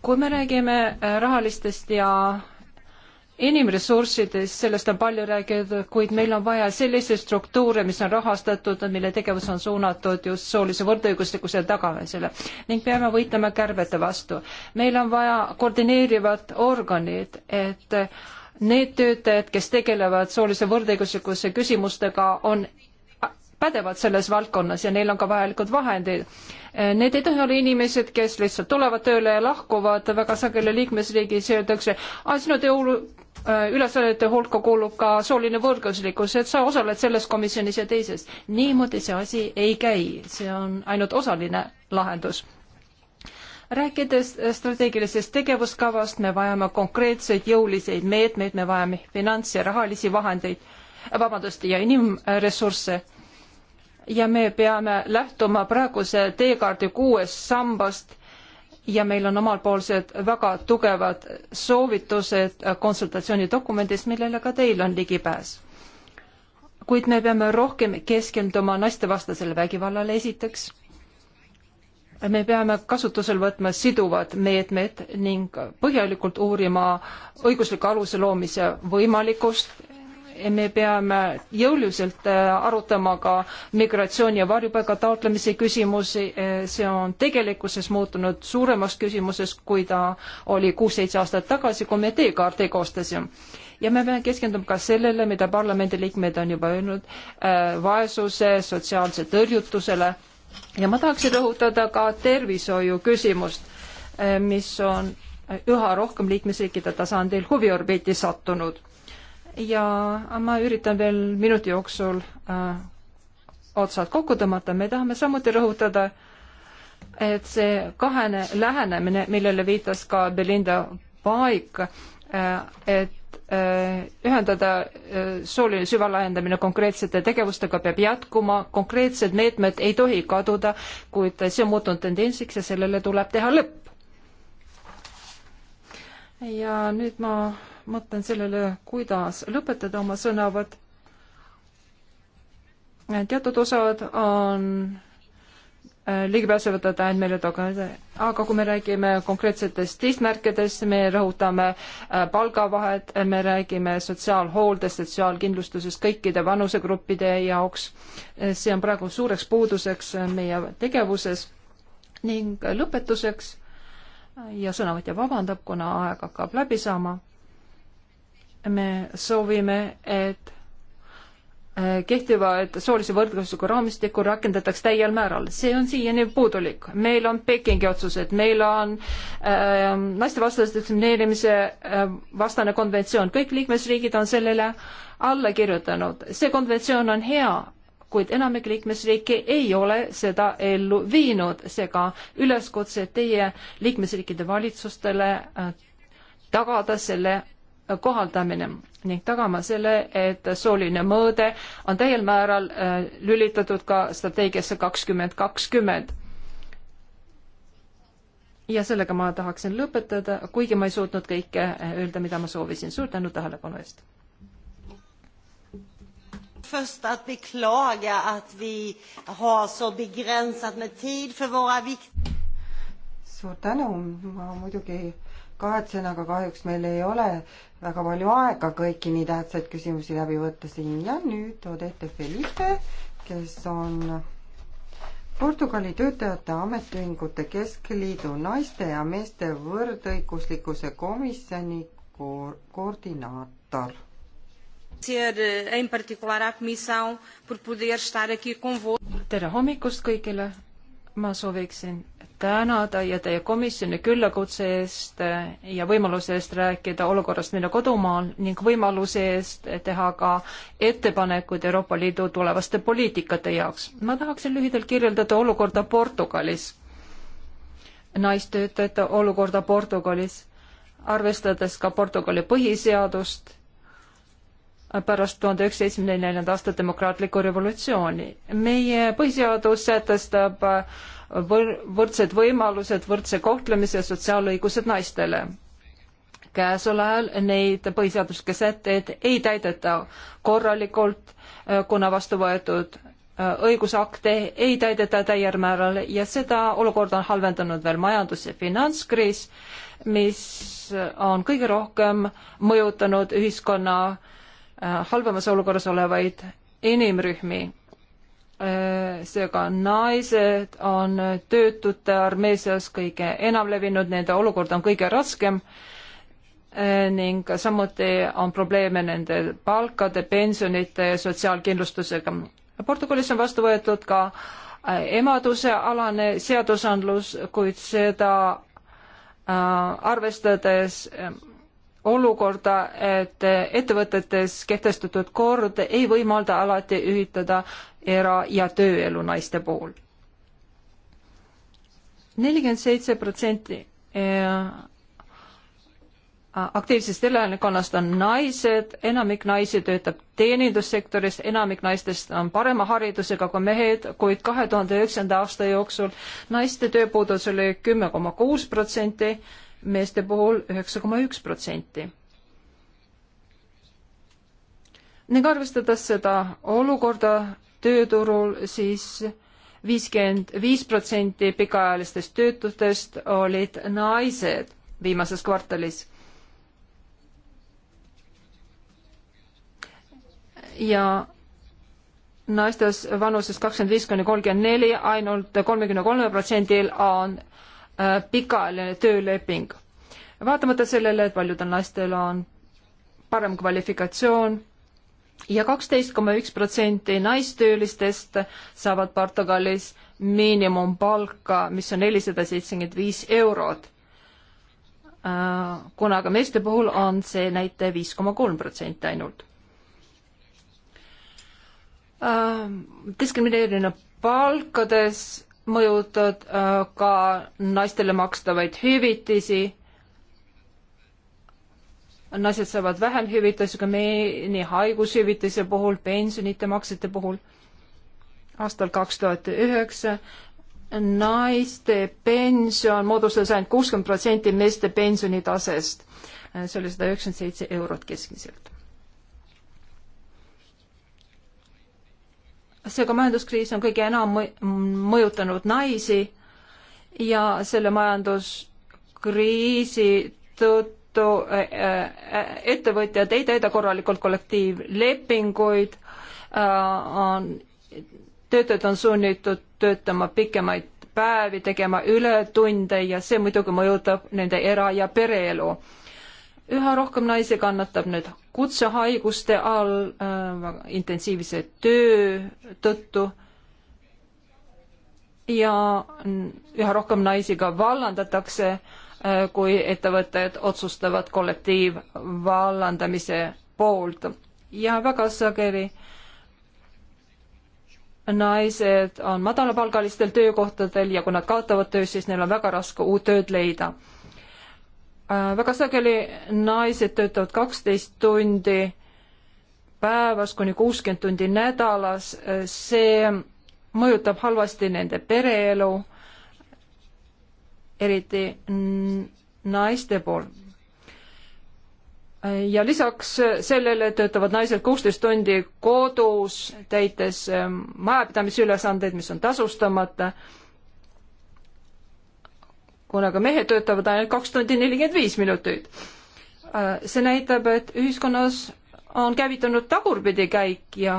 D: kui me räägime äh, rahalistest ja inimressurssidest, sellest on palju räägitud, kuid meil on vaja selliseid struktuure, mis on rahastatud, mille tegevus on suunatud just soolise võrdõiguslikkuse tagamisele ning peame võitlema kärbete vastu. meil on vaja koordineerivat organit, et need töötajad, kes tegelevad soolise võrdõiguslikkuse küsimustega, on pädevad selles valdkonnas ja neil on ka vajalikud vahendid. Eh, need ei tohi olla inimesed, kes lihtsalt tulevad tööle ja lahkuvad, väga sageli liikmesriigis öeldakse, sinu töö eh, ülesannete hulka kuulub ka sooline võrdluslikkus, et sa osaled selles komisjonis ja teises. niimoodi see asi ei käi, see on ainult osaline lahendus rääkides eh, strateegilisest tegevuskavast, me vajame konkreetseid jõuliseid meetmeid, me vajame finants- ja rahalisi vahendeid, vabandust, ja inimressursse ja me peame lähtuma praeguse teekaardi kuuest sambast ja meil on omalpoolsed väga tugevad soovitused konsultatsioonidokumendis, millele ka teil on ligipääs. kuid me peame rohkem keskenduma naistevastasele vägivallale esiteks. me peame kasutusele võtma siduvad meetmed ning põhjalikult uurima õigusliku aluse loomise võimalikkust me peame jõuliselt äh, arutama ka migratsiooni ja varjupaiga taotlemise küsimusi. Äh, see on tegelikkuses muutunud suuremaks küsimuseks, kui ta oli kuus-seitse aastat tagasi, kui me teekaarti koostasime. ja me peame keskenduma ka sellele, mida parlamendiliikmed on juba öelnud, äh, vaesuse, sotsiaalse tõrjutusele ja ma tahaksin rõhutada ka tervishoiu küsimust, mis on üha rohkem liikmesriikide tasandil huviorbiiti sattunud ja ma üritan veel minuti jooksul äh, otsad kokku tõmmata, me tahame samuti rõhutada, et see kahene lähenemine, millele viitas ka Belinda Paik äh,, et äh, ühendada äh, sooline süvalaiendamine konkreetsete tegevustega peab jätkuma, konkreetsed meetmed ei tohi kaduda, kuid see on muutunud tendentsiks ja sellele tuleb teha lõpp. ja nüüd ma mõtlen sellele, kuidas lõpetada oma sõnavõtt. teatud osad on äh, ligipääsevad andmeile tagasi, aga kui me räägime konkreetsetest eesmärkidest, me rõhutame äh, palgavahet, me räägime sotsiaalhooldest, sotsiaalkindlustusest kõikide vanusegruppide jaoks. see on praegu suureks puuduseks meie tegevuses ning lõpetuseks ja sõnavõtja vabandab, kuna aeg hakkab läbi saama me soovime, et äh, kehtivaid soolise võrdlusega raamistikku rakendataks täiel määral. see on siiani puudulik. meil on Pekingi otsused, meil on äh, naistevastase diskrimineerimise äh, vastane konventsioon, kõik liikmesriigid on sellele alla kirjutanud. see konventsioon on hea, kuid enamik liikmesriike ei ole seda ellu viinud, seega üleskutse teie liikmesriikide valitsustele äh, tagada selle kohaldamine ning tagama selle, et sooline mõõde on täiel määral äh, lülitatud ka strateegiasse kakskümmend kakskümmend. ja sellega ma tahaksin lõpetada, kuigi ma ei suutnud kõike äh, öelda, mida ma soovisin. suur tänu tähelepanu eest.
A: Först att beklaga att vi har så begränsat med tid för våra vikt-.
D: suur
C: tänu, ma muidugi kahetsen, aga kahjuks meil ei ole väga palju aega kõiki nii tähtsaid küsimusi läbi võtta siin ja nüüd Odette Felipe, kes on Portugali Töötajate Ametiühingute Keskliidu naiste ja meeste võrdõiguslikkuse komisjoni ko koordinaator.
D: Eh, tere hommikust kõigile ma sooviksin tänada ja teie komisjoni küllakutse eest äh, ja võimaluse eest rääkida olukorrast minu kodumaal ning võimaluse eest teha ka ettepanekuid Euroopa Liidu tulevaste poliitikate jaoks. ma tahaksin lühidalt kirjeldada olukorda Portugalis, naistöötajate olukorda Portugalis, arvestades ka Portugali põhiseadust pärast tuhande üheksasaja seitsmekümne neljanda aasta demokraatlikku revolutsiooni. meie põhiseadus sätestab võr-, võrdsed võimalused, võrdse kohtlemise, sotsiaalõigused naistele. käesoleval neid põhiseaduslikke sätteid ei täideta korralikult, eh, kuna vastu võetud eh, õigusakte ei täideta täiel määral ja seda olukorda on halvendanud veel majandus- ja finantskriis, mis on kõige rohkem mõjutanud ühiskonna äh, Äh, halvemas olukorras olevaid inimrühmi. Äh, seega naised on töötute armee seas kõige enam levinud, nende olukord on kõige raskem äh, ning samuti on probleeme nende palkade, pensionite ja sotsiaalkindlustusega. Portugalis on vastu võetud ka emaduse alane seadusandlus, kuid seda arvestades olukorda, et ettevõtetes kehtestatud kord ei võimalda alati ühitada era- ja tööelu naiste puhul. nelikümmend seitse protsenti äh, aktiivsest elanikkonnast on naised, enamik naisi töötab teenindussektoris, enamik naistest on parema haridusega kui mehed, kuid kahe tuhande üheksanda aasta jooksul naiste tööpuudus oli kümme koma kuus protsenti meeste puhul üheksa koma üks protsenti. ning arvestades seda olukorda tööturul siis, siis viiskümmend viis protsenti pikaajalistest töötutest olid naised viimases kvartalis ja naistes vanuses kakskümmend viis kuni kolmkümmend neli ainult kolmekümne kolmel protsendil on Äh, pikaajaline tööleping. vaatamata sellele, et paljudel naistel on parem kvalifikatsioon ja kaksteist koma üks protsenti naistöölistest saavad Portugalis miinimumpalka, mis on nelisada seitsekümmend viis eurot. Äh, kuna aga meeste puhul on see näitaja viis koma kolm protsenti ainult. Äh, diskrimineerimine palkades mõjutab äh, ka naistele makstavaid hüvitisi. naised saavad vähem hüvitisi kui meie, nii haigushüvitise puhul, pensionite maksete puhul. aastal kaks tuhat üheksa naiste pension moodustas ainult kuuskümmend protsenti meeste pensionitasest. Äh, see oli sada üheksakümmend seitse eurot keskmiselt seega majanduskriis on kõige enam mõjutanud naisi ja selle majanduskriisi tõttu äh, äh, ettevõtjad ei täida korralikult kollektiivlepinguid, äh, on, töötajad on sunnitud töötama pikemaid päevi, tegema ületunde ja see muidugi mõjutab nende era- ja pereelu üha rohkem naisi kannatab nüüd kutsehaiguste all äh, intensiivse töö tõttu ja üha rohkem naisi ka vallandatakse äh,, kui ettevõtted otsustavad kollektiivvallandamise poolt ja väga sageli naised on madalapalgalistel töökohtadel ja kui nad kaotavad töö, siis neil on väga raske uut tööd leida Äh, väga sageli naised töötavad kaksteist tundi päevas kuni kuuskümmend tundi nädalas, äh, see mõjutab halvasti nende pereelu, eriti naiste poolt. Äh, ja lisaks sellele töötavad naised kuusteist tundi kodus, täites majapidamisülesandeid, mis on tasustamata kuna ka mehed töötavad ainult kaks tundi nelikümmend viis minutit. Äh, see näitab, et ühiskonnas on käivitunud tagurpidi käik ja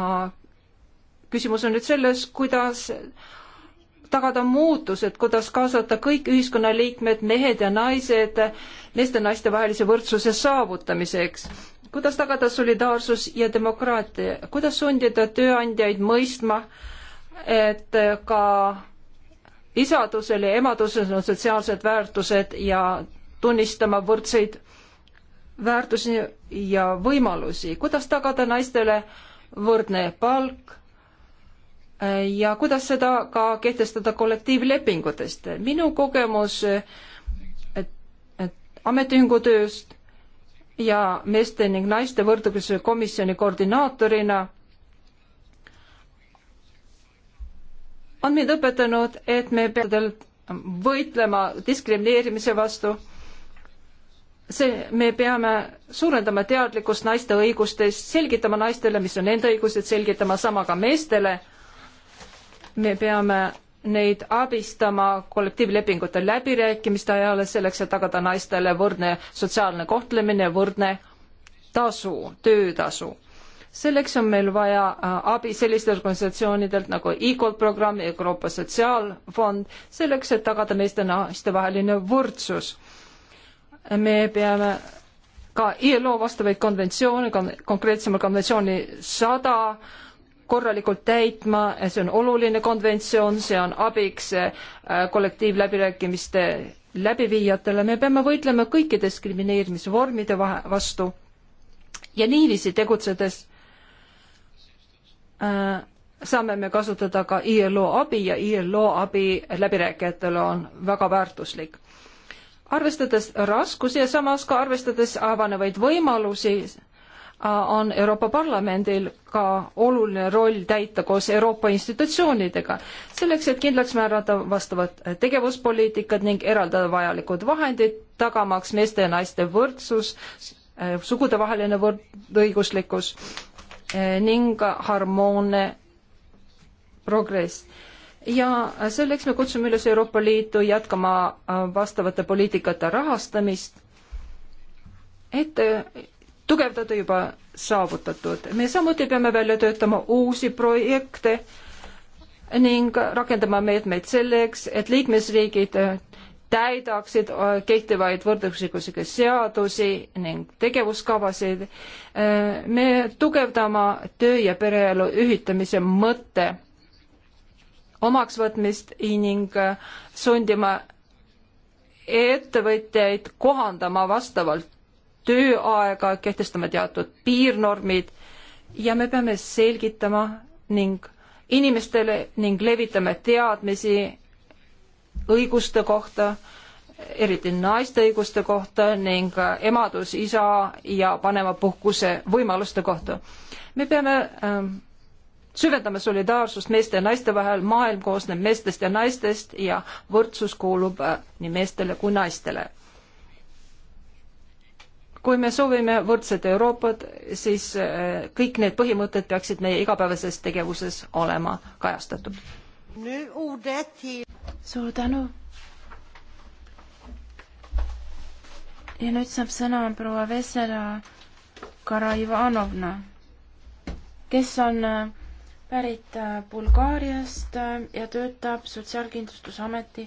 D: küsimus on nüüd selles, kuidas tagada muutused, kuidas kaasata kõik ühiskonnaliikmed, mehed ja naised meeste ja naiste vahelise võrdsuse saavutamiseks. kuidas tagada solidaarsus ja demokraatia, kuidas sundida tööandjaid mõistma, et ka isadusel ja emadusel on sotsiaalsed väärtused ja tunnistama võrdseid väärtusi ja võimalusi, kuidas tagada naistele võrdne palk äh, ja kuidas seda ka kehtestada kollektiivlepingutest. minu kogemus ametiühingu tööst ja meeste ning naiste võrdõiguse komisjoni koordinaatorina on mind õpetanud, et me peame võitlema diskrimineerimise vastu. see, me peame suurendama teadlikkust naiste õigustest, selgitama naistele, mis on nende õigused, selgitama sama ka meestele. me peame neid abistama kollektiivlepingute läbirääkimiste ajal selleks, et tagada naistele võrdne sotsiaalne kohtlemine, võrdne tasu, töötasu selleks on meil vaja äh, abi sellistelt organisatsioonidelt nagu EGOL programm, Euroopa Sotsiaalfond, selleks, et tagada meeste ja naiste vaheline võrdsus. me peame ka ILO vastavaid konventsioone, konkreetsemalt konventsiooni sada, korralikult täitma, see on oluline konventsioon, see on abiks äh, kollektiivläbirääkimiste läbiviijatele, me peame võitlema kõiki diskrimineerimisvormide vahe, vastu ja niiviisi tegutsedes Äh, saame me kasutada ka ILO abi ja ILO abi läbirääkijatele on väga väärtuslik. arvestades raskusi ja samas ka arvestades avanevaid võimalusi, äh, on Euroopa Parlamendil ka oluline roll täita koos Euroopa institutsioonidega, selleks et kindlaks määrata vastavad tegevuspoliitikad ning eraldada vajalikud vahendid, tagamaks meeste ja naiste võrdsus, äh, sugudevaheline võrdõiguslikkus Eh, ning harmoonne progress. ja selleks me kutsume üles Euroopa Liitu jätkama äh, vastavate poliitikate rahastamist, et äh, tugevdada juba saavutatud. me samuti peame välja töötama uusi projekte ning rakendama meetmeid selleks, et liikmesriigid äh, täidaksid äh, kehtivaid võrdõiguslikkusega seadusi ning tegevuskavasid. Äh, me tugevdama töö ja pereelu ühitamise mõtte omaksvõtmist ning äh, sundima ettevõtjaid kohandama vastavalt tööaega, kehtestama teatud piirnormid ja me peame selgitama ning inimestele ning levitame teadmisi õiguste kohta, eriti naiste õiguste kohta ning emadus, isa ja vanemapuhkuse võimaluste kohta. me peame ähm, süvendame solidaarsust meeste ja naiste vahel, maailm koosneb meestest ja naistest ja võrdsus kuulub äh, nii meestele kui naistele. kui me soovime võrdset Euroopat, siis äh, kõik need põhimõtted peaksid meie igapäevases tegevuses olema kajastatud
A: suur tänu.
B: ja nüüd saab sõna proua Vesela Karaivanovna, kes on äh, pärit äh, Bulgaariast äh, ja töötab Sotsiaalkindlustusameti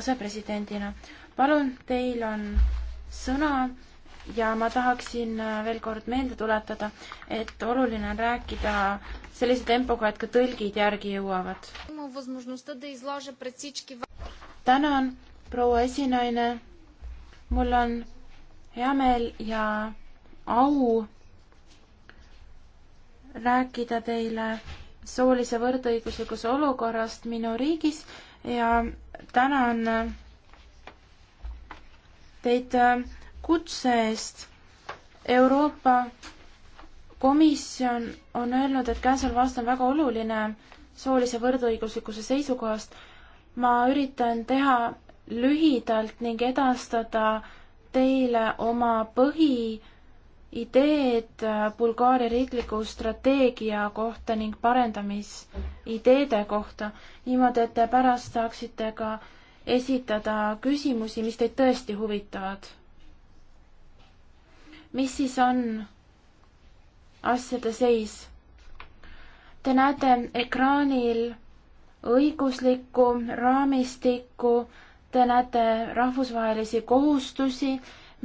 B: asepresidendina. palun, teil on sõna ja ma tahaksin äh, veel kord meelde tuletada, et oluline on rääkida sellise tempoga, et ka tõlgid järgi jõuavad. tänan, proua esinaine. mul on hea meel ja au rääkida teile soolise võrdõiguslikkuse olukorrast minu riigis ja tänan teid äh, kutse eest. Euroopa Komisjon on öelnud, et käesolev aasta on väga oluline soolise võrdõiguslikkuse seisukohast. ma üritan teha lühidalt ning edastada teile oma põhiideed Bulgaaria riikliku strateegia kohta ning parendamisideede kohta, niimoodi, et te pärast saaksite ka esitada küsimusi, mis teid tõesti huvitavad mis siis on asjade seis? Te näete ekraanil õiguslikku raamistikku, te näete rahvusvahelisi kohustusi,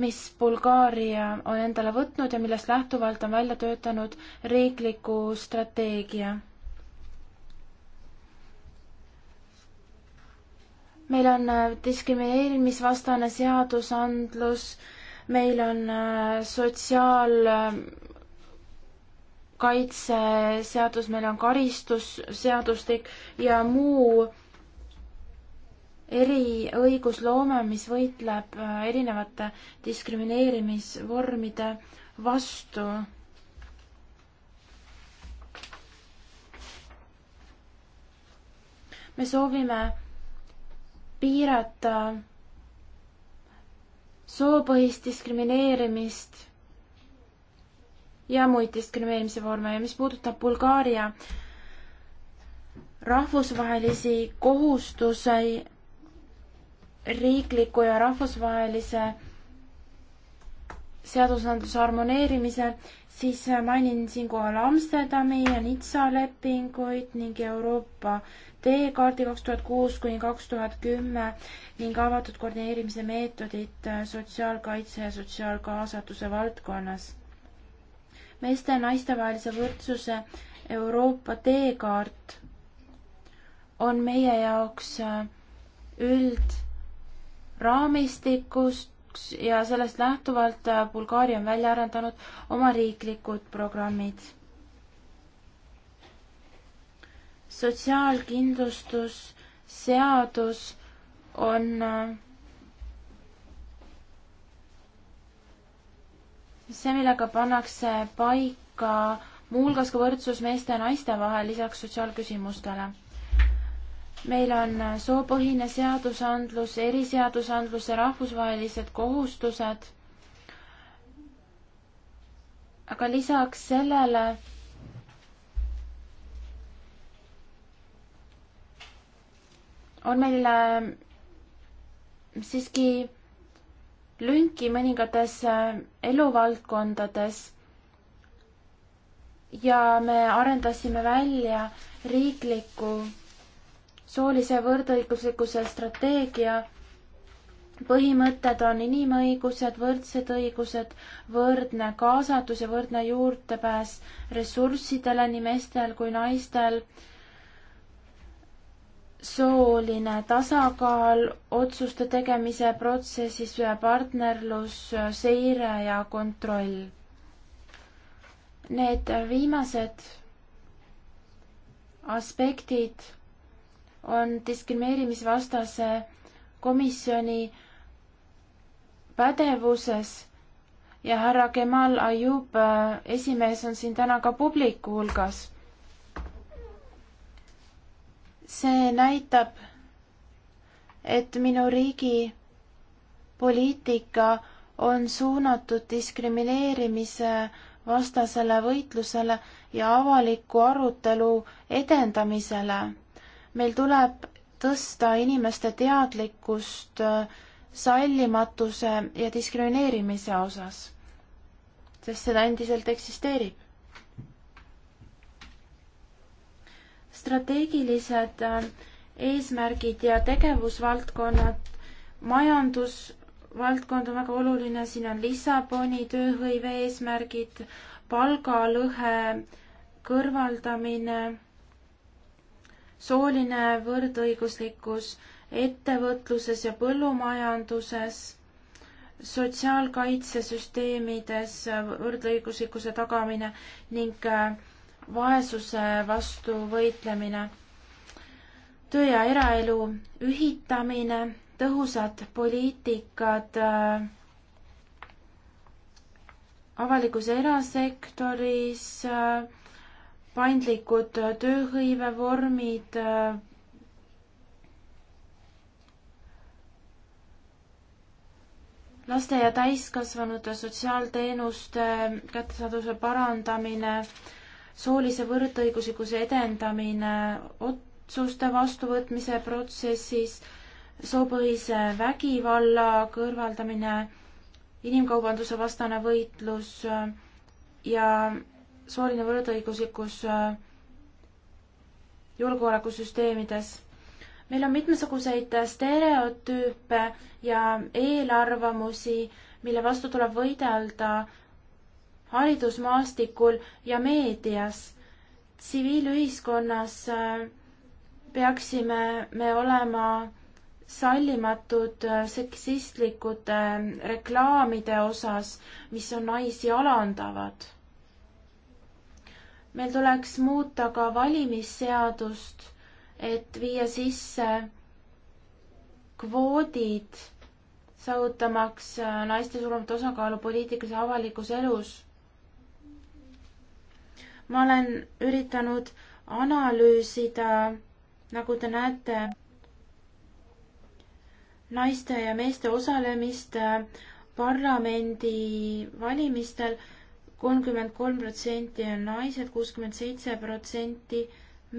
B: mis Bulgaaria on endale võtnud ja millest lähtuvalt on välja töötanud riikliku strateegia. meil on diskrimineerimisvastane seadusandlus, meil on äh, sotsiaalkaitseseadus, ähm, meil on karistusseadustik ja muu eriõigusloome, mis võitleb äh, erinevate diskrimineerimisvormide vastu. me soovime piirata soopõhist diskrimineerimist ja muid diskrimineerimise vorme ja mis puudutab Bulgaaria rahvusvahelisi kohustusi riikliku ja rahvusvahelise seadusandluse harmoneerimise, siis mainin siinkohal Amsterdami ja Nizza lepinguid ning Euroopa teekaardi kaks tuhat kuus kuni kaks tuhat kümme ning avatud koordineerimise meetodit äh, sotsiaalkaitse ja sotsiaalkaasatuse valdkonnas. meeste ja naiste vahelise võrdsuse Euroopa teekaart on meie jaoks äh, üldraamistikust ja sellest lähtuvalt äh, Bulgaaria on välja arendanud oma riiklikud programmid sotsiaalkindlustusseadus on äh, see, millega pannakse paika muuhulgas ka võrdsus meeste ja naiste vahel lisaks sotsiaalküsimustele meil on äh, soopõhine seadusandlus, eriseadusandlus ja rahvusvahelised kohustused. aga lisaks sellele on meil äh, siiski lünki mõningates äh, eluvaldkondades ja me arendasime välja riikliku soolise võrdõiguslikkuse strateegia põhimõtted on inimõigused, võrdsed õigused, võrdne kaasatus ja võrdne juurdepääs ressurssidele nii meestel kui naistel sooline tasakaal otsuste tegemise protsessis, partnerlus, seire ja kontroll. Need viimased aspektid on diskrimineerimisvastase komisjoni pädevuses ja härra Kemal Ajub, äh, esimees, on siin täna ka publiku hulgas see näitab, et minu riigi poliitika on suunatud diskrimineerimise vastasele võitlusele ja avaliku arutelu edendamisele. meil tuleb tõsta inimeste teadlikkust äh, sallimatuse ja diskrimineerimise osas, sest seda endiselt eksisteerib. strateegilised äh, eesmärgid ja tegevusvaldkonnad, majandusvaldkond on väga oluline, siin on Lissaboni tööhõive eesmärgid, palgalõhe kõrvaldamine, sooline võrdõiguslikkus ettevõtluses ja põllumajanduses sotsiaalkaitsesüsteemides võrdõiguslikkuse tagamine ning äh, vaesuse vastu võitlemine, töö ja eraelu ühitamine, tõhusad poliitikad äh, avalikus erasektoris, äh, paindlikud tööhõivevormid, äh, laste ja täiskasvanute sotsiaalteenuste kättesaadavuse parandamine, soolise võrdõiguslikkuse edendamine otsuste vastuvõtmise protsessis, soopõhise vägivalla kõrvaldamine, inimkaubanduse vastane võitlus äh, ja sooline võrdõiguslikkus äh, julgeolekusüsteemides. meil on mitmesuguseid stereotüüpe ja eelarvamusi, mille vastu tuleb võidelda haridusmaastikul ja meedias. tsiviilühiskonnas äh, peaksime me olema sallimatud äh, seksistlikute äh, reklaamide osas, mis on naisi alandavad. meil tuleks muuta ka valimisseadust, et viia sisse kvoodid, saavutamaks naiste suuremat osakaalu poliitikas ja avalikus elus ma olen üritanud analüüsida, nagu te näete, naiste ja meeste osalemist parlamendi valimistel. kolmkümmend kolm protsenti on naised, kuuskümmend seitse protsenti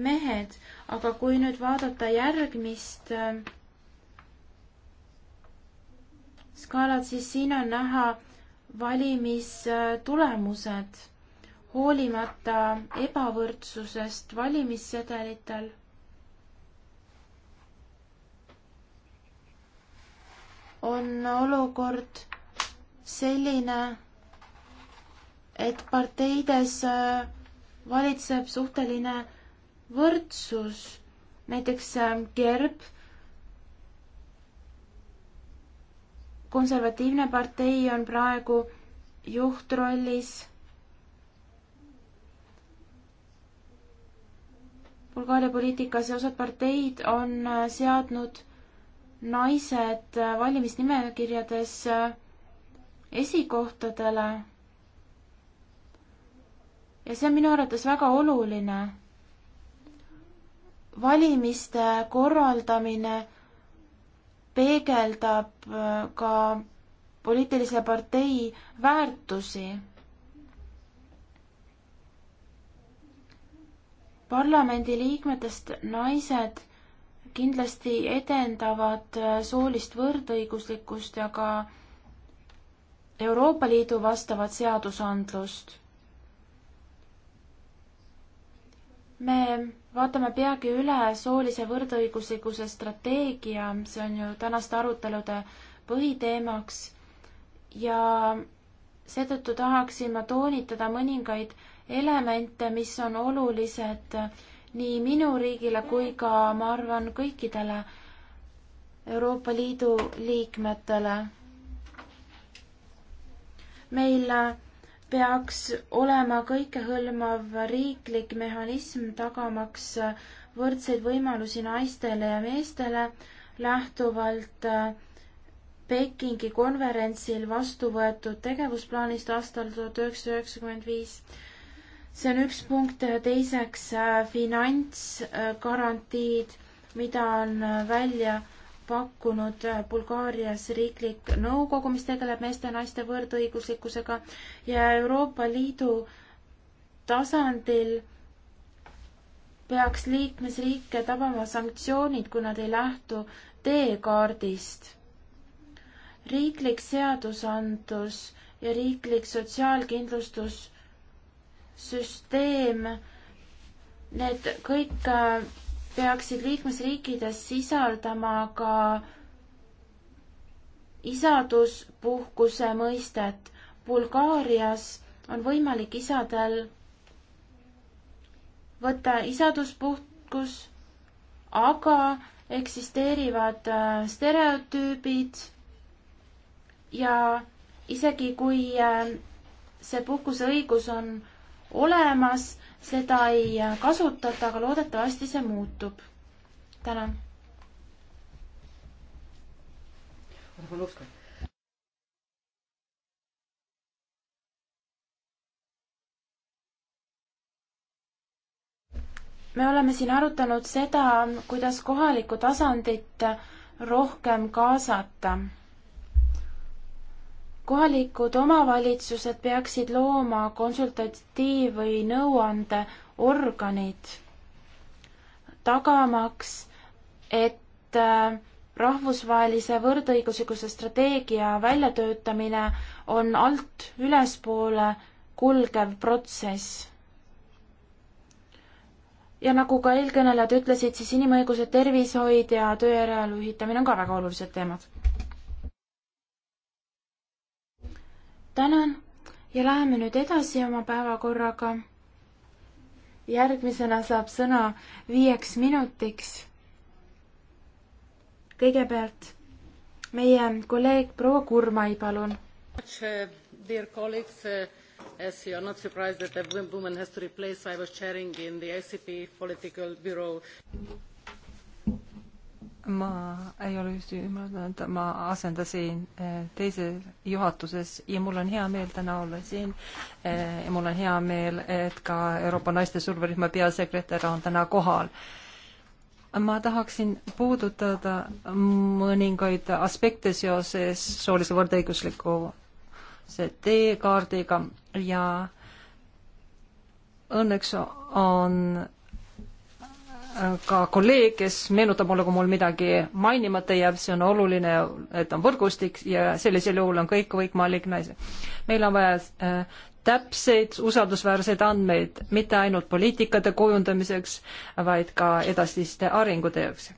B: mehed, aga kui nüüd vaadata järgmist äh, skaalat, siis siin on näha valimistulemused äh, hoolimata ebavõrdsusest valimissedelitel on olukord selline, et parteides äh, valitseb suhteline võrdsus, näiteks äh, Gerb, konservatiivne partei on praegu juhtrollis Bulgaaria poliitikas ja osad parteid on äh, seadnud naised äh, valimisnimekirjades äh, esikohtadele. ja see on minu arvates väga oluline. valimiste korraldamine peegeldab ka poliitilise partei väärtusi parlamendi liikmetest naised kindlasti edendavad äh, soolist võrdõiguslikkust ja ka Euroopa Liidu vastavat seadusandlust. me vaatame peagi üle soolise võrdõiguslikkuse strateegia, see on ju tänaste arutelude põhiteemaks ja seetõttu tahaksin ma toonitada mõningaid elemente, mis on olulised nii minu riigile kui ka, ma arvan, kõikidele Euroopa Liidu liikmetele. meil peaks olema kõikehõlmav riiklik mehhanism tagamaks võrdseid võimalusi naistele ja meestele lähtuvalt äh, Pekingi konverentsil vastu võetud tegevusplaanist aastal tuhat üheksasada üheksakümmend viis see on üks punkt, teiseks äh, finantsgarantiid, mida on äh, välja pakkunud äh, Bulgaarias riiklik nõukogu, mis tegeleb meeste ja naiste võrdõiguslikkusega ja Euroopa Liidu tasandil peaks liikmesriike tabama sanktsioonid, kui nad ei lähtu teekaardist. riiklik seadusandlus ja riiklik sotsiaalkindlustus süsteem, need kõik äh, peaksid liikmesriikides sisaldama ka isaduspuhkuse mõistet. Bulgaarias on võimalik isadel võtta isaduspuhkus, aga eksisteerivad äh, stereotüübid ja isegi kui äh, see puhkuseõigus on olemas, seda ei kasutata, aga loodetavasti see muutub. tänan. me oleme siin arutanud seda, kuidas kohalikku tasandit rohkem kaasata kohalikud omavalitsused peaksid looma konsultatiiv- või nõuandeorganid, tagamaks, et äh, rahvusvahelise võrdõiguslikkuse strateegia väljatöötamine on alt ülespoole kulgev protsess. ja nagu ka eelkõnelejad ütlesid, siis inimõigused, tervishoid ja tööjäreleühitamine on ka väga olulised teemad. tänan ja läheme nüüd edasi oma päevakorraga. järgmisena saab sõna viieks minutiks. kõigepealt meie kolleeg proua Kurmai, palun.
A: Dear colleagues uh,, as you are not surprised that a woman has to replace, I was chairing in the ICP political bureau
D: ma ei ole just ümardanud, ma asendasin eh, teises juhatuses ja mul on hea meel täna olla siin. Eh, ja mul on hea meel, et ka Euroopa Naiste Surverühma peasekretär on täna kohal. ma tahaksin puudutada mõningaid aspekte seoses soolise võrdõigusliku see teekaardiga ja õnneks on ka kolleeg, kes meenutab mulle, kui mul midagi mainimata jääb, see on oluline, et on võrgustik ja sellisel juhul on kõik võimalik naise. meil on vaja äh, täpseid usaldusväärseid andmeid, mitte ainult poliitikate kujundamiseks, vaid ka edasiste arengute jaoks.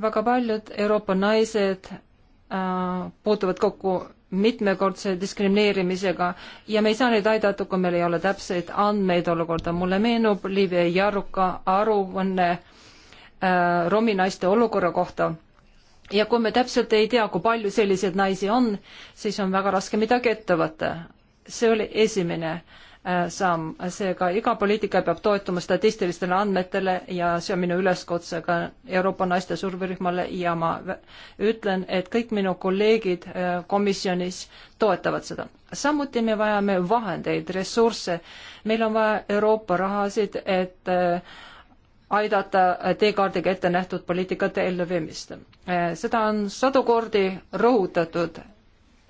D: väga paljud Euroopa naised äh, puutuvad kokku mitmekordse diskrimineerimisega ja me ei saa neid aidata, kui meil ei ole täpseid andmeid olukorda. mulle meenub Liivi Jaruka aruanne äh, romi naiste olukorra kohta. ja kui me täpselt ei tea, kui palju selliseid naisi on, siis on väga raske midagi ette võtta. see oli esimene äh, Äh, samm, seega iga poliitika peab toetuma statistilistele andmetele ja see on minu üleskutse ka Euroopa naiste surverühmale ja ma ütlen, et kõik minu kolleegid äh, komisjonis toetavad seda. samuti me vajame vahendeid, ressursse, meil on vaja Euroopa rahasid, et äh, aidata teekaardiga ette nähtud poliitikate elluviimist. seda on sadu kordi rõhutatud,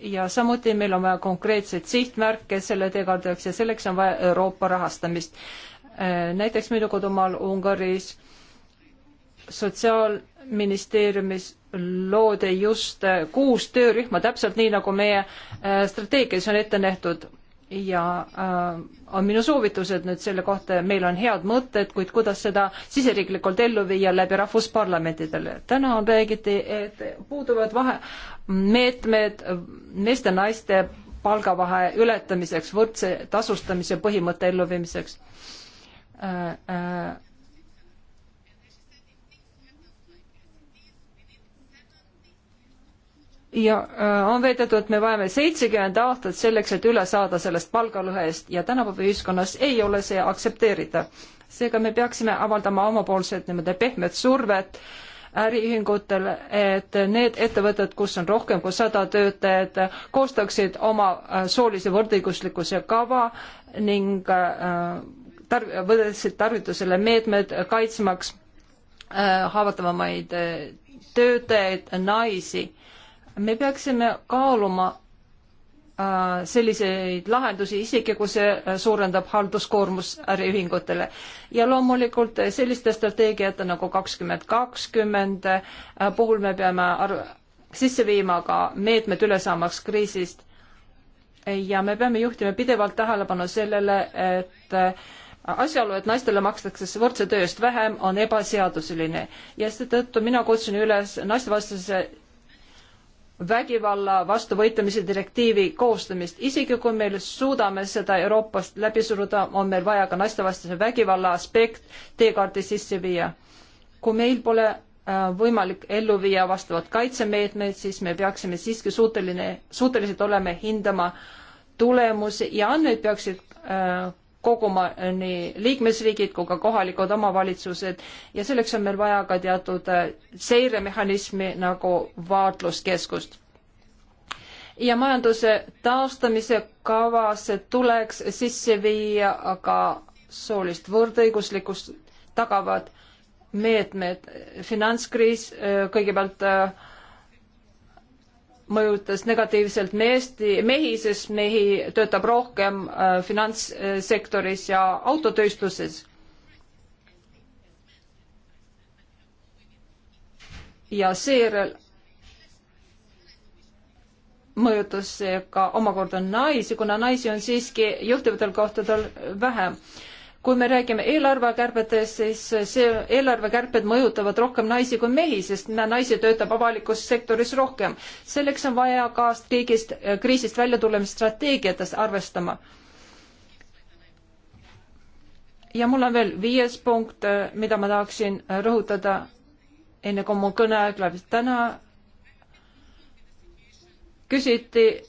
D: ja samuti meil on vaja konkreetseid sihtmärke selle tegevuseks ja selleks on vaja Euroopa rahastamist. Äh, näiteks minu kodumaal Ungaris sotsiaalministeeriumis loodi just äh, kuus töörühma, täpselt nii, nagu meie äh, strateegias on ette nähtud ja äh, on minu soovitused nüüd selle kohta, meil on head mõtted, kuid kuidas seda siseriiklikult ellu viia läbi rahvusparlamentidele. täna on räägiti, et puuduvad vahe, meetmed meeste-naiste palgavahe ületamiseks, võrdse tasustamise põhimõtte elluviimiseks äh,. Äh, ja äh, on veedetud, et me vajame seitsekümmend aastat selleks, et üle saada sellest palgalõhest ja tänapäeva ühiskonnas ei ole see aktsepteeritav. seega me peaksime avaldama omapoolset niimoodi pehmet survet äriühingutele, et need ettevõtted, kus on rohkem kui sada töötajat, koostaksid oma äh, soolise võrdõiguslikkuse kava ning äh, tar-, võtaksid tarvitusele meetmed kaitsmaks haavatavamaid töötajaid, naisi me peaksime kaaluma äh, selliseid lahendusi, isegi kui see äh, suurendab halduskoormus äriühingutele. ja loomulikult äh, selliste strateegiate nagu kakskümmend kakskümmend puhul me peame arv-, sisse viima ka meetmed üle saamaks kriisist. ja me peame juhtima pidevalt tähelepanu sellele, et asjaolu, et naistele makstakse võrdse töö eest vähem, on ebaseaduseline ja seetõttu mina kutsun üles naistevastase vägivalla vastu võitlemise direktiivi koostamist. isegi kui me suudame seda Euroopast läbi suruda, on meil vaja ka naistevastase vägivalla aspekt teekaardi sisse viia. kui meil pole äh, võimalik ellu viia vastavad kaitsemeetmed, siis me peaksime siiski suuteline, suutelised olema hindama tulemusi ja andmeid peaksid äh, koguma nii liikmesriigid kui ka kohalikud omavalitsused ja selleks on meil vaja ka teatud äh, seiremehhanismi nagu vaatluskeskust ja majanduse taastamise kavasse tuleks sisse viia ka soolist võrdõiguslikkust tagavad meetmed. finantskriis äh, kõigepealt äh, mõjutas negatiivselt meesti, mehi, sest mehi töötab rohkem äh, finantssektoris ja autotööstuses. ja seejärel mõjutas see ka omakorda naisi, kuna naisi on siiski juhtivatel kohtadel vähem äh, kui me räägime eelarvekärbetest, siis see eelarvekärped mõjutavad rohkem naisi kui mehi, sest naisi töötab avalikus sektoris rohkem. selleks on vaja ka kõigist äh, kriisist väljatulemise strateegiates arvestama. ja mul on veel viies punkt, äh, mida ma tahaksin äh, rõhutada, enne kui mu kõneaeg läbi. täna küsiti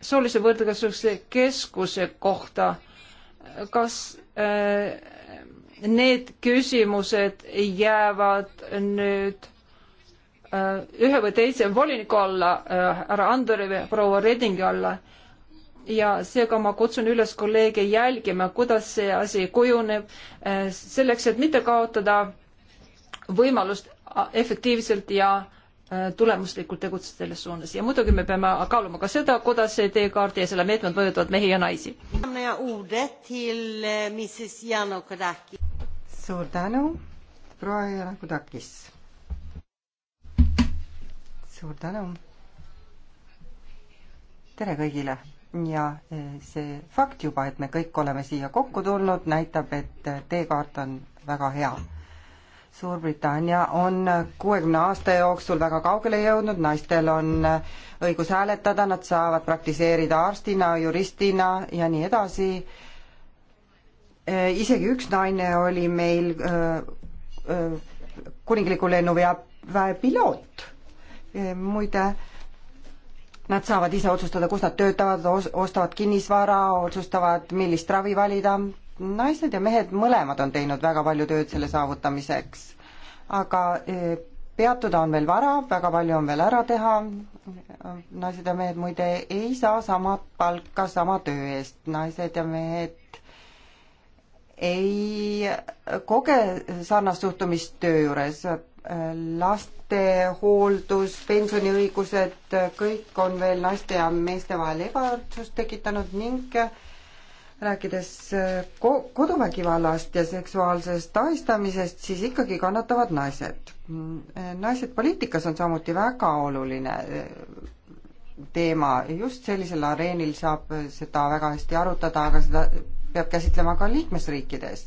D: soolise võrdõiguslikkuse keskuse kohta kas äh, need küsimused jäävad nüüd äh, ühe või teise voliniku alla, äh, härra Andori või proua Redingi alla. ja seega ma kutsun üles kolleege jälgima, kuidas see asi kujuneb, selleks et mitte kaotada võimalust efektiivselt ja äh, Äh, tulemuslikult tegutseda selles suunas ja muidugi me peame kaaluma ka seda, kuidas see teekaart ja selle meetmed mõjutavad mehi ja naisi. suur tänu, proua Janakudakis.
C: suur tänu. tere kõigile ja eh, see fakt juba, et me kõik oleme siia kokku tulnud, näitab, et eh, teekaart on väga hea Suurbritannia on kuuekümne aasta jooksul väga kaugele jõudnud, naistel on õigus hääletada, nad saavad praktiseerida arstina, juristina ja nii edasi. Eh, isegi üks naine oli meil eh, eh, kuningliku lennuväe piloot. muide, nad saavad ise otsustada, kus nad töötavad, ostavad kinnisvara, otsustavad, millist ravi valida, naised ja mehed mõlemad on teinud väga palju tööd selle saavutamiseks. aga e, peatuda on veel vara, väga palju on veel ära teha. naised ja mehed muide ei saa samat palka sama töö eest, naised ja mehed ei koge sarnast suhtumist töö juures. laste hooldus, pensioniõigused, kõik on veel naiste ja meeste vahel ebavõrdsust tekitanud ning äh, rääkides äh, ko-, koduvägivallast ja seksuaalsest ahistamisest, siis ikkagi kannatavad naised. Mm, äh, naised poliitikas on samuti väga oluline äh, teema, just sellisel areenil saab seda väga hästi arutada, aga seda peab käsitlema ka liikmesriikides.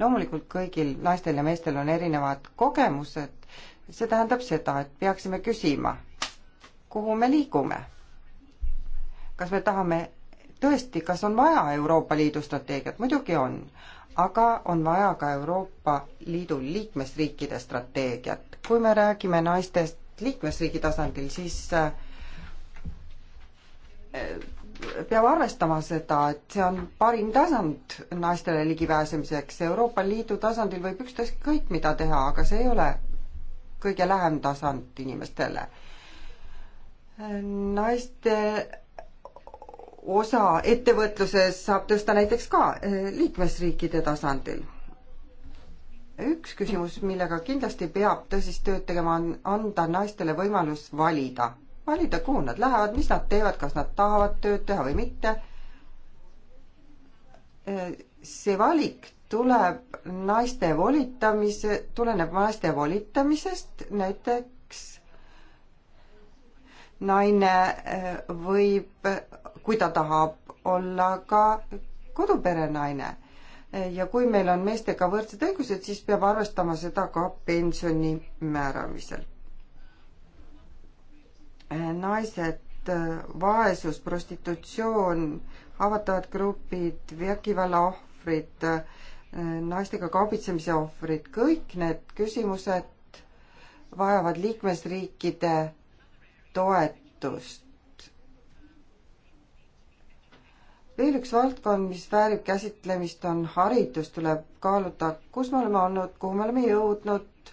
C: loomulikult kõigil naistel ja meestel on erinevad kogemused, see tähendab seda, et peaksime küsima, kuhu me liigume. kas me tahame tõesti, kas on vaja Euroopa Liidu strateegiat, muidugi on, aga on vaja ka Euroopa Liidu liikmesriikide strateegiat. kui me räägime naistest liikmesriigi tasandil, siis äh, peab arvestama seda, et see on parim tasand naistele ligipääsemiseks. Euroopa Liidu tasandil võib ükstaskõik mida teha, aga see ei ole kõige lähem tasand inimestele. Äh, naiste osa ettevõtluses saab tõsta näiteks ka eh, liikmesriikide tasandil. üks küsimus, millega kindlasti peab tõsist tööd tegema, on anda naistele võimalus valida. valida, kuhu nad lähevad, mis nad teevad, kas nad tahavad tööd teha või mitte. Eh, see valik tuleb naiste volitamise, tuleneb naiste volitamisest, näiteks naine eh, võib kui ta tahab olla ka koduperenaine. ja kui meil on meestega võrdsed õigused, siis peab arvestama seda ka pensioni määramisel. naised, vaesus, prostitutsioon, haavatavad grupid, vägivalla ohvrid, naistega kaubitsemise ohvrid, kõik need küsimused vajavad liikmesriikide toetust veel üks valdkond, mis väärib käsitlemist, on haridus, tuleb kaaluda, kus me oleme olnud, kuhu me oleme jõudnud,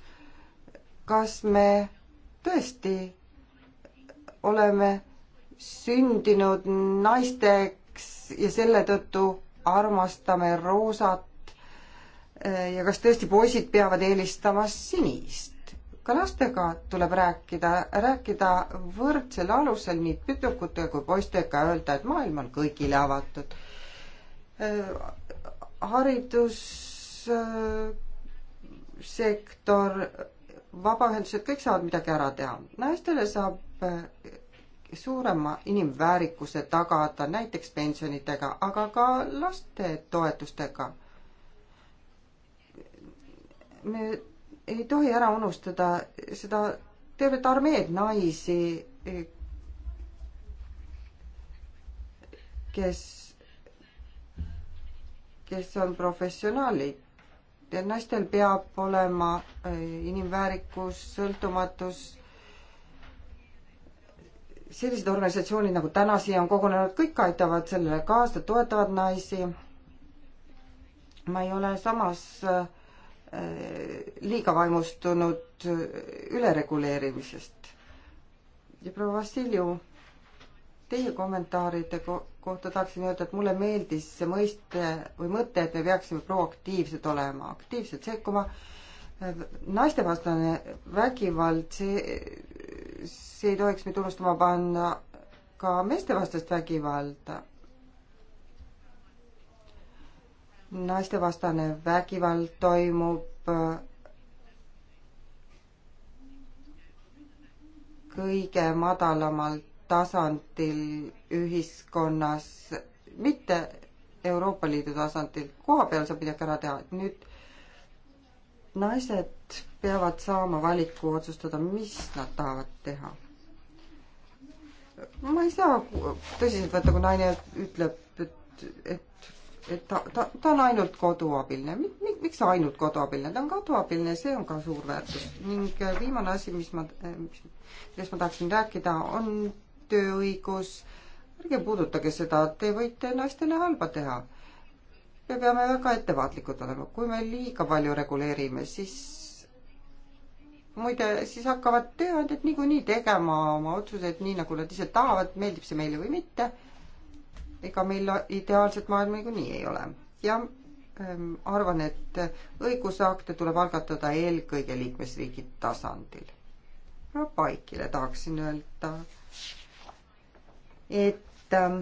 C: kas me tõesti oleme sündinud naisteks ja selle tõttu armastame roosat ja kas tõesti poisid peavad eelistama sinist? ka lastega tuleb rääkida, rääkida võrdsel alusel nii tüdrukute kui poistega, öelda, et maailm on kõigile avatud. haridussektor, vabaühendused, kõik saavad midagi ära teha. naistele saab suurema inimväärikuse tagada näiteks pensionitega, aga ka lastetoetustega. me ei tohi ära unustada seda tervet armeed naisi, kes, kes on professionaalid. naistel peab olema eh, inimväärikus, sõltumatus. sellised organisatsioonid, nagu täna siia on kogunenud, kõik aitavad sellele kaasa, toetavad naisi. ma ei ole samas äh, liiga vaimustunud ülereguleerimisest. ja proua Vassiljev, teie kommentaaride ko kohta tahaksin öelda, et mulle meeldis see mõiste või mõte, et me peaksime proaktiivsed olema, aktiivselt sekkuma. naistevastane vägivald, see, see ei tohiks meid unustama panna ka meestevastast vägivalda naistevastane vägivald toimub kõige madalamal tasandil ühiskonnas, mitte Euroopa Liidu tasandil, koha peal saab midagi ära teha, et nüüd naised peavad saama valiku otsustada, mis nad tahavad teha. ma ei saa tõsiselt võtta, kui naine ütleb, et, et et ta, ta, ta on ainult koduabiline. miks ainult koduabiline? ta on koduabiline, see on ka suur väärtus. ning äh, viimane asi, mis ma, äh, millest ma tahaksin rääkida, on tööõigus. ärge puudutage seda, te võite naistele halba teha. me peame väga ettevaatlikud olema. kui me liiga palju reguleerime, siis muide, siis hakkavad tööandjad niikuinii tegema oma otsuseid nii, nagu nad ise tahavad, meeldib see meile või mitte ega meil ideaalset maailma niikuinii ei ole. ja ähm, arvan, et õigusakte tuleb algatada eelkõige liikmesriigi tasandil. proua Paikile tahaksin öelda, et ähm,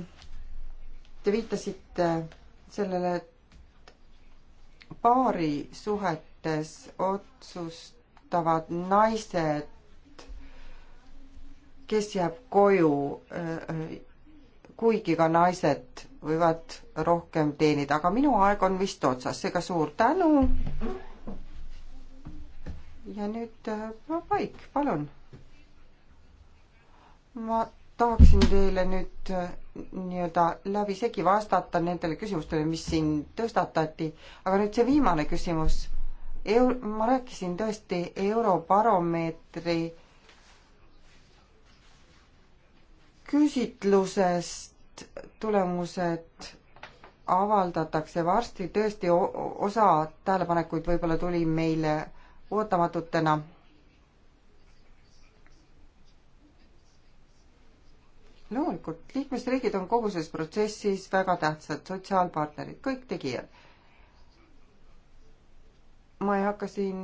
C: te viitasite sellele, et paari suhetes otsustavad naised, kes jääb koju äh, äh kuigi ka naised võivad rohkem teenida, aga minu aeg on vist otsas, seega suur tänu. ja nüüd äh, Paik, palun. ma tahaksin teile nüüd äh, nii-öelda läbisegi vastata nendele küsimustele, mis siin tõstatati, aga nüüd see viimane küsimus. Euro-, ma rääkisin tõesti Eurobaromeetri küsitlusest et tulemused avaldatakse varsti, tõesti osa tähelepanekuid võib-olla tuli meile ootamatutena. loomulikult, liikmesriigid on kogu selles protsessis väga tähtsad sotsiaalpartnerid, kõik tegijad. ma ei hakka siin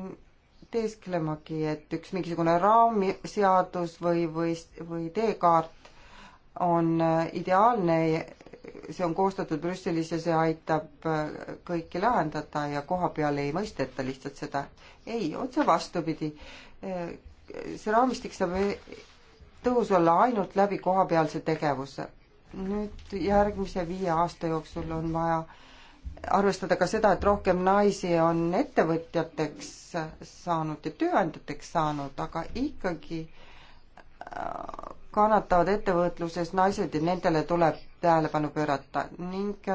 C: teesklemagi, et üks mingisugune raamseadus või, või, või teekaart on ideaalne, see on koostatud Brüsselis ja see aitab äh, kõiki lahendada ja koha peal ei mõisteta lihtsalt seda. ei, otse vastupidi. Äh, see raamistik saab e-, tõhus olla ainult läbi kohapealse tegevuse. nüüd järgmise viie aasta jooksul on vaja arvestada ka seda, et rohkem naisi on ettevõtjateks saanud ja tööandjateks saanud, aga ikkagi äh, kannatavad ettevõtluses naised ja nendele tuleb tähelepanu pöörata ning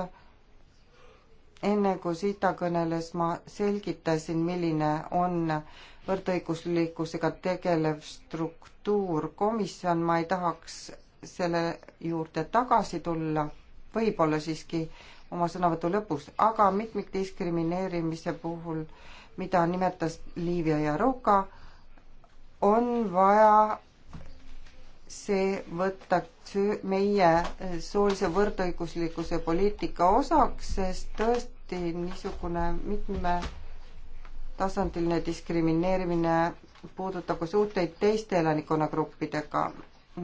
C: enne kui Sita kõneles, ma selgitasin, milline on võrdõiguslikkusega tegelev struktuur, komisjon, ma ei tahaks selle juurde tagasi tulla, võib-olla siiski oma sõnavõtu lõpus, aga mitmikdiskrimineerimise puhul, mida nimetas Liivia Jaruka, on vaja see võtaks meie soolise võrdõiguslikkuse poliitika osaks, sest tõesti niisugune mitmetasandiline diskrimineerimine puudutab ka suhteid teiste elanikkonnagruppidega.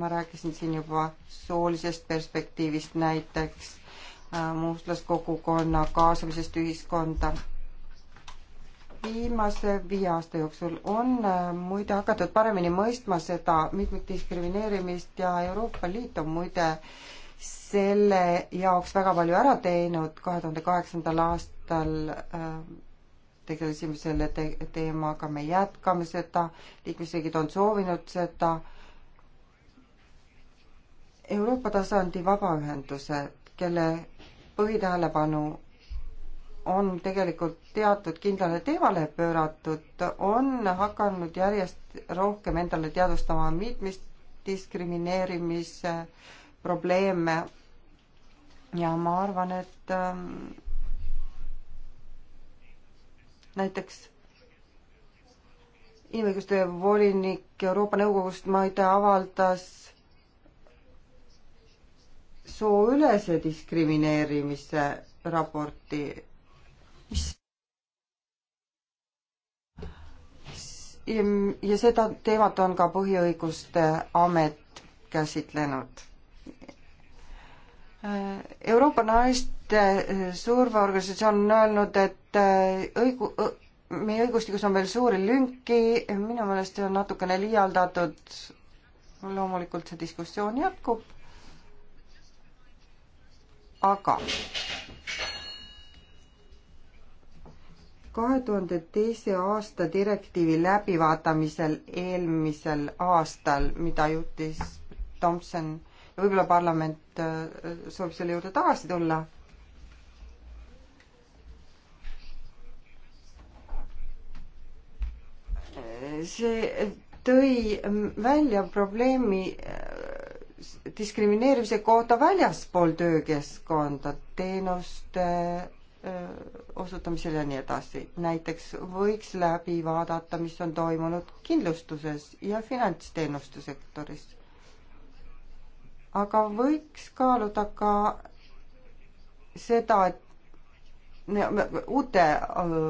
C: ma rääkisin siin juba soolisest perspektiivist näiteks, äh, muustlaskogukonna kaasamisest ühiskonda viimase viie aasta jooksul on äh, muide hakatud paremini mõistma seda mitmikdiskrimineerimist ja Euroopa Liit on muide selle jaoks väga palju ära teinud, kahe tuhande kaheksandal aastal äh, tegelesime selle te teemaga, me jätkame seda, liikmesriigid on soovinud seda. Euroopa tasandi vabaühendused, kelle põhitähelepanu on tegelikult teatud kindlale teemale pööratud, on hakanud järjest rohkem endale teadvustama mitmist diskrimineerimise probleeme. ja ma arvan, et ähm, näiteks inimõiguste volinik Euroopa Nõukogust, ma ei tea, avaldas sooülese diskrimineerimise raporti mis ja seda teemat on ka Põhiõiguste Amet käsitlenud. Euroopa Naiste Surveorganisatsioon on öelnud, et äh, õigu-, meie õigustikus on veel suuri lünki, minu meelest see on natukene liialdatud, loomulikult see diskussioon jätkub, aga kahe tuhande teise aasta direktiivi läbivaatamisel eelmisel aastal, mida juhtis Tomson ja võib-olla parlament äh, soovib selle juurde tagasi tulla. see tõi välja probleemi äh, diskrimineerimise kohta väljaspool töökeskkonda, teenuste osutamisel ja nii edasi. näiteks võiks läbi vaadata, mis on toimunud kindlustuses ja finantsteenuste sektoris. aga võiks kaaluda ka seda, et uute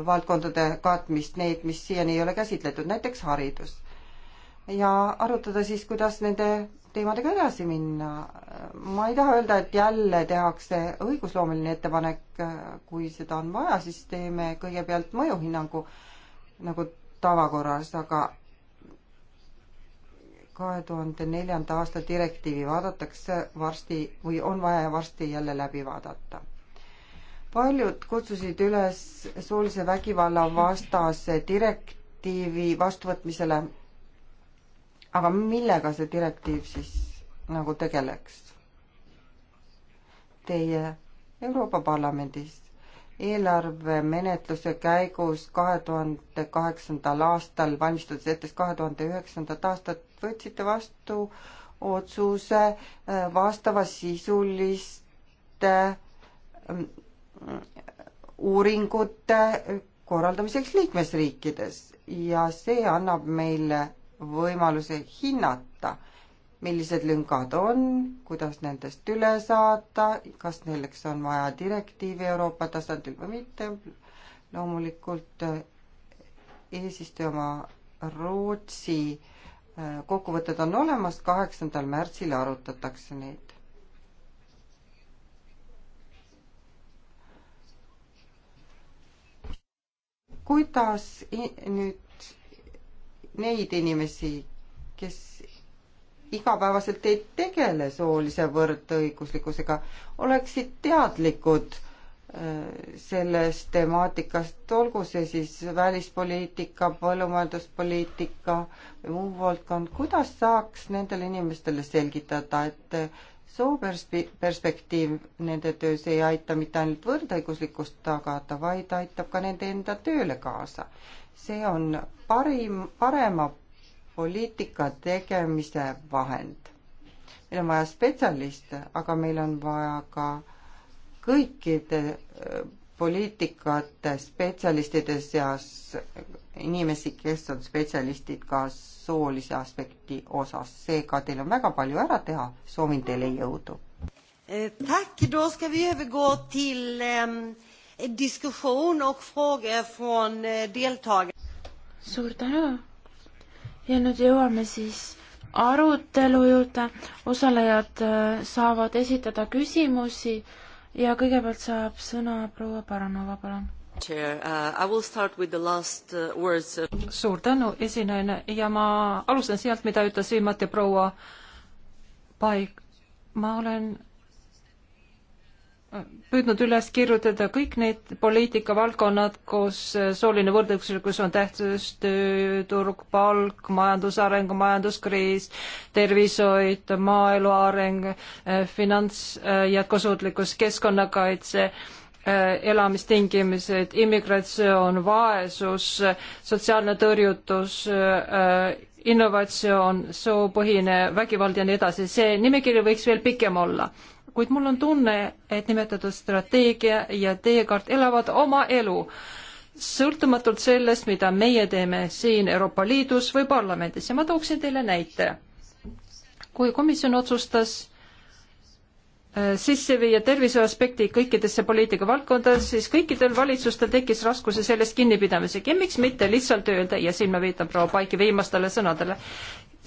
C: valdkondade katmist, neid, mis siiani ei ole käsitletud, näiteks haridus. ja arutada siis, kuidas nende teemadega edasi minna. ma ei taha öelda, et jälle tehakse õigusloomeline ettepanek, kui seda on vaja, siis teeme kõigepealt mõjuhinnangu nagu tavakorras, aga kahe tuhande neljanda aasta direktiivi vaadatakse varsti või on vaja varsti jälle läbi vaadata. paljud kutsusid üles soolise vägivalla vastase direktiivi vastuvõtmisele aga millega see direktiiv siis nagu tegeleks? Teie Euroopa Parlamendis eelarvemenetluse käigus kahe tuhande kaheksandal aastal, valmistades ette kahe tuhande üheksandat aastat, võtsite vastu otsuse äh, vastavasisuliste mm, uuringute korraldamiseks liikmesriikides ja see annab meile võimaluse hinnata, millised lüngad on, kuidas nendest üle saada, kas selleks on vaja direktiivi Euroopa tasandil või mitte. loomulikult äh, eesistuja oma Rootsi äh, kokkuvõtted on olemas, kaheksandal märtsil arutatakse neid. kuidas nüüd neid inimesi, kes igapäevaselt ei tegele soolise võrdõiguslikkusega, oleksid teadlikud äh, sellest temaatikast, olgu see siis välispoliitika, põllumajanduspoliitika või muu valdkond, kuidas saaks nendele inimestele selgitada, et sooperspektiiv nende töös ei aita mitte ainult võrdõiguslikkust tagada, vaid aitab ka nende enda tööle kaasa see on parim, parema poliitika tegemise vahend. meil on vaja spetsialiste, aga meil on vaja ka kõikide äh, poliitikate spetsialistide seas inimesi, kes on spetsialistid ka soolise aspekti osas. seega teil on väga palju ära teha, soovin teile jõudu
A: eh,. Tack, då ska vi övergå till eh, diskussion och frågor från eh, deltagarna. suur tänu
B: ja nüüd jõuame siis arutelu juurde, osalejad eh, saavad esitada küsimusi ja kõigepealt saab sõna proua Paranova, palun.
D: Uh, uh, suur tänu, esinejana, ja ma alustan sealt, mida ütles viimati proua Paik. ma olen püüdnud üles kirjutada kõik need poliitikavaldkonnad, kus äh, sooline võrdõiguslikkus on tähtsus, tööturg, palk, majandusareng, majanduskriis, tervishoid, maaelu areng, äh, finants, äh, jätkusuutlikkus, keskkonnakaitse elamistingimused, immigratsioon, vaesus, sotsiaalne tõrjutus, innovatsioon, soopõhine vägivald ja nii edasi, see nimekiri võiks veel pikem olla kuid mul on tunne, et nimetatud strateegia ja teekaart elavad oma elu, sõltumatult sellest, mida meie teeme siin Euroopa Liidus või parlamendis ja ma tooksin teile näite. kui komisjon otsustas äh, sisse viia terviseaspekti kõikidesse poliitikavaldkondades, siis kõikidel valitsustel tekkis raskuse sellest kinnipidamisega ja miks mitte lihtsalt öelda ja siin ma viitan proua Paiki viimastele sõnadele,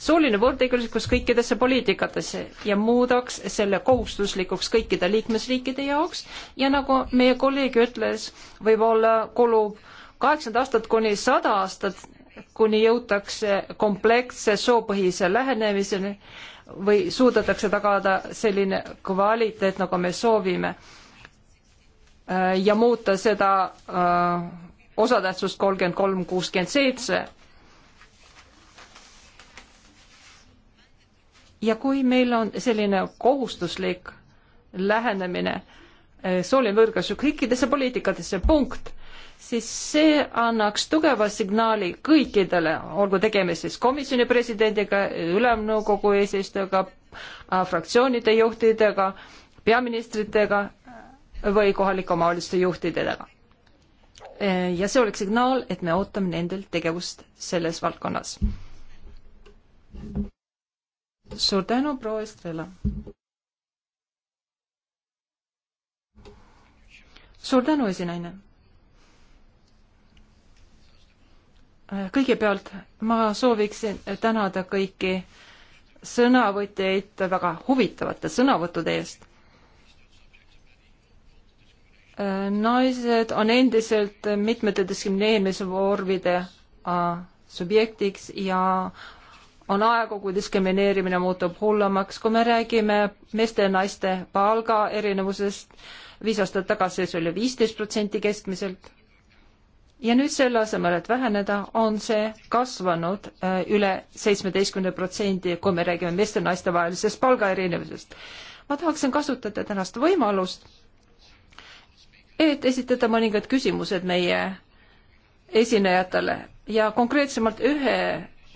D: sooline võrdõiguslikkus kõikidesse poliitikatesse ja muudaks selle kohustuslikuks kõikide liikmesriikide jaoks ja nagu meie kolleeg ütles, võib-olla kulub kaheksakümmend aastat kuni sada aastat, kuni jõutakse kompleksse soopõhise lähenemiseni või suudetakse tagada selline kvaliteet, nagu me soovime äh, ja muuta seda äh, osatähtsust kolmkümmend kolm, kuuskümmend seitse ja kui meil on selline kohustuslik lähenemine eh, sooline võrgustik kõikidesse poliitikatesse, punkt, siis see annaks tugeva signaali kõikidele, olgu tegemist siis komisjoni presidendiga, ülemnõukogu eesistujaga, äh, fraktsioonide juhtidega, peaministritega või kohalike omavalitsuste juhtidega. Eh, ja see oleks signaal, et me ootame nendelt tegevust selles valdkonnas suur tänu, proua Estrela. suur tänu, esinaine. kõigepealt ma sooviksin tänada kõiki sõnavõtjaid väga huvitavate sõnavõttude eest naised on endiselt mitmete diskrimineerimisvormide äh, subjektiks ja on aegu, kui diskrimineerimine muutub hullemaks, kui me räägime meeste ja naiste palgaerinevusest, viis aastat tagasi see oli viisteist protsenti keskmiselt. ja nüüd selle asemel, et väheneda, on see kasvanud äh, üle seitsmeteistkümne protsendi, kui me räägime meeste ja naiste vahelisest palgaerinevusest. ma tahaksin kasutada tänast võimalust, et esitada mõningad küsimused meie esinejatele ja konkreetsemalt ühe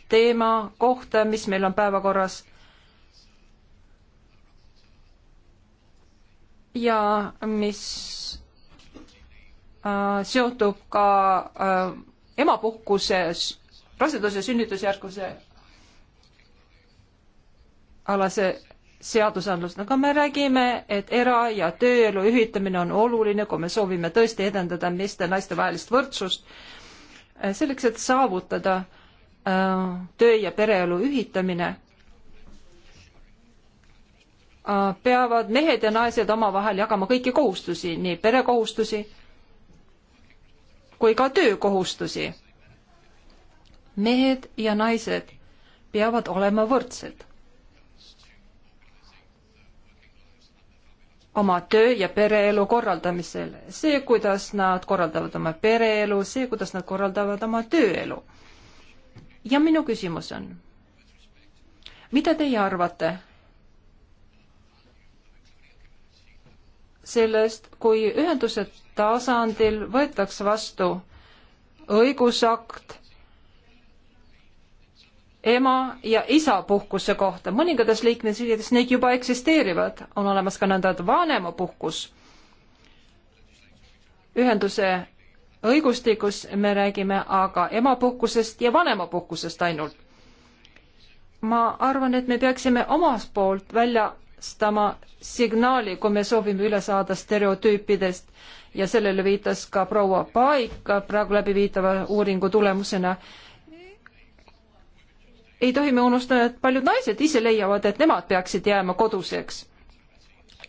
D: teema kohta, mis meil on päevakorras. ja mis äh, seotub ka äh, emapuhkuse, raseduse, sünnitusjärguse alase seadusandlust, aga me räägime, et era- ja tööelu ühitamine on oluline, kui me soovime tõesti edendada meeste ja naiste vahelist võrdsust, äh, selleks, et saavutada Äh, töö ja pereelu ühitamine, äh, peavad mehed ja naised omavahel jagama kõiki kohustusi, nii perekohustusi kui ka töökohustusi. mehed ja naised peavad olema võrdsed. oma töö ja pereelu korraldamisel, see, kuidas nad korraldavad oma pereelu, see, kuidas nad korraldavad oma tööelu ja minu küsimus on, mida teie arvate sellest, kui ühenduse tasandil võetakse vastu õigusakt ema ja isa puhkuse kohta, mõningates liikmesriikides neid juba eksisteerivad, on olemas ka nõnda vanemapuhkus. ühenduse õigustikus me räägime aga emapuhkusest ja vanemapuhkusest ainult. ma arvan, et me peaksime omast poolt väljastama signaali, kui me soovime üle saada stereotüüpidest ja sellele viitas ka proua Paik praegu läbiviidava uuringu tulemusena. ei tohi me unustada, et paljud naised ise leiavad, et nemad peaksid jääma koduseks.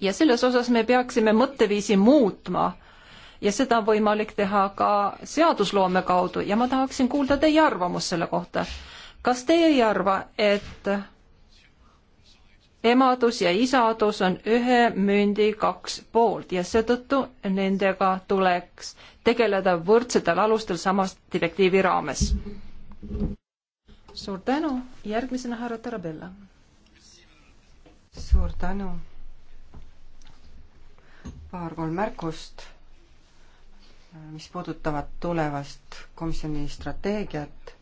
D: ja selles osas me peaksime mõtteviisi muutma ja seda on võimalik teha ka seadusloome kaudu ja ma tahaksin kuulda teie arvamust selle kohta. kas teie ei arva, et emadus ja isadus on ühe mündi kaks poolt ja seetõttu nendega tuleks tegeleda võrdsetel alustel samas direktiivi raames? suur tänu, järgmisena härra Tarabella. suur tänu
C: paar-kolm märkust mis puudutavad tulevast komisjoni strateegiat.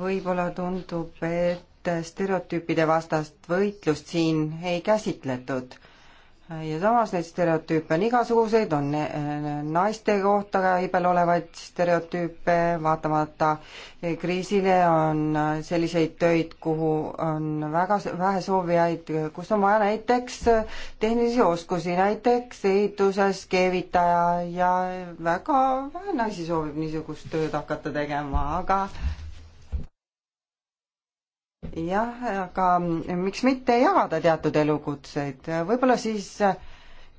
C: võib-olla tundub, et stereotüüpide vastast võitlust siin ei käsitletud ja samas neid stereotüüpe on igasuguseid, on eh, naiste kohta käibel olevaid stereotüüpe, vaatamata eh, kriisile on eh, selliseid töid, kuhu on väga vähe soovijaid, kus on vaja näiteks tehnilisi oskusi, näiteks ehituses keevitaja ja väga vähe naisi soovib niisugust tööd hakata tegema, aga jah, aga miks mitte jagada teatud elukutseid, võib-olla siis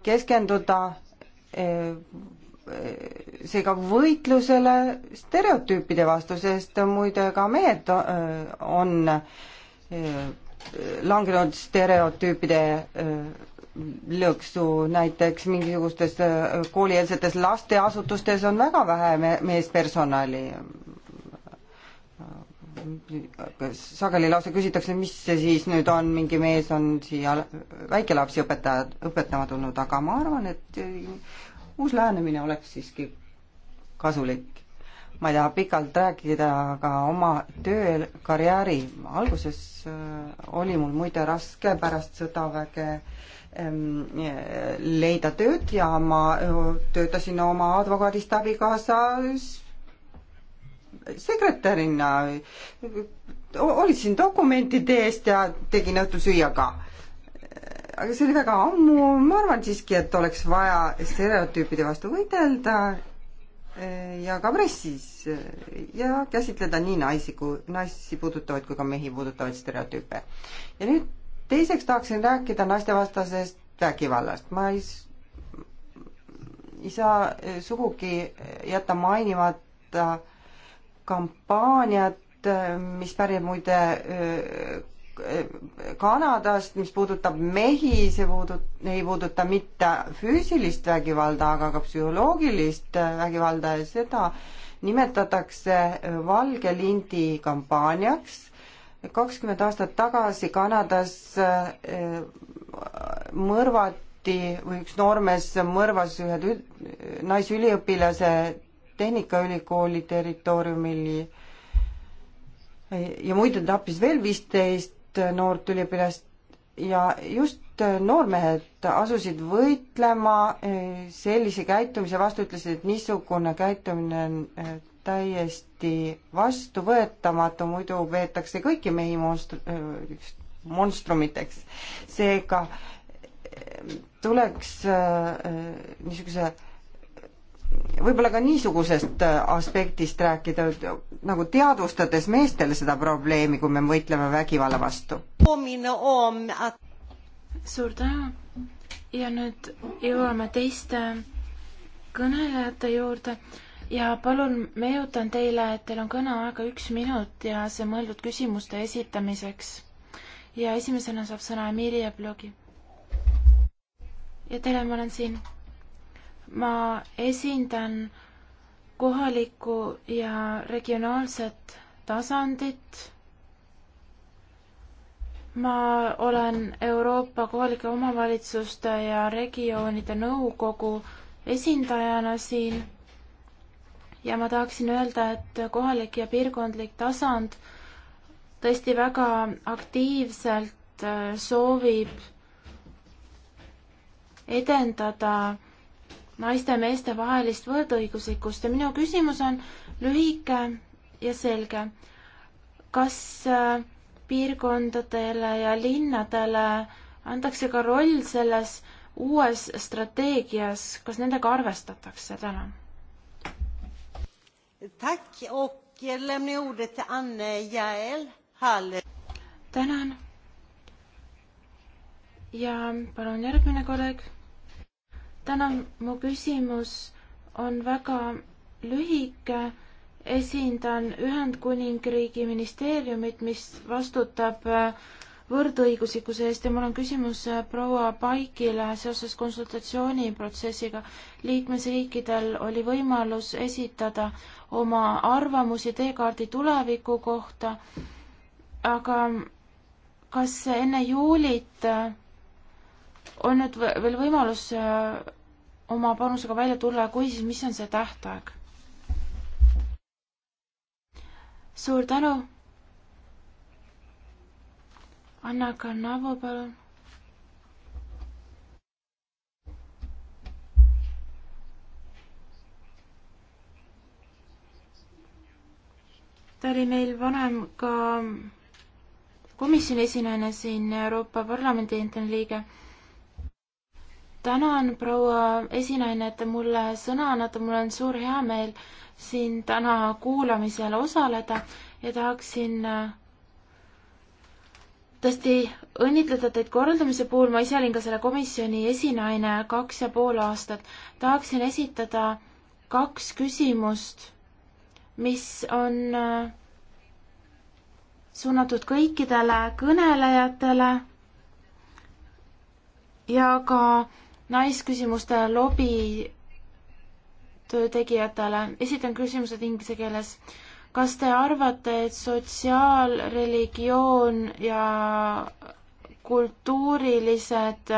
C: keskenduda eh, eh, seega võitlusele stereotüüpide vastu, sest muide ka mehed eh, on langenud stereotüüpide lõksu, näiteks mingisugustes koolieelsetes lasteasutustes on väga vähe meespersonali sageli lausa küsitakse, mis see siis nüüd on, mingi mees on siia väikelapsi õpetaja, õpetama tulnud, aga ma arvan, et äh, uus lähenemine oleks siiski kasulik. ma ei taha pikalt rääkida, aga oma töökarjääri alguses äh, oli mul muide raske pärast sõdaväge ähm, äh, leida tööd ja ma töötasin oma advokaadist abikaasas sekretärina, hoolitsesin dokumentide eest ja tegin õhtusüüa ka. aga see oli väga ammu, ma arvan siiski, et oleks vaja stereotüüpide vastu võidelda eh, ja ka pressis eh, ja käsitleda nii naisi kui, naisi puudutavaid kui ka mehi puudutavaid stereotüüpe. ja nüüd teiseks tahaksin rääkida naistevastasest vägivallast. ma ei, ei saa eh, sugugi jätta mainimata kampaaniat, mis pärineb muide Kanadast, mis puudutab mehi, see puudut-, ei puuduta mitte füüsilist vägivalda, aga ka psühholoogilist äh, vägivalda ja seda nimetatakse äh, valge lindi kampaaniaks. kakskümmend aastat tagasi Kanadas äh, mõrvati või üks noormees mõrvas ühe naisüliõpilase Tehnikaülikooli territooriumil ja muide tappis veel viisteist noort üliõpilast ja just noormehed asusid võitlema eh, sellise käitumise vastu, ütlesid, et niisugune käitumine on eh, täiesti vastuvõetamatu, muidu peetakse kõiki mehi monstr-, eh, monstrumiteks. seega tuleks niisuguse võib-olla ka niisugusest äh, aspektist rääkida, nagu teadvustades meestele seda probleemi, kui me võitleme vägivalla vastu.
A: suur tänu
B: ja nüüd jõuame teiste kõnelejate juurde ja palun meenutan teile, et teil on kõneaega üks minut ja see mõeldud küsimuste esitamiseks. ja esimesena saab sõna Emilia Blogi. ja tere, ma olen siin ma esindan kohalikku ja regionaalset tasandit. ma olen Euroopa kohalike omavalitsuste ja regioonide nõukogu esindajana siin ja ma tahaksin öelda, et kohalik ja piirkondlik tasand tõesti väga aktiivselt äh, soovib edendada naiste-meeste vahelist võrdõiguslikkust ja minu küsimus on lühike ja selge. kas äh, piirkondadele ja linnadele antakse ka roll selles uues strateegias, kas nendega arvestatakse täna?
A: tänan. ja palun
B: järgmine kolleeg tänan, mu küsimus on väga lühike. esindan Ühendkuningriigi ministeeriumit, mis vastutab äh, võrdõiguslikkuse eest ja mul on küsimus äh, proua Paikile seoses konsultatsiooniprotsessiga. liikmesriikidel oli võimalus esitada oma arvamusi teekaardi tuleviku kohta, aga kas enne juulit äh, on nüüd veel võimalus äh, oma panusega välja tulla, kui, siis mis on see tähtaeg? suur tänu. Anna Kannavo, palun. ta oli meil vanem ka komisjoni esinejana siin Euroopa Parlamendi endine liige tänan, proua esinaine, et te mulle sõna annate, mul on suur heameel siin täna kuulamisel osaleda ja tahaksin äh, tõesti õnnitleda teid korraldamise puhul, ma ise olin ka selle komisjoni esinaine kaks ja pool aastat. tahaksin esitada kaks küsimust, mis on äh, suunatud kõikidele kõnelejatele ja ka naisküsimuste lobi töö tegijatele. esitan küsimused inglise keeles. kas te arvate, et sotsiaal, religioon ja kultuurilised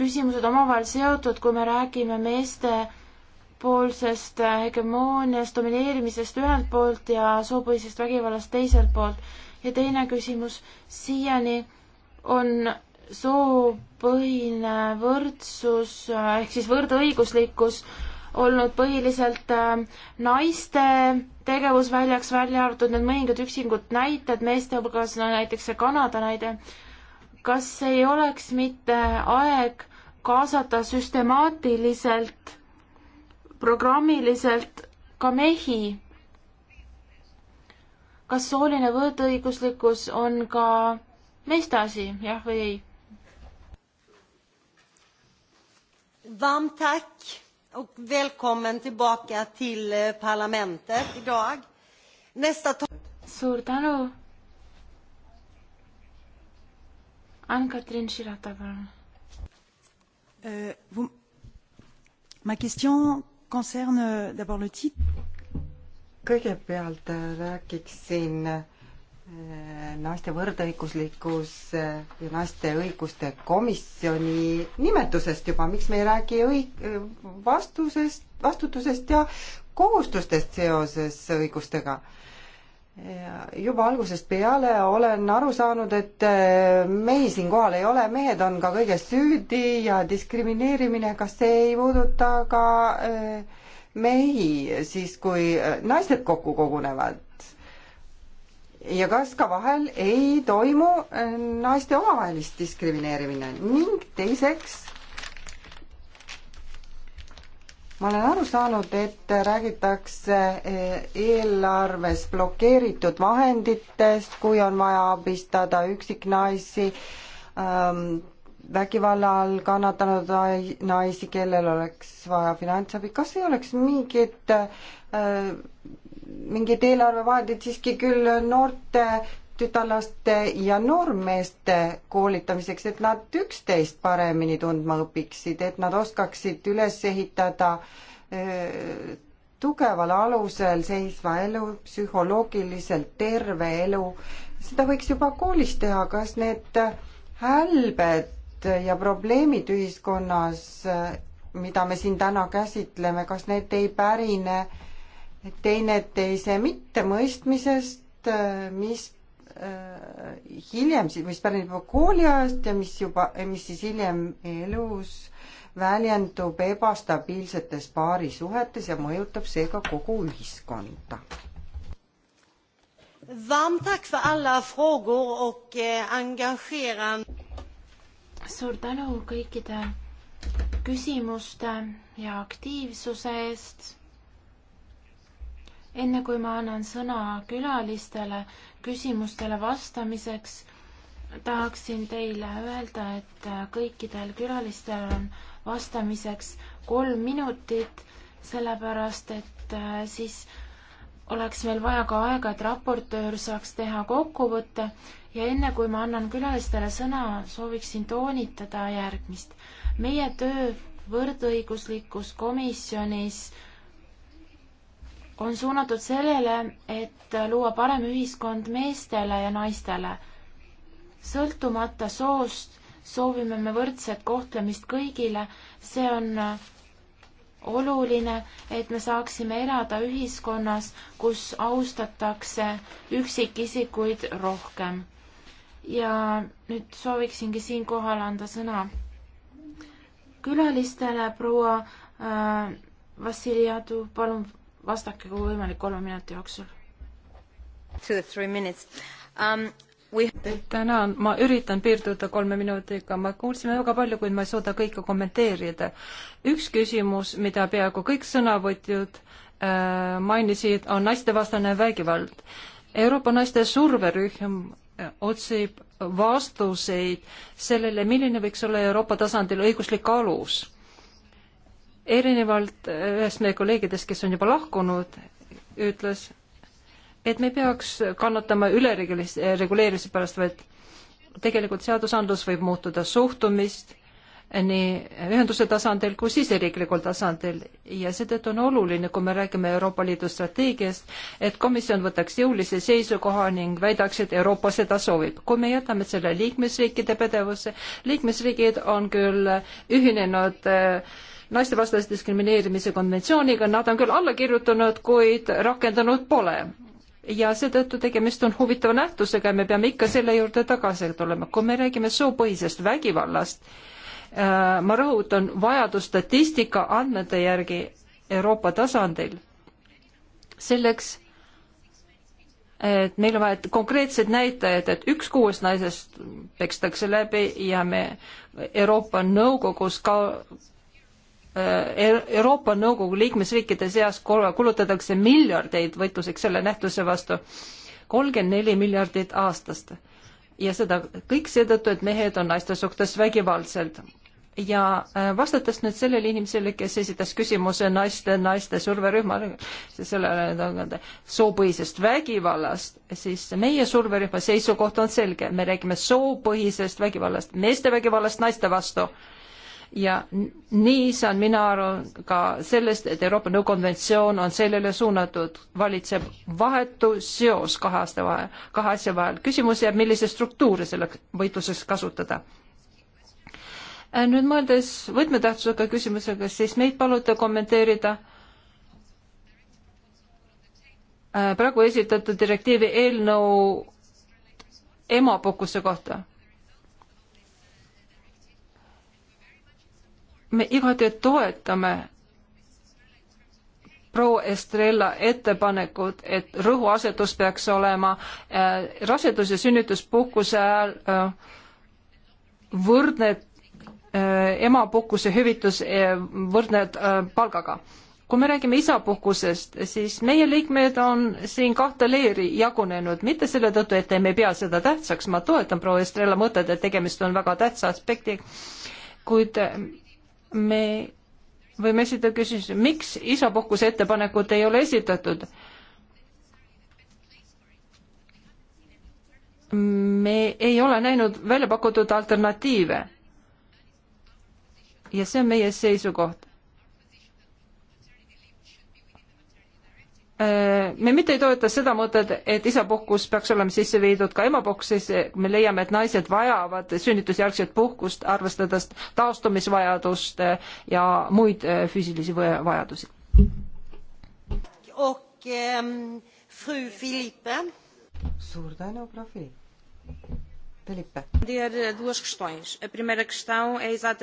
B: küsimused omavahel seotud, kui me räägime meeste poolsest hegemooniast, domineerimisest ühelt poolt ja soopõhisest vägivallast teiselt poolt. ja teine küsimus, siiani on soo põhine võrdsus ehk siis võrdõiguslikkus olnud põhiliselt äh, naiste tegevusväljaks välja arvatud need mõningad üksikud näited, meeste hulgas no näiteks see Kanada näide. kas ei oleks mitte aeg kaasata süstemaatiliselt, programmiliselt ka mehi? kas sooline
A: võrdõiguslikkus on ka meeste asi, jah või ei? Varmt tack och välkommen tillbaka till eh, parlamentet idag. Nästa Suur tänu. Anne-Catherine Shirata, palun. Euh, vous... Ma question concerne
C: euh, d'abord le titre. kõigepealt äh, rääkiksin naiste võrdõiguslikkus ja naiste õiguste komisjoni nimetusest juba, miks me ei räägi õig-, vastusest, vastutusest ja kohustustest seoses õigustega? juba algusest peale olen aru saanud, et mehi siinkohal ei ole, mehed on ka kõiges süüdi ja diskrimineerimine, kas see ei puuduta ka eh, mehi siis, kui naised kokku kogunevad? ja kas ka vahel ei toimu äh, naiste omavahelist diskrimineerimine ning teiseks ma olen aru saanud, et räägitakse äh, eelarves blokeeritud vahenditest, kui on vaja abistada üksiknaisi, ähm, vägivalla all kannatanud naisi, kellel oleks vaja finantsabi, kas ei oleks mingit äh, mingid eelarvevahendid siiski küll noorte tütarlaste ja noormeeste koolitamiseks, et nad üksteist paremini tundma õpiksid, et nad oskaksid üles ehitada eh, tugeval alusel seisva elu, psühholoogiliselt terve elu. seda võiks juba koolis teha, kas need hälbed ja probleemid ühiskonnas, eh, mida me siin täna käsitleme, kas need ei pärine äh, teineteise mittemõistmisest, mis äh, hiljem, mis pärineb juba kooliajast ja mis juba, mis siis hiljem elus väljendub ebastabiilsetes paarisuhetes ja mõjutab seega kogu ühiskonda.
A: Eh, suur tänu
B: kõikide küsimuste ja aktiivsuse eest enne kui ma annan sõna külalistele küsimustele vastamiseks, tahaksin teile öelda, et kõikidel külalistel on vastamiseks kolm minutit, sellepärast et äh, siis oleks meil vaja ka aega, et raportöör saaks teha kokkuvõtte ja enne kui ma annan külalistele sõna, sooviksin toonitada järgmist. meie töö võrdõiguslikkus komisjonis äh, on suunatud sellele, et luua parem ühiskond meestele ja naistele. sõltumata soost soovime me võrdset kohtlemist kõigile, see on oluline, et me saaksime elada ühiskonnas, kus austatakse üksikisikuid rohkem. ja nüüd sooviksingi siinkohal anda sõna külalistele, proua äh, Vassiljadu,
D: palun vastake, kui võimalik, kolme minuti jooksul. Um, we... tänan, ma üritan piirduda kolme minutiga, ma kuulsime väga palju, kuid ma ei suuda kõike kommenteerida. üks küsimus, mida peaaegu kõik sõnavõtjad äh, mainisid, on naistevastane vägivald. Euroopa naiste surverühm äh, otsib vastuseid sellele, milline võiks olla Euroopa tasandil õiguslik alus erinevalt ühest meie kolleegidest, kes on juba lahkunud, ütles, et me ei peaks kannatama üleriigilise reguleerimise pärast, vaid tegelikult seadusandlus võib muutuda suhtumist nii ühenduse tasandil kui siseriiklikul tasandil ja seetõttu on oluline, kui me räägime Euroopa Liidu strateegiast, et komisjon võtaks jõulise seisukoha ning väidaks, et Euroopa seda soovib. kui me jätame selle liikmesriikide pädevusse, liikmesriigid on küll ühinenud äh, naistevastase diskrimineerimise konventsiooniga, nad on küll alla kirjutanud, kuid rakendanud pole. ja seetõttu tegemist on huvitava nähtusega ja me peame ikka selle juurde tagasi tulema. kui me räägime soopõhisest vägivallast, äh, ma rõhutan vajadust statistika andmete järgi Euroopa tasandil selleks, et meil on vaja konkreetseid näitajaid, et üks kuuest naisest pekstakse läbi ja me Euroopa Nõukogus ka Äh, Euroopa Nõukogu liikmesriikide seas kulutatakse miljardeid võitluseks selle nähtuse vastu, kolmkümmend neli miljardit aastast. ja seda kõik seetõttu, et mehed on naiste suhtes vägivaldsed. ja äh, vastates nüüd sellele inimesele, kes esitas küsimuse naiste, naiste surverühmale, sellele soopõhisest vägivallast, siis meie surverühma seisukoht on selge, me räägime soopõhisest vägivallast, meeste vägivallast naiste vastu ja nii saan mina aru ka sellest, et Euroopa Nõukogu konventsioon on sellele suunatud, valitseb vahetu seos kahe aasta vahel, kahe asja vahel. küsimus jääb, millise struktuuri selleks võitluses kasutada. Äh, nüüd mõeldes võtmetähtsusega küsimusega, siis meid paluti kommenteerida äh, praegu esitatud direktiivi eelnõu emapuhkuse kohta me igati toetame proua Estrella ettepanekut, et rõhuasetus peaks olema äh, rasedus- ja sünnituspuhkuse ajal äh, võrdne äh, emapuhkuse hüvitus äh,, võrdne äh, palgaga kui me räägime isapuhkusest, siis meie liikmed on siin kahte leeri jagunenud, mitte selle tõttu, et me ei pea seda tähtsaks, ma toetan proua Estrella mõtet, et tegemist on väga tähtsa aspektiga, kuid äh, me võime esitada küsimuse, miks isapuhkuse ettepanekut ei ole esitatud? me ei ole näinud välja pakutud alternatiive. ja see on meie seisukoht me mitte ei toeta seda mõtet, et isapuhkus peaks olema sisse viidud ka emapuhkuses, me leiame, et naised vajavad sünnitusjärgset puhkust, arvestades taastumisvajadust ja muid äh, füüsilisi vajadusi.
A: Ähm, suur tänu,
D: proua Philippe. Äh,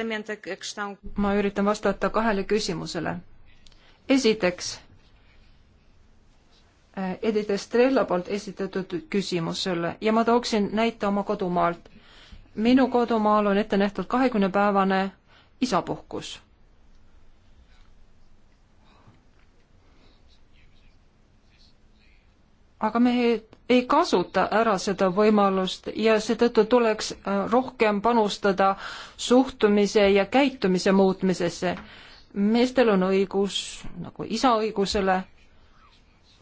D: ma üritan vastata kahele küsimusele. esiteks Äh, Edith Estrella poolt esitatud küsimusele ja ma tooksin näite oma kodumaalt. minu kodumaal on ette nähtud kahekümnepäevane isapuhkus. aga me ei kasuta ära seda võimalust ja seetõttu tuleks äh, rohkem panustada suhtumise ja käitumise muutmisesse. meestel on õigus nagu isa õigusele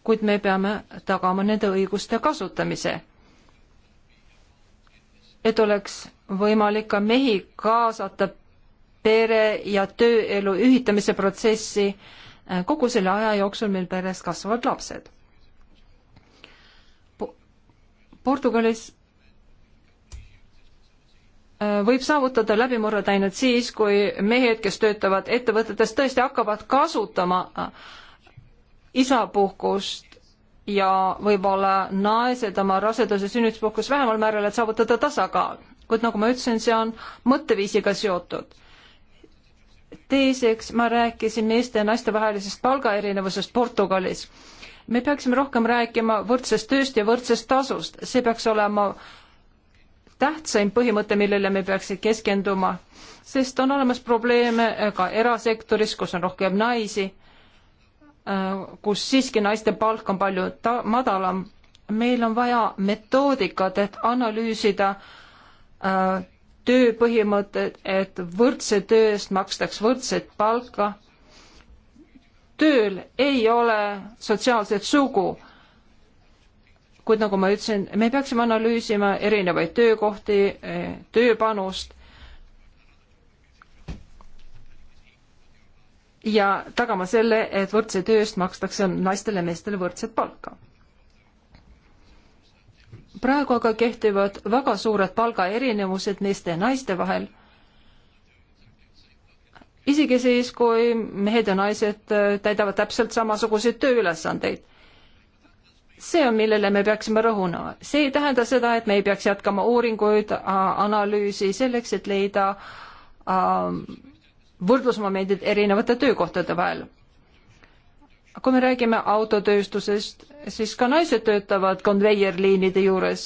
D: kuid me peame tagama nende õiguste kasutamise. et oleks võimalik ka mehi kaasata pere ja tööelu ühitamise protsessi äh, kogu selle aja jooksul, mil peres kasvavad lapsed po. Portugalis äh, võib saavutada läbimurret ainult siis, kui mehed, kes töötavad ettevõtetes, tõesti hakkavad kasutama äh, isapuhkust ja võib-olla naised oma raseduse sünnituspuhkust vähemal määral, et saavutada tasakaal. kuid nagu ma ütlesin, see on mõtteviisiga seotud. teiseks ma rääkisin meeste ja naiste vahelisest palgaerinevusest Portugalis. me peaksime rohkem rääkima võrdsest tööst ja võrdsest tasust, see peaks olema tähtsaim põhimõte, millele me peaksime keskenduma, sest on olemas probleeme ka erasektoris, kus on rohkem naisi Äh, kus siiski naiste palk on palju ta-, madalam, meil on vaja metoodikat, et analüüsida äh, tööpõhimõtted, et võrdse töö eest makstaks võrdset palka. tööl ei ole sotsiaalset sugu. kuid nagu ma ütlesin, me peaksime analüüsima erinevaid töökohti, äh, tööpanust ja tagama selle, et võrdse töö eest makstakse naistele ja meestele võrdset palka. praegu aga kehtivad väga suured palgaerinevused meeste ja naiste vahel. isegi siis, kui mehed ja naised äh, täidavad täpselt samasuguseid tööülesandeid see on, millele me peaksime rõhuna. see ei tähenda seda, et me ei peaks jätkama uuringuid, analüüsi selleks, et leida äh, võrdlusmomendid erinevate töökohtade vahel. kui me räägime autotööstusest, siis ka naised töötavad konveierliinide juures.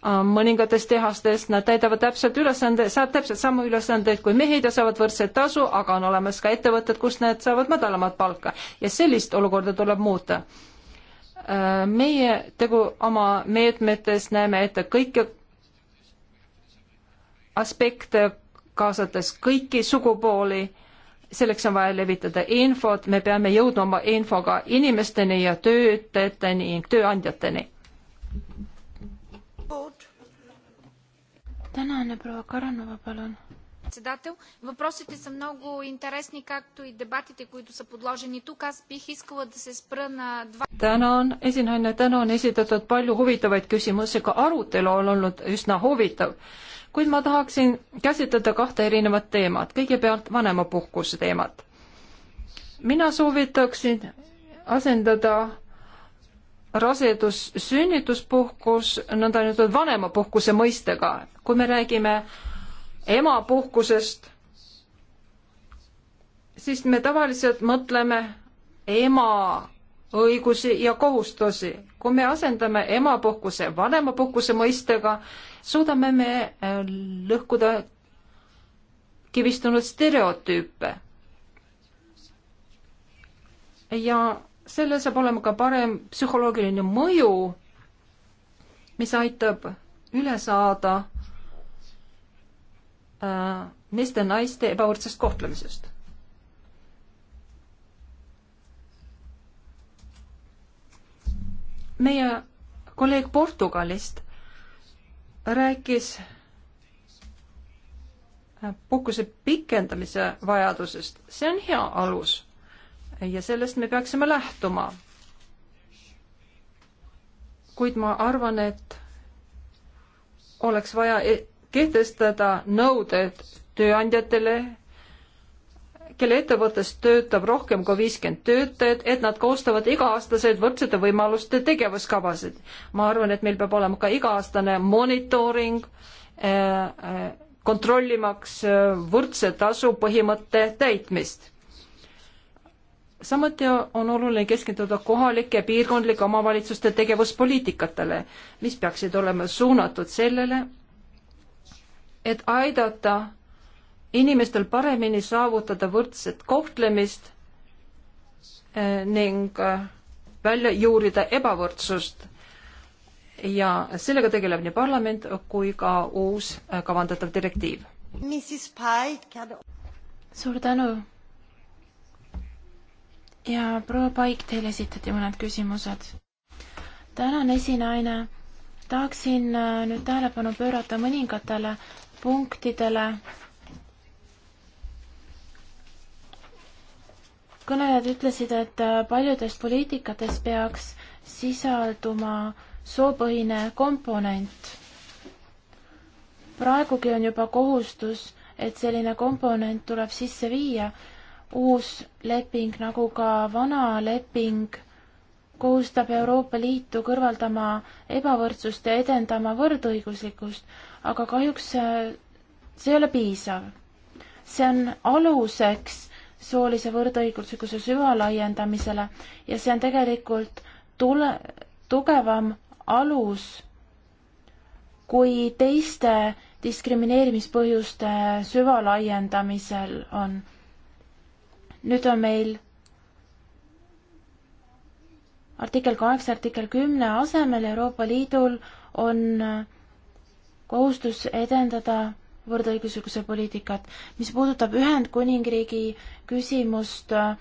D: Äh, mõningates tehastes nad täidavad täpselt ülesande, saab täpselt samu ülesandeid kui mehed ja saavad võrdset tasu, aga on olemas ka ettevõtted, kus need saavad madalamat palka ja sellist olukorda tuleb muuta äh, meie tegu oma meetmetes näeme ette kõiki aspekte, kaasates kõiki sugupooli. selleks on vaja levitada infot, me peame jõudma oma infoga inimesteni ja töötajateni ning tööandjateni.
B: tänane proua Karanova, palun
D: председател. Въпросите са много интересни, както и дебатите, които са подложени тук. Аз бих искала да се спра на два... Tänan esinaine, tänan esitatud palju huvitavaid küsimusi, ka arutelu on olnud üsna huvitav kuid ma tahaksin käsitleda kahte erinevat teemat. kõigepealt vanemapuhkuse teemat. mina soovitaksin asendada rasedus, sünnituspuhkus nõndanimetatud vanemapuhkuse mõistega. kui me räägime emapuhkusest, siis me tavaliselt mõtleme ema õigusi ja kohustusi. kui me asendame emapuhkuse vanemapuhkuse mõistega, suudame me äh, lõhkuda kivistunud stereotüüpe. ja sellel saab olema ka parem psühholoogiline mõju, mis aitab üle saada äh, meeste ja naiste ebavõrdsest kohtlemisest. meie kolleeg Portugalist rääkis äh, puhkuse pikendamise vajadusest, see on hea alus ja sellest me peaksime lähtuma. kuid ma arvan, et oleks vaja e-, kehtestada nõuded tööandjatele, kelle ettevõttes töötab rohkem kui viiskümmend töötajat, et nad koostavad iga-aastaseid võrdsete võimaluste tegevuskavasid. ma arvan, et meil peab olema ka iga-aastane monitooring äh, äh, kontrollimaks äh, võrdse tasu põhimõtte täitmist. samuti on oluline keskenduda kohalike ja piirkondlike omavalitsuste tegevuspoliitikatele, mis peaksid olema suunatud sellele, et aidata inimestel paremini saavutada võrdset kohtlemist eh, ning eh, välja juurida ebavõrdsust. ja sellega tegeleb nii parlament kui ka uus eh, kavandatav direktiiv.
A: suur tänu.
D: ja proua Paik,
B: teile esitati mõned küsimused. tänan, esinaine. tahaksin nüüd tähelepanu pöörata mõningatele punktidele kõnelejad ütlesid, et äh, paljudes poliitikates peaks sisalduma soopõhine komponent. praegugi on juba kohustus, et selline komponent tuleb sisse viia. uus leping nagu ka vana leping kohustab Euroopa Liitu kõrvaldama ebavõrdsust ja edendama võrdõiguslikkust, aga kahjuks äh, see ei ole piisav. see on aluseks soolise võrdõiguslikkuse süvalaiendamisele ja see on tegelikult tule, tugevam alus kui teiste diskrimineerimispõhjuste süvalaiendamisel on. nüüd on meil artikkel kaheksa, artikkel kümne asemel Euroopa Liidul on kohustus edendada võrdõiguslikkuse poliitikat. mis puudutab Ühendkuningriigi küsimust äh,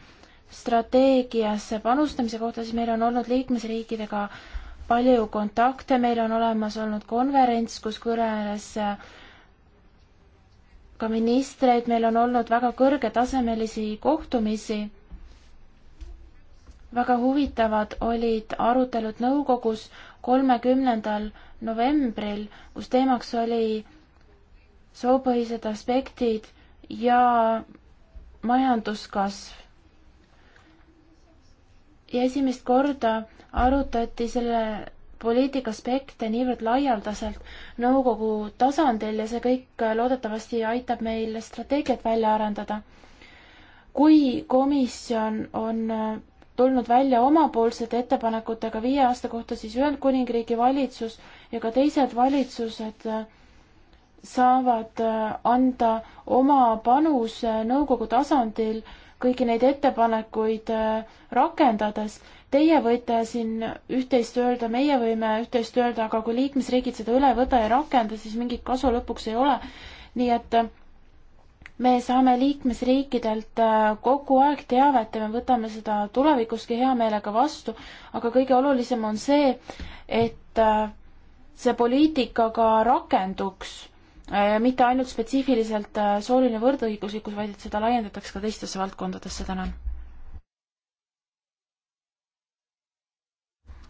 B: strateegiasse panustamise kohta, siis meil on olnud liikmesriikidega palju kontakte, meil on olemas olnud konverents, kus kõneles äh, ka ministreid, meil on olnud väga kõrgetasemelisi kohtumisi. väga huvitavad olid arutelud nõukogus kolmekümnendal novembril, kus teemaks oli soopõhised aspektid ja majanduskasv. ja esimest korda arutati selle poliitika aspekte niivõrd laialdaselt nõukogu tasandil ja see kõik loodetavasti aitab meil strateegiat välja arendada. kui komisjon on tulnud välja omapoolsete ettepanekutega viie aasta kohta, siis Ühendkuningriigi valitsus ja ka teised valitsused äh, saavad äh, anda oma panuse nõukogu tasandil kõiki neid ettepanekuid äh, rakendades. Teie võite siin üht-teist öelda, meie võime üht-teist öelda, aga kui liikmesriigid seda üle võta ei rakenda, siis mingit kasu lõpuks ei ole. nii et äh, me saame liikmesriikidelt kogu aeg teavet ja me võtame seda tulevikuski hea meelega vastu, aga kõige olulisem on see, et see poliitika ka rakenduks Äh, mitte ainult spetsiifiliselt äh, sooline võrdõiguslikkus, vaid et seda laiendatakse ka teistesse valdkondadesse, tänan.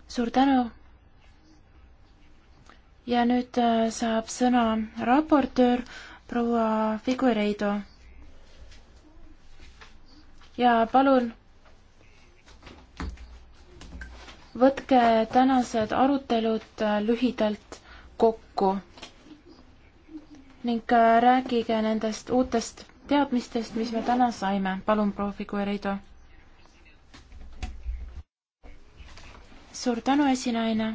B: suur tänu. ja nüüd äh, saab sõna raportöör proua Figueiredo. ja palun võtke tänased arutelud lühidalt kokku ning rääkige nendest uutest teadmistest, mis me täna saime. palun, proua Figuereido. suur tänu, esinaine.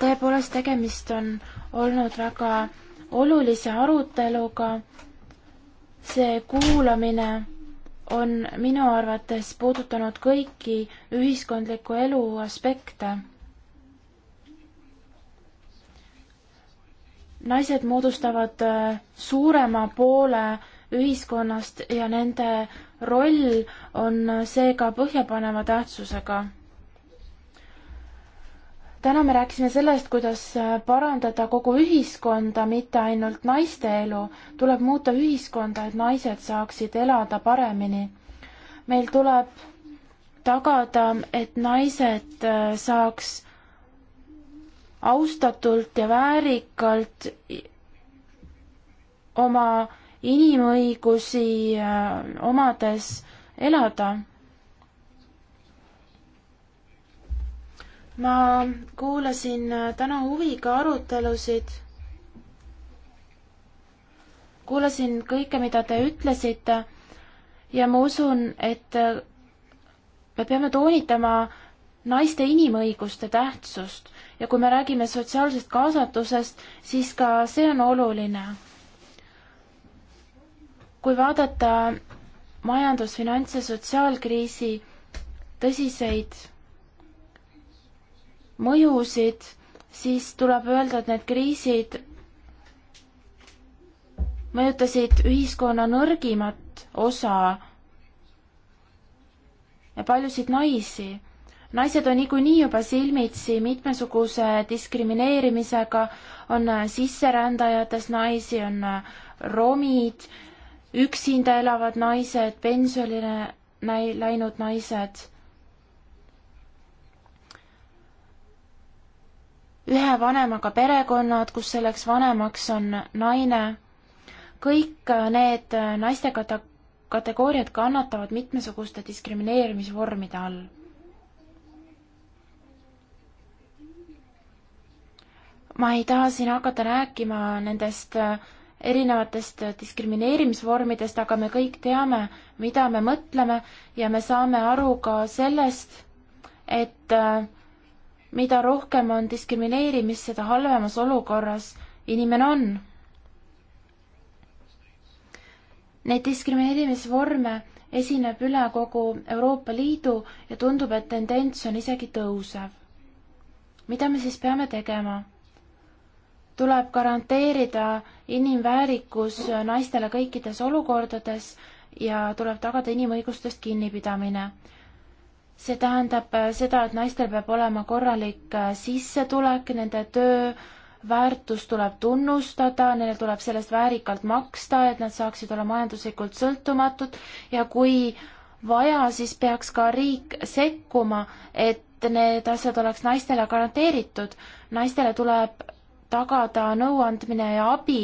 B: tõepoolest, tegemist on olnud väga olulise aruteluga. see kuulamine on minu arvates puudutanud kõiki ühiskondliku elu aspekte naised moodustavad äh, suurema poole ühiskonnast ja nende roll on äh, seega põhjapaneva tähtsusega. täna me rääkisime sellest, kuidas äh, parandada kogu ühiskonda, mitte ainult naiste elu. tuleb muuta ühiskonda, et naised saaksid elada paremini. meil tuleb tagada, et naised saaks austatult ja väärikalt oma inimõigusi äh, omades elada. ma kuulasin äh, täna huviga arutelusid, kuulasin kõike, mida te ütlesite ja ma usun, et äh, me peame toonitama naiste inimõiguste tähtsust ja kui me räägime sotsiaalsest kaasatusest, siis ka see on oluline. kui vaadata majandus, finants ja sotsiaalkriisi tõsiseid mõjusid, siis tuleb öelda, et need kriisid mõjutasid ühiskonna nõrgimat osa ja paljusid naisi naised on niikuinii juba silmitsi mitmesuguse diskrimineerimisega, on sisserändajates naisi, on romid, üksinda elavad naised, pensionile läinud naised. ühe vanemaga perekonnad, kus selleks vanemaks on naine. kõik need naiste kate-, kategooriad kannatavad mitmesuguste diskrimineerimisvormide all ma ei taha siin hakata rääkima nendest äh, erinevatest äh, diskrimineerimisvormidest, aga me kõik teame, mida me mõtleme ja me saame aru ka sellest, et äh, mida rohkem on diskrimineerimist, seda halvemas olukorras inimene on. Neid diskrimineerimisvorme esineb üle kogu Euroopa Liidu ja tundub, et tendents on isegi tõusev. mida me siis peame tegema? tuleb garanteerida inimväärikus naistele kõikides olukordades ja tuleb tagada inimõigustest kinnipidamine. see tähendab seda, et naistel peab olema korralik sissetulek, nende töö väärtust tuleb tunnustada, neile tuleb sellest väärikalt maksta, et nad saaksid olla majanduslikult sõltumatud ja kui vaja, siis peaks ka riik sekkuma, et need asjad oleks naistele garanteeritud. naistele tuleb tagada nõuandmine ja abi.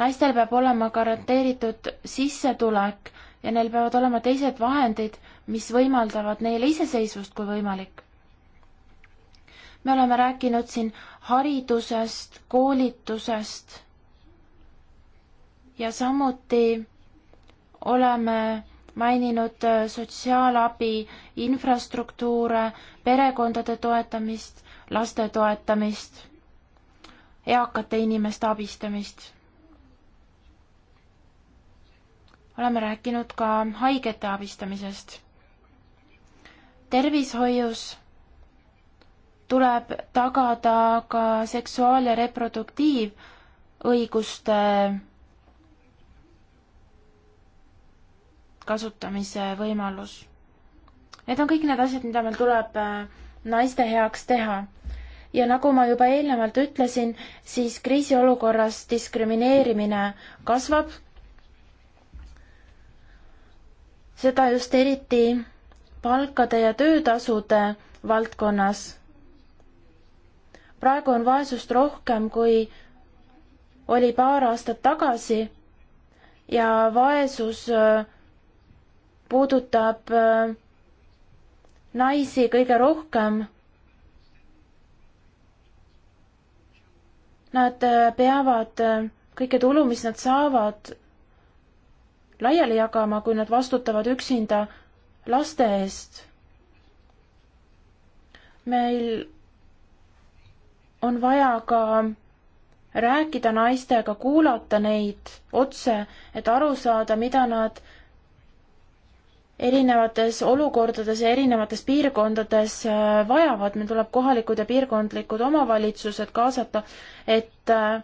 B: naistel peab olema garanteeritud sissetulek ja neil peavad olema teised vahendid, mis võimaldavad neile iseseisvust, kui võimalik. me oleme rääkinud siin haridusest, koolitusest ja samuti oleme maininud sotsiaalabi, infrastruktuure, perekondade toetamist laste toetamist, eakate inimeste abistamist. oleme rääkinud ka haigete abistamisest. tervishoius tuleb tagada ka seksuaal- ja reproduktiivõiguste kasutamise võimalus. Need on kõik need asjad, mida meil tuleb äh, naiste heaks teha ja nagu ma juba eelnevalt ütlesin, siis kriisiolukorras diskrimineerimine kasvab. seda just eriti palkade ja töötasude valdkonnas. praegu on vaesust rohkem, kui oli paar aastat tagasi ja vaesus äh, puudutab äh, naisi kõige rohkem Nad äh, peavad äh, kõike tulu, mis nad saavad, laiali jagama, kui nad vastutavad üksinda laste eest. meil on vaja ka rääkida naistega, kuulata neid otse, et aru saada, mida nad erinevates olukordades ja erinevates piirkondades äh, vajavad, meil tuleb kohalikud ja piirkondlikud omavalitsused kaasata, et äh,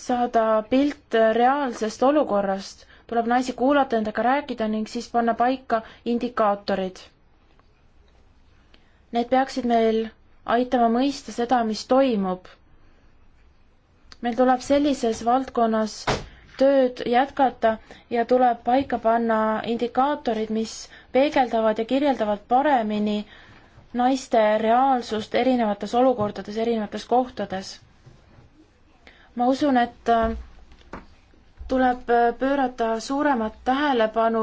B: saada pilt äh, reaalsest olukorrast, tuleb naisi kuulata, nendega rääkida ning siis panna paika indikaatorid. Need peaksid meil aitama mõista seda, mis toimub. meil tuleb sellises valdkonnas tööd jätkata ja tuleb paika panna indikaatorid, mis peegeldavad ja kirjeldavad paremini naiste reaalsust erinevates olukordades, erinevates kohtades. ma usun, et äh, tuleb äh, pöörata suuremat tähelepanu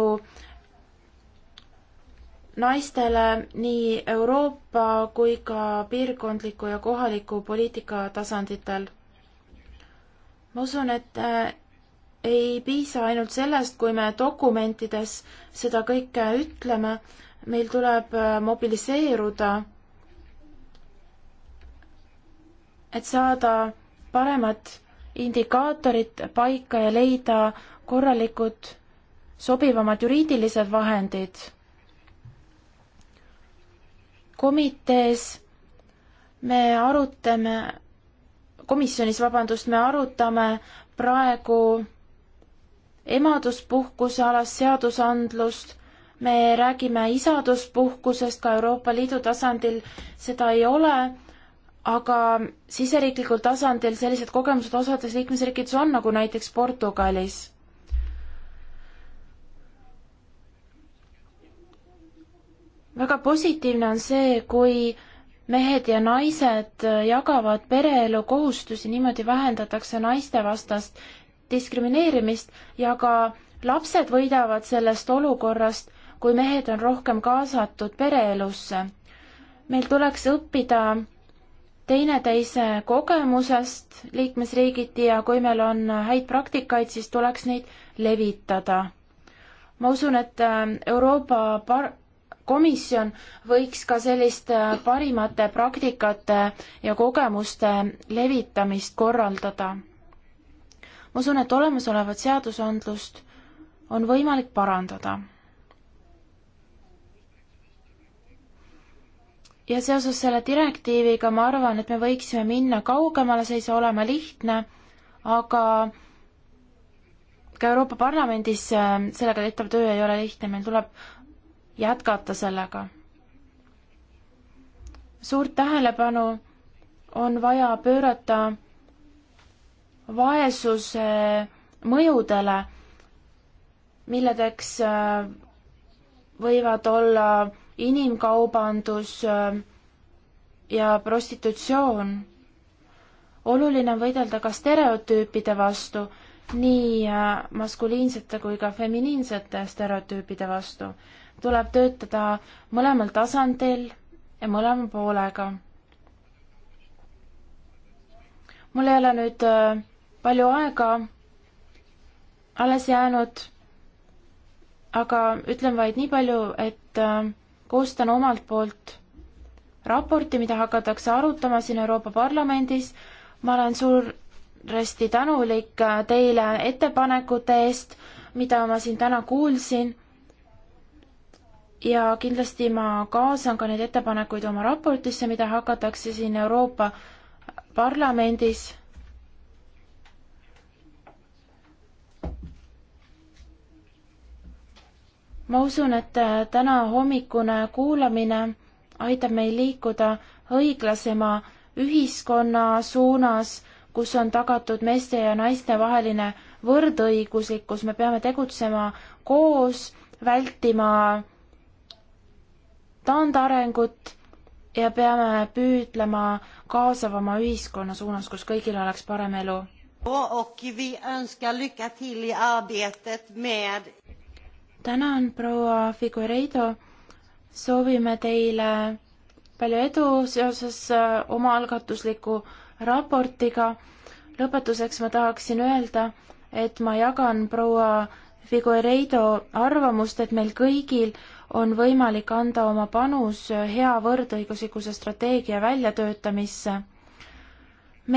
B: naistele nii Euroopa kui ka piirkondliku ja kohaliku poliitika tasanditel. ma usun, et äh, ei piisa ainult sellest, kui me dokumentides seda kõike ütleme, meil tuleb äh, mobiliseeruda, et saada paremad indikaatorid paika ja leida korralikud sobivamad juriidilised vahendid. komitees me arutame, komisjonis, vabandust, me arutame praegu emaduspuhkuse alast seadusandlust, me räägime isaduspuhkusest ka Euroopa Liidu tasandil, seda ei ole, aga siseriiklikul tasandil sellised kogemused osades liikmesriikides on, nagu näiteks Portugalis väga positiivne on see, kui mehed ja naised jagavad pereelu kohustusi, niimoodi vähendatakse naistevastast diskrimineerimist ja ka lapsed võidavad sellest olukorrast, kui mehed on rohkem kaasatud pereelusse. meil tuleks õppida teineteise kogemusest liikmesriigiti ja kui meil on häid praktikaid, siis tuleks neid levitada. ma usun, et ähm, Euroopa par-, komisjon võiks ka sellist parimate praktikate ja kogemuste levitamist korraldada ma usun, et olemasolevat seadusandlust on võimalik parandada. ja seoses selle direktiiviga ma arvan, et me võiksime minna kaugemale, see ei saa olema lihtne, aga ka Euroopa Parlamendis äh, sellega tehtav töö ei ole lihtne, meil tuleb jätkata sellega. suurt tähelepanu on vaja pöörata vaesuse mõjudele, milledeks äh, võivad olla inimkaubandus äh, ja prostitutsioon. oluline on võidelda ka stereotüüpide vastu, nii äh, maskuliinsete kui ka feminiinsete stereotüüpide vastu. tuleb töötada mõlemal tasandil ja mõlema poolega. mul ei ole nüüd äh, palju aega alles jäänud, aga ütlen vaid nii palju, et äh, koostan omalt poolt raporti, mida hakatakse arutama siin Euroopa Parlamendis. ma olen suuresti tänulik äh, teile ettepanekute eest, mida ma siin täna kuulsin. ja kindlasti ma kaasan ka neid ettepanekuid oma raportisse, mida hakatakse siin Euroopa Parlamendis ma usun, et äh, täna hommikune kuulamine aitab meil liikuda õiglasema ühiskonna suunas, kus on tagatud meeste ja naiste vaheline võrdõiguslikkus, me peame tegutsema koos, vältima taandarengut ja peame püüdlema kaasavama ühiskonna suunas, kus kõigil oleks parem elu tänan, proua Figueiredo. soovime teile palju edu seoses äh, omaalgatusliku raportiga. lõpetuseks ma tahaksin öelda, et ma jagan proua Figueiredo arvamust, et meil kõigil on võimalik anda oma panus äh, hea võrdõiguslikkuse strateegia väljatöötamisse.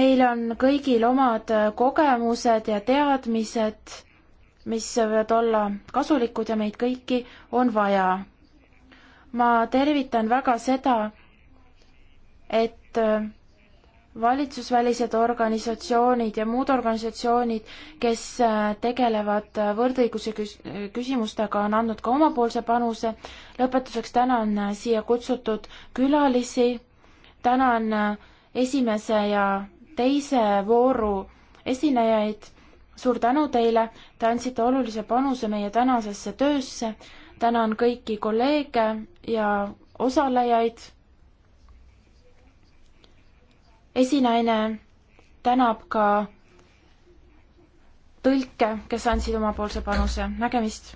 B: meil on kõigil omad äh, kogemused ja teadmised mis võivad olla kasulikud ja meid kõiki on vaja. ma tervitan väga seda, et äh, valitsusvälised organisatsioonid ja muud organisatsioonid, kes äh, tegelevad äh, võrdõiguse küsimustega, on andnud ka omapoolse panuse. lõpetuseks tänan siia kutsutud külalisi, tänan esimese ja teise vooru esinejaid suur tänu teile, te andsite olulise panuse meie tänasesse töösse. tänan kõiki kolleege ja osalejaid. esinaine tänab ka tõlke, kes andsid omapoolse panuse. nägemist!